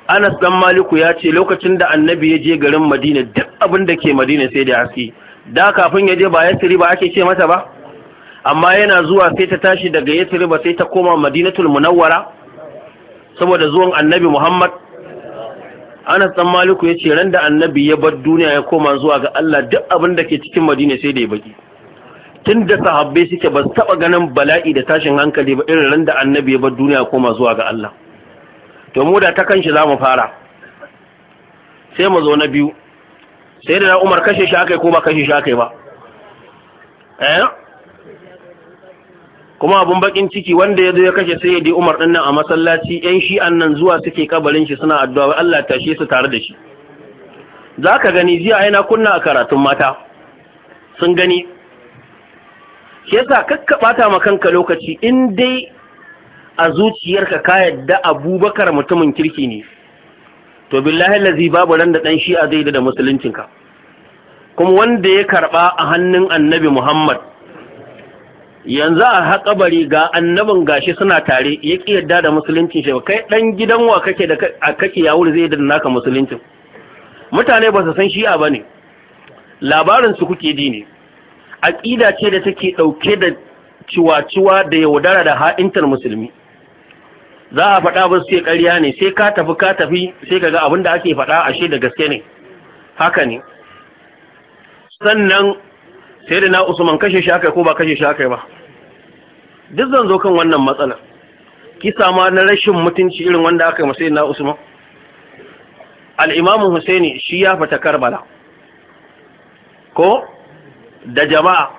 anas dan maliku ya ce lokacin da annabi ya je garin madina duk abin da ke madina sai da haske da kafin ya je ba yasiri ba ake ce mata ba amma yana zuwa sai ta tashi daga yathriba sai ta koma madinatul munawwara saboda zuwan annabi muhammad anas dan maliku ya ce ran da annabi ya bar duniya ya koma zuwa ga allah duk abin da ke cikin madina sai da ya baki tun da sahabbai suke ba taba ganin bala'i da tashin hankali ba irin ran da annabi ya bar duniya ya koma zuwa ga allah to mu da ta kanshi za mu fara sai mu zo na biyu sai da umar kashe shi aka yi ko ba kashe shi aka ba eh kuma abun bakin ciki wanda ya zo ya kashe sai ya di Umar dinnan a masallaci yan shi annan zuwa suke kabarin shi suna addu'a Allah tashe su tare da shi zaka gani jiya aina kunna a karatun mata sun gani shi yasa kakkaba ta ma kanka lokaci in dai a zuciyarka ka yadda Abubakar mutumin kirki ne to billahi lazi babu ran da dan shi'a zai da musuluncinka kuma wanda ya karba a hannun Annabi Muhammad yanzu a haƙabari ga annabin gashi suna tare ya ƙi yadda da musuluncin shi kai ɗan gidan wa kake da a kake ya wuri zai da naka musuluncin mutane ba su san shi'a ba ne labarin su kuke ji ne aƙida ce da take ɗauke da ciwa-ciwa da yaudara da ha'intar musulmi za a faɗa ba su ke ƙarya ne sai ka tafi ka tafi sai ka ga abin da ake faɗa ashe da gaske ne haka ne sannan sai da na usman kashe shi ko ba kashe shi ba duk zan zo kan wannan matsalar kisa ma na rashin mutunci irin wanda aka yi masai na usman al'imamun husaini shi ya fata karbala ko da jama'a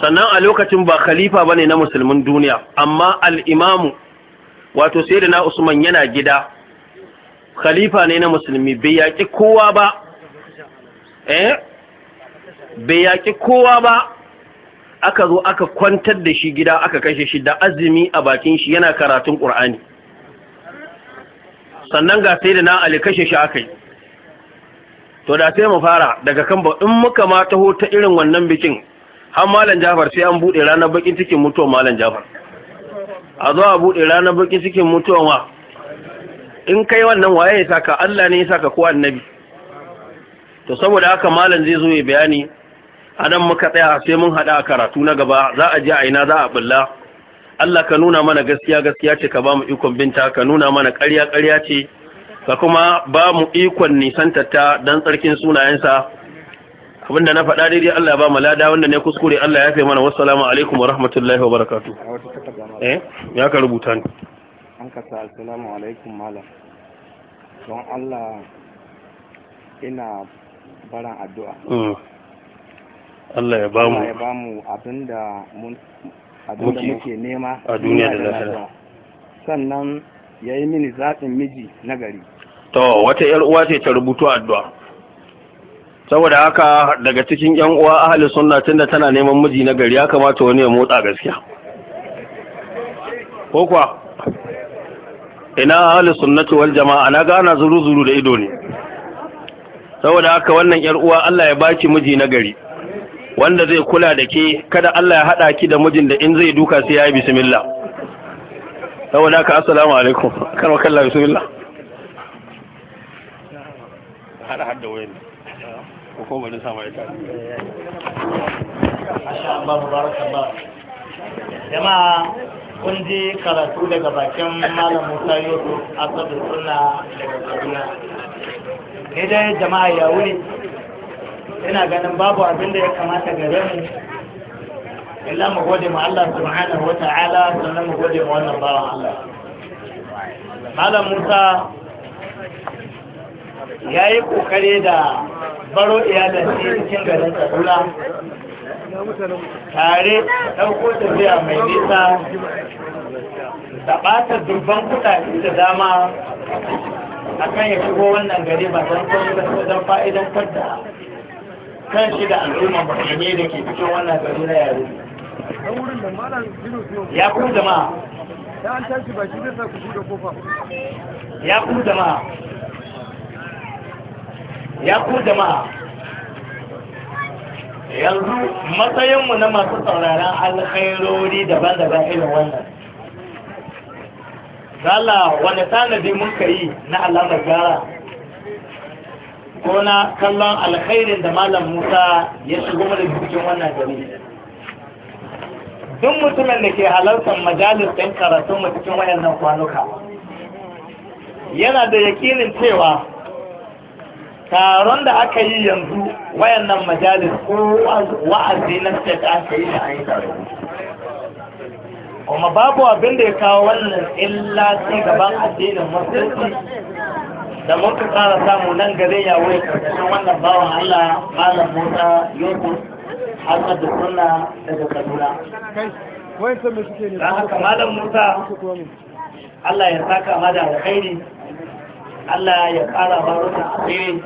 sannan a lokacin ba khalifa ba ne na musulmin duniya amma al'imamu wato sai da na usman yana gida khalifa ne na musulmi bai yaƙi kowa ba eh bai yaƙi kowa ba aka zo aka kwantar da shi gida aka kashe shi da azumi a bakin shi yana karatun ƙur'ani sannan ga sai da na ali kashe shi aka yi to da sai mu fara daga kan ba in muka ma taho ta irin wannan bikin har malam jafar sai an buɗe ranar bakin cikin malam jafar a zo a buɗe ranar bakin cikin wa in kai wannan waye ya saka Allah ne ya saka ko annabi to saboda haka malam zai zo ya bayani anan muka tsaya sai mun hada karatu na gaba za a je a ina za a bulla Allah ka nuna mana gaskiya gaskiya ce ka ba mu ikon binta ka nuna mana ƙarya ƙarya ce ka kuma ba mu ikon nisanta ta dan tsarkin sunayensa abinda na faɗa daidai Allah ba mu lada wanda ne kuskure Allah ya fi mana wassalamu alaikum wa rahmatullahi wa barakatu. eh ya ka rubuta ni an ka sa assalamu alaikum malam don Allah ina baran addu'a mm. Allah ya bamu ya bamu abinda mun abinda muke nema a duniya da lafiya sannan ya yi mini zaɓin miji na gari to wata yar uwa ce ta rubutu addu'a saboda haka daga cikin yan uwa ahli sunna tunda tana neman miji na gari ya kamata wani ya motsa gaskiya ko kuwa ina ahli sunnati wal jama'a na gana zuru zuru da ido ne saboda haka wannan yar uwa Allah ya baki miji na gari wanda zai kula da ke kada Allah ya haɗa ki da mijin da in zai duka sai ya yi bismillah saboda ka assalamu alaikum kar wa kalla bismillah hada hada wayin ko ko bari sama ita masha Allah barakallah jama'a kun ji karatu daga bakin malam Musa Yusuf Asadu Sunna daga Kaduna ne dai jama'a ya wuri ina ganin babu abin da ya kamata gare mu illa mu gode ma Allah subhanahu wata'ala sannan mu gode ma wannan bawa. Allah Malam Musa ya yi kokare da baro iyalan shi cikin garin Kaduna tare ɗauko tafiya mai nisa da ɓata dubban kuɗaɗe da dama akan ya shigo wannan gari ba don kwanu da fa'idan kan shi da al'umma musulmi da ke fito wannan gari na yare ya ku jama'a ya ku jama'a ya ku jama'a yanzu matsayinmu na masu tsauraran alkhairori daban-daban irin wannan Zala wani tanadi mun ka yi na alamar gara ko na kallon alkhairin da malam musa ya shigo mana cikin wannan gari duk mutumin da ke halartar majalis ɗin karatun mu cikin wayannan kwanuka yana da yakinin cewa taron da aka yi yanzu wayannan majalis ko wa'azi na state aka yi da an yi kuma babu abin da ya kawo wannan illa sai gaban addinin musulunci da muka fara samu nan gare ya wai karkashin wannan bawan Allah malam Musa Yusuf Ahmad da Sunna daga Kaduna. ne haka malam Musa Allah ya saka mada da alkhairi Allah ya kara ma rukun alkhairi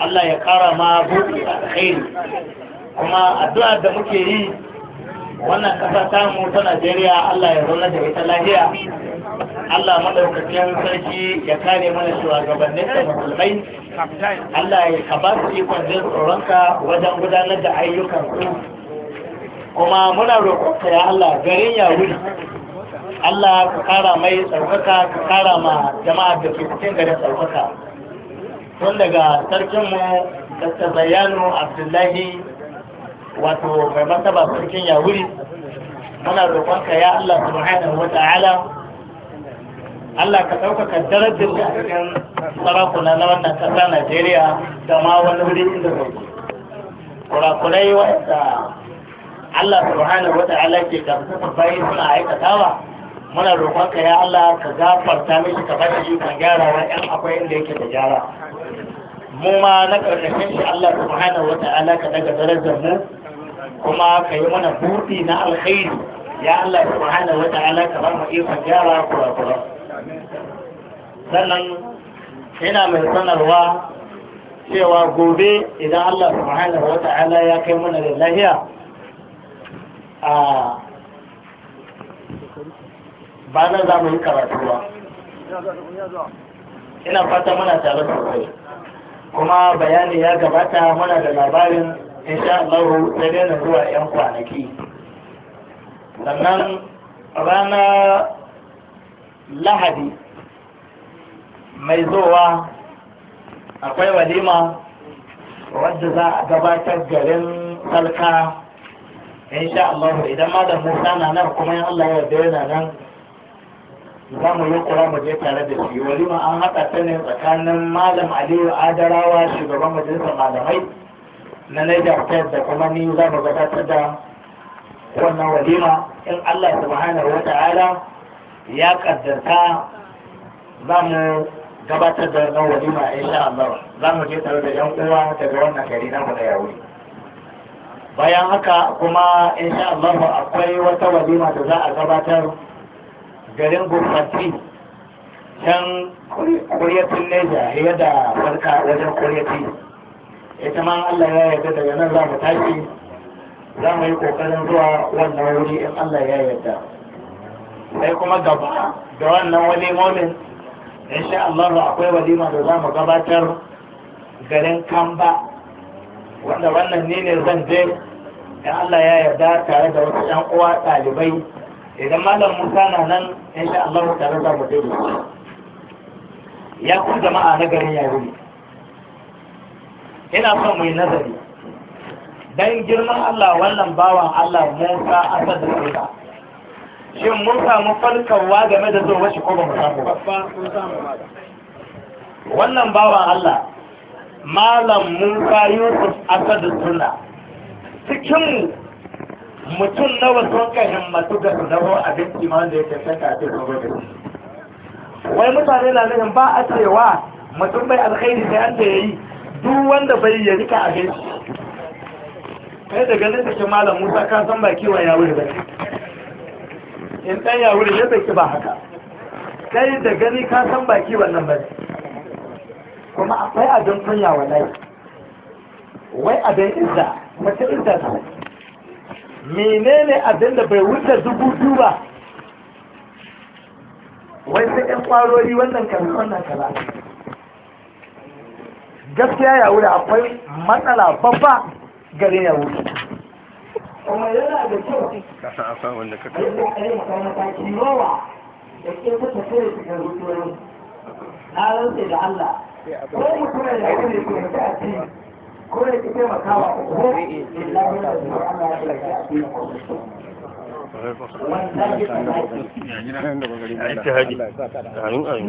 Allah ya kara ma buɗe alkhairi kuma addu'a da muke yi wannan ƙasa mu ta Najeriya Allah ya zauna da ita lahiya. Allah madaukakin sarki ya kare mana shugabannin da musulmai Allah ya ka su ikon jin tsoronka wajen gudanar da ayyukan su kuma muna roƙonka ya Allah garin ya wuri Allah ka kara mai tsaukaka ka kara ma jama'a da ke cikin garin tsaukaka tun daga sarkinmu Dr. Bayanu Abdullahi wato mai martaba sarkin wuri? muna roƙonka ya Allah subhanahu wa ta'ala Allah ka ɗaukaka darajar da cikin sarakuna na wannan ƙasa Najeriya da ma wani wuri inda kake kurakurai wanda Allah subhanahu wa ta'ala ke karfafa bayan suna aikatawa muna roƙonka ya Allah ka gafarta mishi ka bada ikon gyarawa ɗan akwai inda yake da gyara mu ma na ƙarƙashin shi Allah subhanahu wa ta'ala ka daga darajar mu kuma ka yi mana buɗi na alkhairi ya Allah subhanahu wa ta'ala ka ba mu ikon gyara kura-kura sannan ina mai sanarwa cewa gobe idan Allah subhanahu wa ta'ala ya kai mana da lahiya a ba na za mu yi karatu ba ina fata muna tare sosai kuma bayani ya gabata muna da labarin insha Allah ta daina zuwa 'yan kwanaki sannan rana lahadi mai zowa akwai walima wadda za a gabatar garin salka insha Allah idan ma da musa na nan kuma yin Allah ya yarda yana nan za mu yi kura mu je tare da shi walima an haɗa ta ne tsakanin malam aliyu adarawa shugaban majalisar malamai na Niger da kuma ni za mu gabatar da wannan walima in Allah subhanahu wa ta'ala ya kaddarta za mu gabatar da wannan walima insha Allah za mu je tare da yan uwa daga wannan gari na mu da yawo bayan haka kuma insha Allah akwai wata walima da za a gabatar garin Gurfati can Kuryatun Neja da farka wajen Kuryatun ita ma Allah ya yarda daga nan za mu tashi za mu yi kokarin zuwa wannan wuri in Allah ya yarda sai kuma gaba da wannan wani walimomin insha Allah akwai walima da za mu gabatar garin Kamba wanda wannan ne ne zan je in Allah ya yarda tare da wasu ƴan uwa ɗalibai idan malam Musa na nan insha Allah tare za mu je ya ku jama'a na garin Yaruri ina son mu yi nazari dan girman Allah wannan bawan Allah Musa Asad da Sura shin mun samu farkarwa game da zuwa shi ko ba mu samu wannan bawan Allah Malam Musa Yusuf Asad da Sura cikin mutum nawa sun ka himmatu ga su abin kimanin da ya tafi a cikin gobe wai mutane na nufin ba a cewa mutum bai alkhairi sai an da yayi duk wanda bai ya rika a gaishe kai da ganin take malam Musa ka san ba kiwa ya wuri ba in dan ya wuri ya take ba haka kai da gani ka san ba kiwon nan ba kuma akwai abin kunya wallahi wai abin izza ta izza ta menene abin da bai wuce dubu biyu ba wai sai ƴan kwarori wannan kaza wannan kaza gaskiya ya wuri akwai matsala babba gare ya wuri kuma yana da kyau ka san afa wanda ka kai da ke fita sai su ga rutuwar na rantsa da Allah ko mutum ya yi ne ko ta ci ko ya ki taimaka wa ko illa Allah ya yi Wannan da bagari da Allah kuma. sa ta da. Amin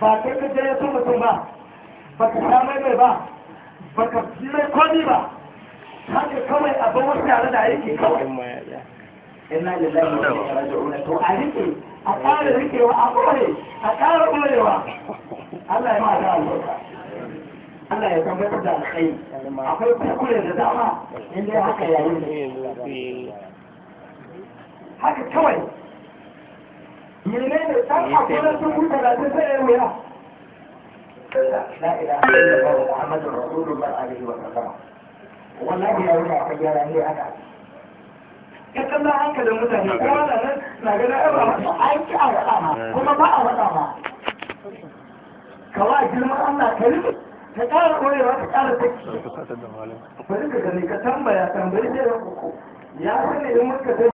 ba kai ka je ya so mutum ba ba ka sha mai ba ba ka mai komi ba haka kawai abin wasu yare da aiki kawai inna lillahi wa inna raji'un to a rike a ƙara rikewa a kore a ƙara korewa Allah ya ma da albarka Allah ya tabbatar da alkhairi akwai kuskure da dama inda haka yayin haka kawai menene san akwai kuka da talatin sai ya wuya la ilaha illallah muhammadur rasulullah alaihi wa sallam wallahi ya a kan yara ne aka ya kalla hankalin mutane kuma da na ga na ba masu aiki a wada ma eh. kuma ba a wada ma kawai girman Allah ka rufe ka ƙara ƙwarewa ka ƙara tafi. Bari ka gani ka tambaya tambayi ne ya kuku ya sani in muka